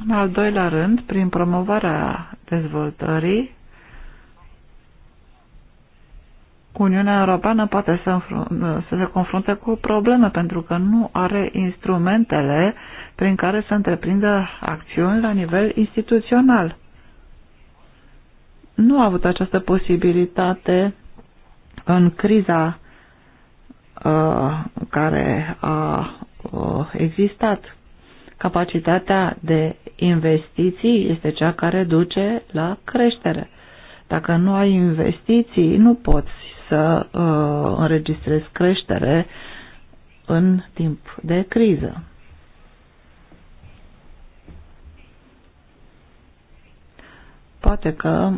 În al doilea rând, prin promovarea dezvoltării, Uniunea Europeană poate să, să se confrunte cu probleme pentru că nu are instrumentele prin care să întreprindă acțiuni la nivel instituțional nu a avut această posibilitate în criza uh, care a uh, existat. Capacitatea de investiții este cea care duce la creștere. Dacă nu ai investiții, nu poți să uh, înregistrezi creștere în timp de criză. Poate că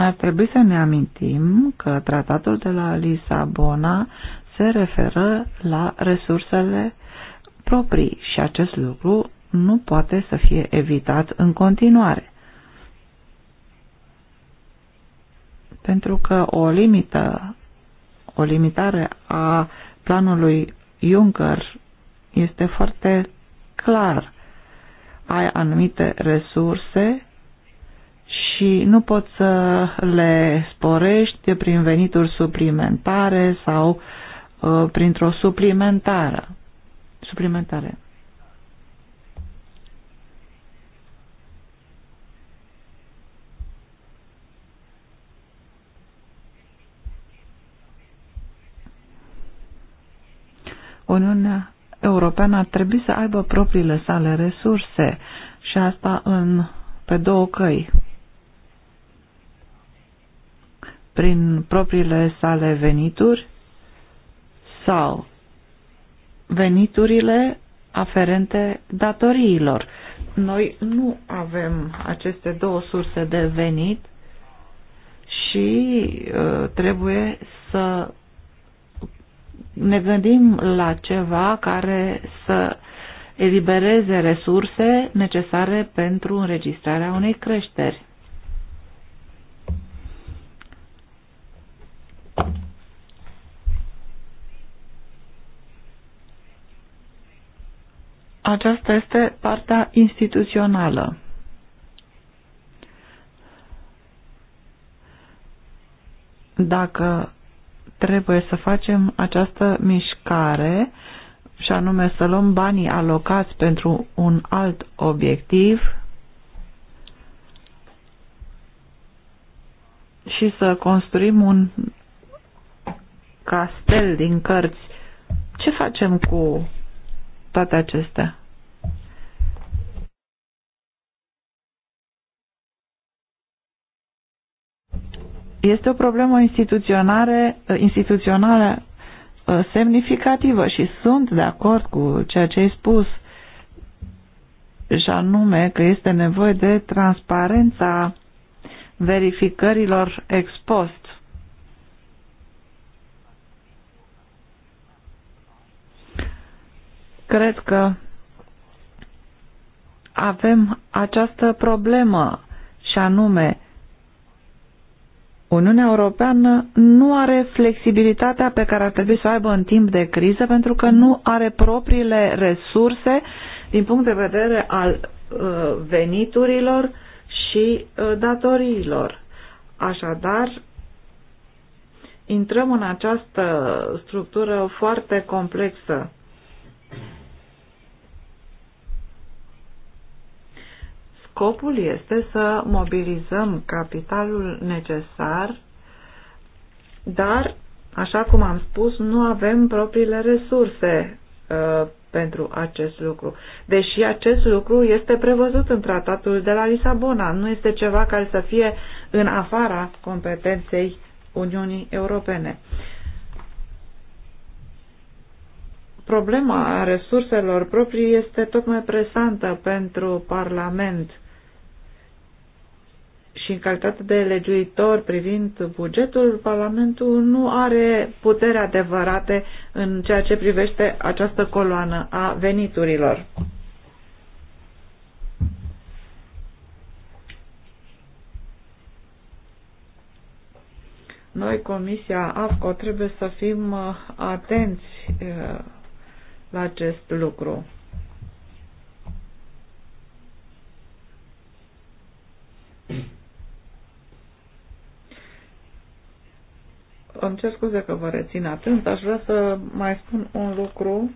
ar trebui să ne amintim că tratatul de la Lisabona se referă la resursele proprii și acest lucru nu poate să fie evitat în continuare. Pentru că o limită, o limitare a planului Juncker este foarte clar. Ai anumite resurse și nu poți să le sporești prin venituri suplimentare sau uh, printr-o suplimentară. Suplimentare. Uniunea Europeană ar trebui să aibă propriile sale resurse și asta în, pe două căi. prin propriile sale venituri sau veniturile aferente datoriilor. Noi nu avem aceste două surse de venit și uh, trebuie să ne gândim la ceva care să elibereze resurse necesare pentru înregistrarea unei creșteri. Aceasta este partea instituțională. Dacă trebuie să facem această mișcare, și anume să luăm banii alocați pentru un alt obiectiv și să construim un castel din cărți, ce facem cu toate acestea. Este o problemă instituțională ă, semnificativă și sunt de acord cu ceea ce ai spus și anume că este nevoie de transparența verificărilor expos. Cred că avem această problemă și anume Uniunea Europeană nu are flexibilitatea pe care ar trebui să o aibă în timp de criză pentru că nu are propriile resurse din punct de vedere al uh, veniturilor și uh, datoriilor. Așadar, intrăm în această structură foarte complexă Scopul este să mobilizăm capitalul necesar, dar, așa cum am spus, nu avem propriile resurse uh, pentru acest lucru. Deși acest lucru este prevăzut în tratatul de la Lisabona, nu este ceva care să fie în afara competenței Uniunii Europene. Problema resurselor proprii este tocmai presantă pentru Parlament și în calitate de legiuitor privind bugetul, Parlamentul nu are putere adevărate în ceea ce privește această coloană a veniturilor. Noi, Comisia AFCO, trebuie să fim uh, atenți uh, la acest lucru. Mm-hmm. îmi cer scuze că vă rețin atent, aș vrea să mai spun un lucru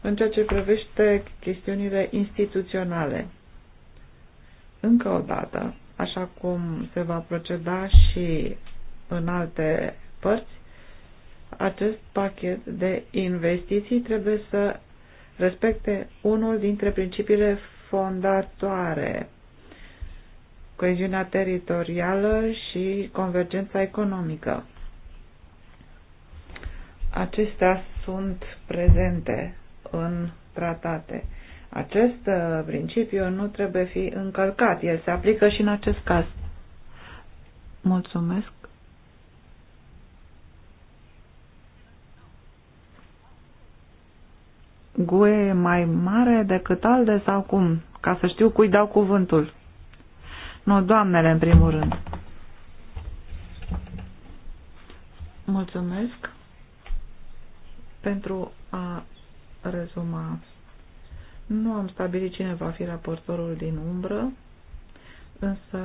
în ceea ce privește chestiunile instituționale. Încă o dată, așa cum se va proceda și în alte părți, acest pachet de investiții trebuie să respecte unul dintre principiile fondatoare, coeziunea teritorială și convergența economică acestea sunt prezente în tratate. Acest uh, principiu nu trebuie fi încălcat. El se aplică și în acest caz. Mulțumesc. Gue mai mare decât alde sau cum? Ca să știu cui dau cuvântul. Nu, doamnele, în primul rând. Mulțumesc. Pentru a rezuma, nu am stabilit cine va fi raportorul din umbră, însă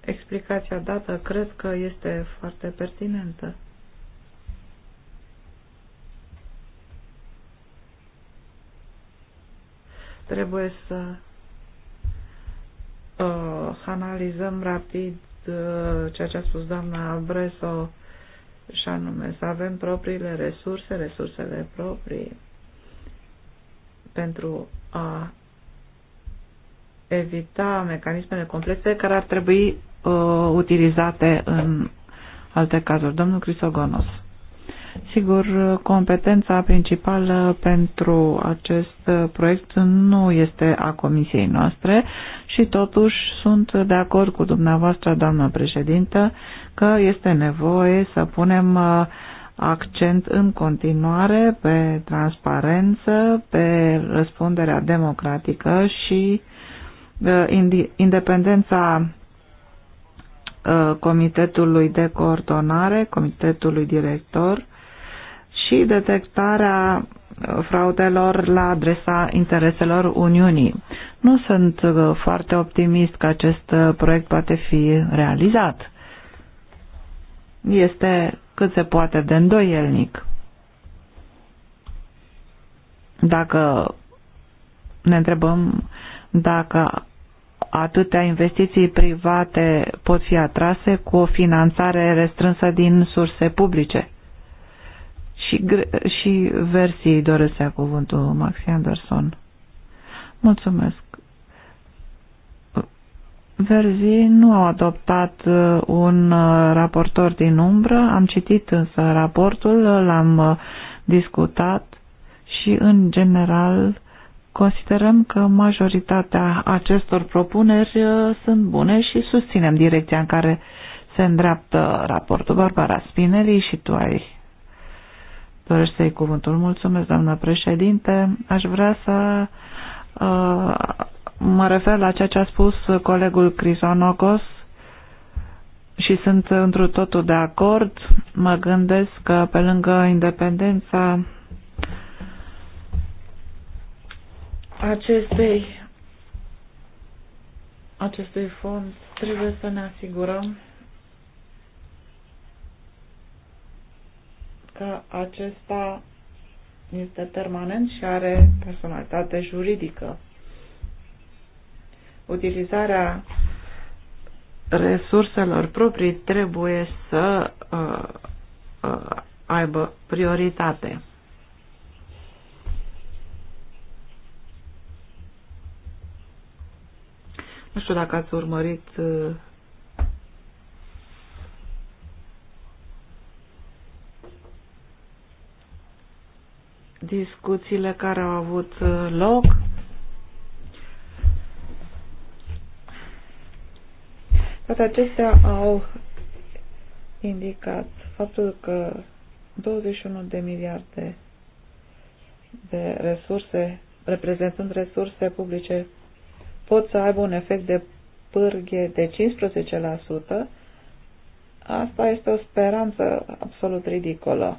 explicația dată cred că este foarte pertinentă. Trebuie să uh, analizăm rapid uh, ceea ce a spus doamna Breso și anume să avem propriile resurse, resursele proprii pentru a evita mecanismele complexe care ar trebui uh, utilizate în alte cazuri. Domnul Crisogonos. Sigur, competența principală pentru acest proiect nu este a comisiei noastre și totuși sunt de acord cu dumneavoastră, doamnă președintă, că este nevoie să punem uh, accent în continuare pe transparență, pe răspunderea democratică și uh, independența uh, Comitetului de Coordonare, Comitetului Director și detectarea uh, fraudelor la adresa intereselor Uniunii. Nu sunt uh, foarte optimist că acest uh, proiect poate fi realizat. Este cât se poate de îndoielnic. Dacă ne întrebăm dacă atâtea investiții private pot fi atrase cu o finanțare restrânsă din surse publice și, și versii doresc să cuvântul Maxi Anderson. Mulțumesc. Verzii nu au adoptat uh, un uh, raportor din umbră, am citit însă raportul, l-am uh, discutat și, în general, considerăm că majoritatea acestor propuneri sunt bune și susținem direcția în care se îndreaptă raportul Barbara Spinelli și tu ai Dorește să-i cuvântul. Mulțumesc, doamnă președinte. Aș vrea să uh, mă refer la ceea ce a spus colegul Crisonocos și sunt întru totul de acord. Mă gândesc că pe lângă independența acestei acestui fond trebuie să ne asigurăm că acesta este permanent și are personalitate juridică. Utilizarea resurselor proprii trebuie să uh, uh, aibă prioritate. Nu știu dacă ați urmărit uh, discuțiile care au avut uh, loc. Toate acestea au indicat faptul că 21 de miliarde de resurse, reprezentând resurse publice, pot să aibă un efect de pârghie de 15%, asta este o speranță absolut ridicolă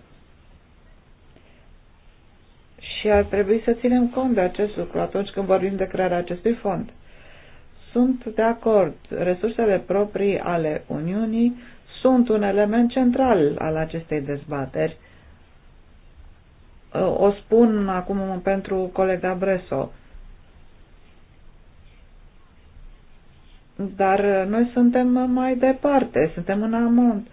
și ar trebui să ținem cont de acest lucru atunci când vorbim de crearea acestui fond. Sunt de acord, resursele proprii ale Uniunii sunt un element central al acestei dezbateri. O spun acum pentru colega Breso. Dar noi suntem mai departe, suntem în amont.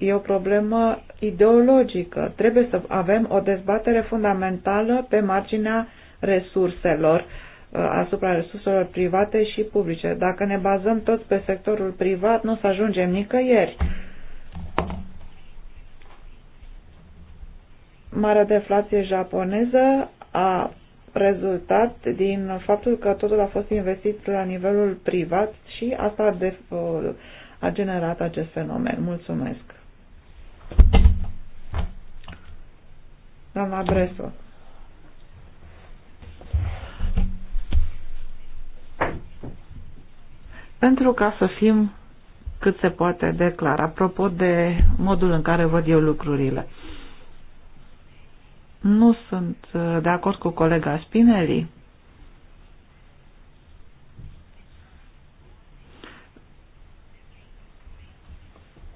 E o problemă ideologică. Trebuie să avem o dezbatere fundamentală pe marginea resurselor, uh, asupra resurselor private și publice. Dacă ne bazăm toți pe sectorul privat, nu o să ajungem nicăieri. Marea deflație japoneză a rezultat din faptul că totul a fost investit la nivelul privat și asta a, de, uh, a generat acest fenomen. Mulțumesc! Doamna Bresu. Pentru ca să fim cât se poate de clar, apropo de modul în care văd eu lucrurile. Nu sunt uh, de acord cu colega Spinelli.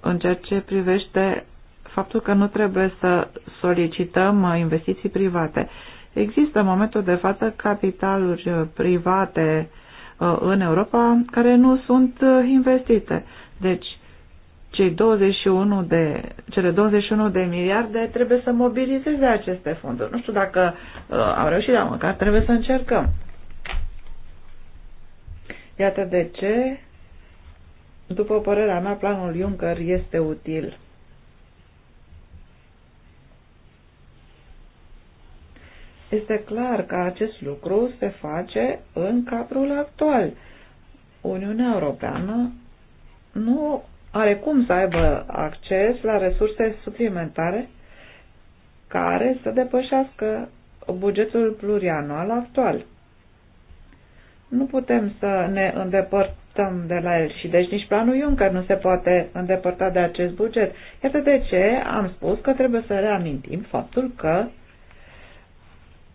În ceea ce privește faptul că nu trebuie să solicităm uh, investiții private. Există în momentul de față capitaluri uh, private uh, în Europa care nu sunt investite. Deci, cei 21 de, cele 21 de miliarde trebuie să mobilizeze aceste fonduri. Nu știu dacă uh, am reușit, dar măcar trebuie să încercăm. Iată de ce, după părerea mea, planul Juncker este util. Este clar că acest lucru se face în cadrul actual. Uniunea Europeană nu are cum să aibă acces la resurse suplimentare care să depășească bugetul plurianual actual. Nu putem să ne îndepărtăm de la el și deci nici planul Juncker nu se poate îndepărta de acest buget. Iată de ce am spus că trebuie să reamintim faptul că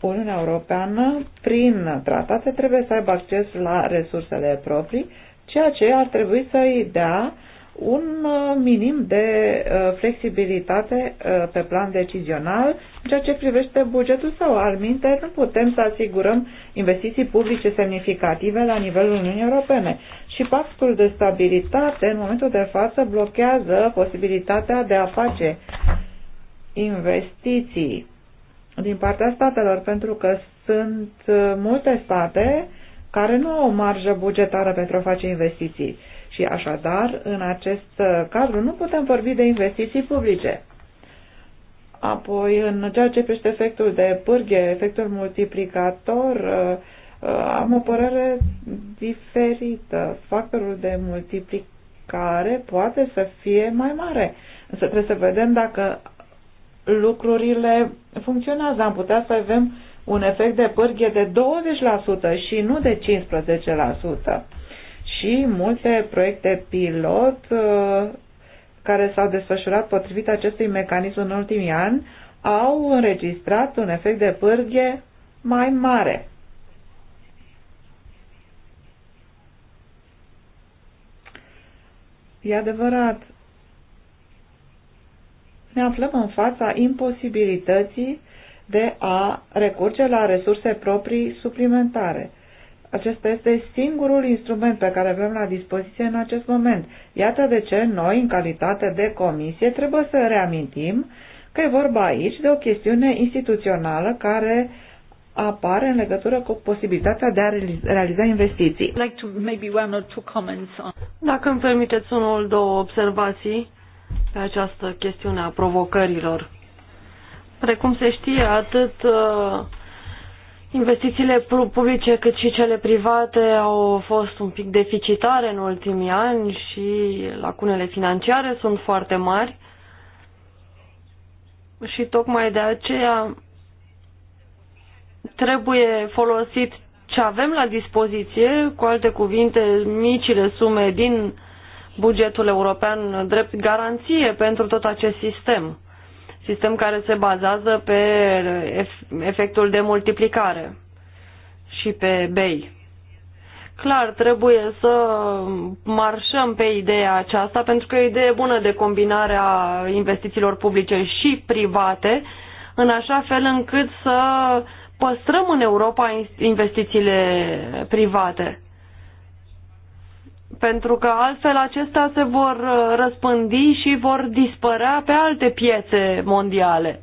Uniunea Europeană, prin tratate, trebuie să aibă acces la resursele proprii, ceea ce ar trebui să îi dea un uh, minim de uh, flexibilitate uh, pe plan decizional în ceea ce privește bugetul sau al minte, nu putem să asigurăm investiții publice semnificative la nivelul Uniunii Europene. Și pactul de stabilitate în momentul de față blochează posibilitatea de a face investiții din partea statelor, pentru că sunt uh, multe state care nu au o marjă bugetară pentru a face investiții. Și așadar, în acest uh, cadru, nu putem vorbi de investiții publice. Apoi, în ceea ce privește efectul de pârghe, efectul multiplicator, uh, am o părere diferită. Factorul de multiplicare poate să fie mai mare. Însă trebuie să vedem dacă lucrurile funcționează. Am putea să avem un efect de pârghie de 20% și nu de 15%. Și multe proiecte pilot uh, care s-au desfășurat potrivit acestui mecanism în ultimii ani au înregistrat un efect de pârghie mai mare. E adevărat, ne aflăm în fața imposibilității de a recurge la resurse proprii suplimentare. Acesta este singurul instrument pe care avem la dispoziție în acest moment. Iată de ce noi, în calitate de comisie, trebuie să reamintim că e vorba aici de o chestiune instituțională care apare în legătură cu posibilitatea de a realiza investiții. Dacă îmi permiteți unul, două observații pe această chestiune a provocărilor. Precum se știe, atât uh, investițiile publice cât și cele private au fost un pic deficitare în ultimii ani și lacunele financiare sunt foarte mari. Și tocmai de aceea trebuie folosit ce avem la dispoziție, cu alte cuvinte, micile sume din bugetul european drept garanție pentru tot acest sistem. Sistem care se bazează pe efectul de multiplicare și pe BEI. Clar, trebuie să marșăm pe ideea aceasta pentru că e o idee bună de combinare a investițiilor publice și private în așa fel încât să păstrăm în Europa investițiile private pentru că altfel acestea se vor uh, răspândi și vor dispărea pe alte piețe mondiale.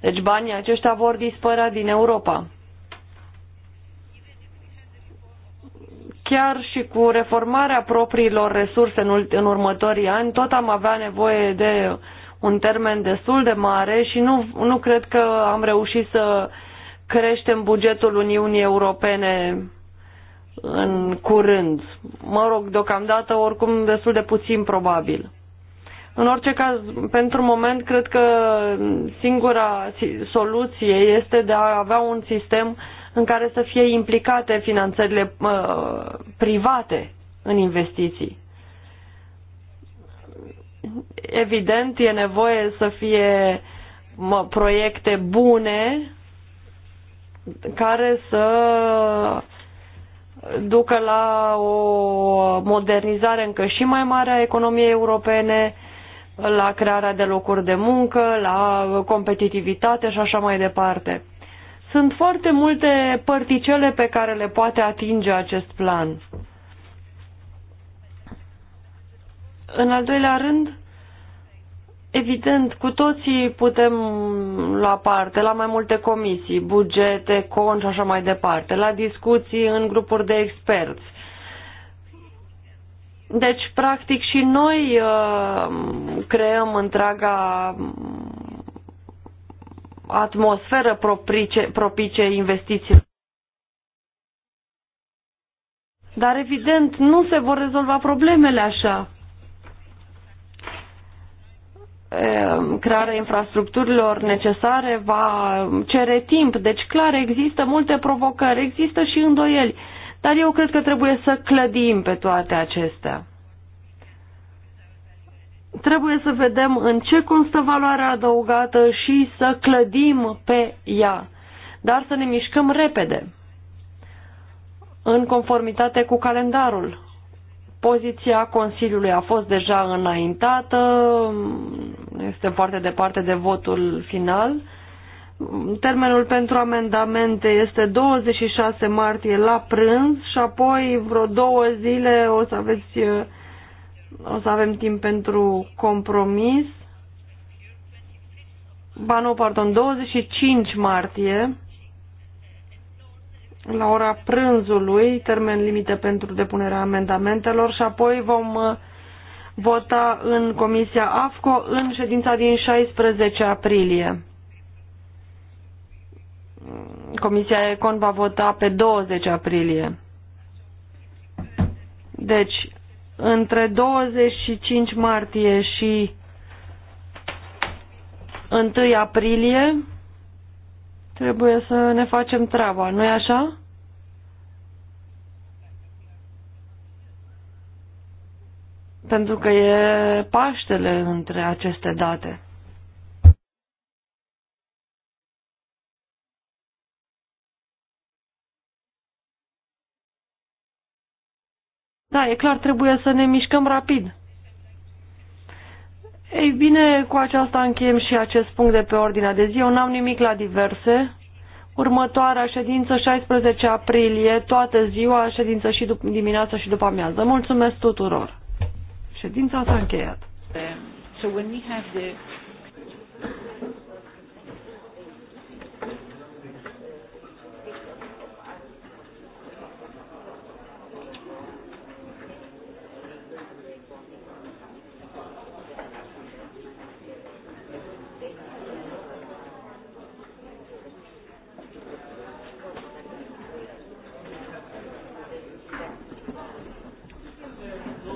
Deci banii aceștia vor dispărea din Europa. Chiar și cu reformarea propriilor resurse în, în următorii ani, tot am avea nevoie de un termen destul de mare și nu, nu cred că am reușit să creștem bugetul Uniunii Europene în curând. Mă rog, deocamdată, oricum, destul de puțin probabil. În orice caz, pentru moment, cred că singura soluție este de a avea un sistem în care să fie implicate finanțările uh, private în investiții. Evident, e nevoie să fie mă, proiecte bune care să ducă la o modernizare încă și mai mare a economiei europene, la crearea de locuri de muncă, la competitivitate și așa mai departe. Sunt foarte multe părticele pe care le poate atinge acest plan. În al doilea rând, Evident, cu toții putem lua parte la mai multe comisii, bugete, con și așa mai departe, la discuții în grupuri de experți. Deci, practic, și noi uh, creăm întreaga atmosferă propice, propice investițiilor. Dar, evident, nu se vor rezolva problemele așa. Ehm, crearea infrastructurilor necesare va cere timp. Deci, clar, există multe provocări, există și îndoieli, dar eu cred că trebuie să clădim pe toate acestea. Trebuie să vedem în ce constă valoarea adăugată și să clădim pe ea, dar să ne mișcăm repede, în conformitate cu calendarul Poziția Consiliului a fost deja înaintată, este foarte departe de votul final. Termenul pentru amendamente este 26 martie la prânz și apoi vreo două zile o să, aveți, o să avem timp pentru compromis. Ba nu, pardon, 25 martie la ora prânzului, termen limite pentru depunerea amendamentelor și apoi vom uh, vota în Comisia AFCO în ședința din 16 aprilie. Comisia ECON va vota pe 20 aprilie. Deci, între 25 martie și 1 aprilie Trebuie să ne facem treaba, nu-i așa? Pentru că e Paștele între aceste date. Da, e clar, trebuie să ne mișcăm rapid. Ei bine, cu aceasta încheiem și acest punct de pe ordinea de zi. Eu n-am nimic la diverse. Următoarea ședință, 16 aprilie, toată ziua, ședință și după, dimineața și după amiază. Mulțumesc tuturor! Ședința s-a încheiat. So when we have the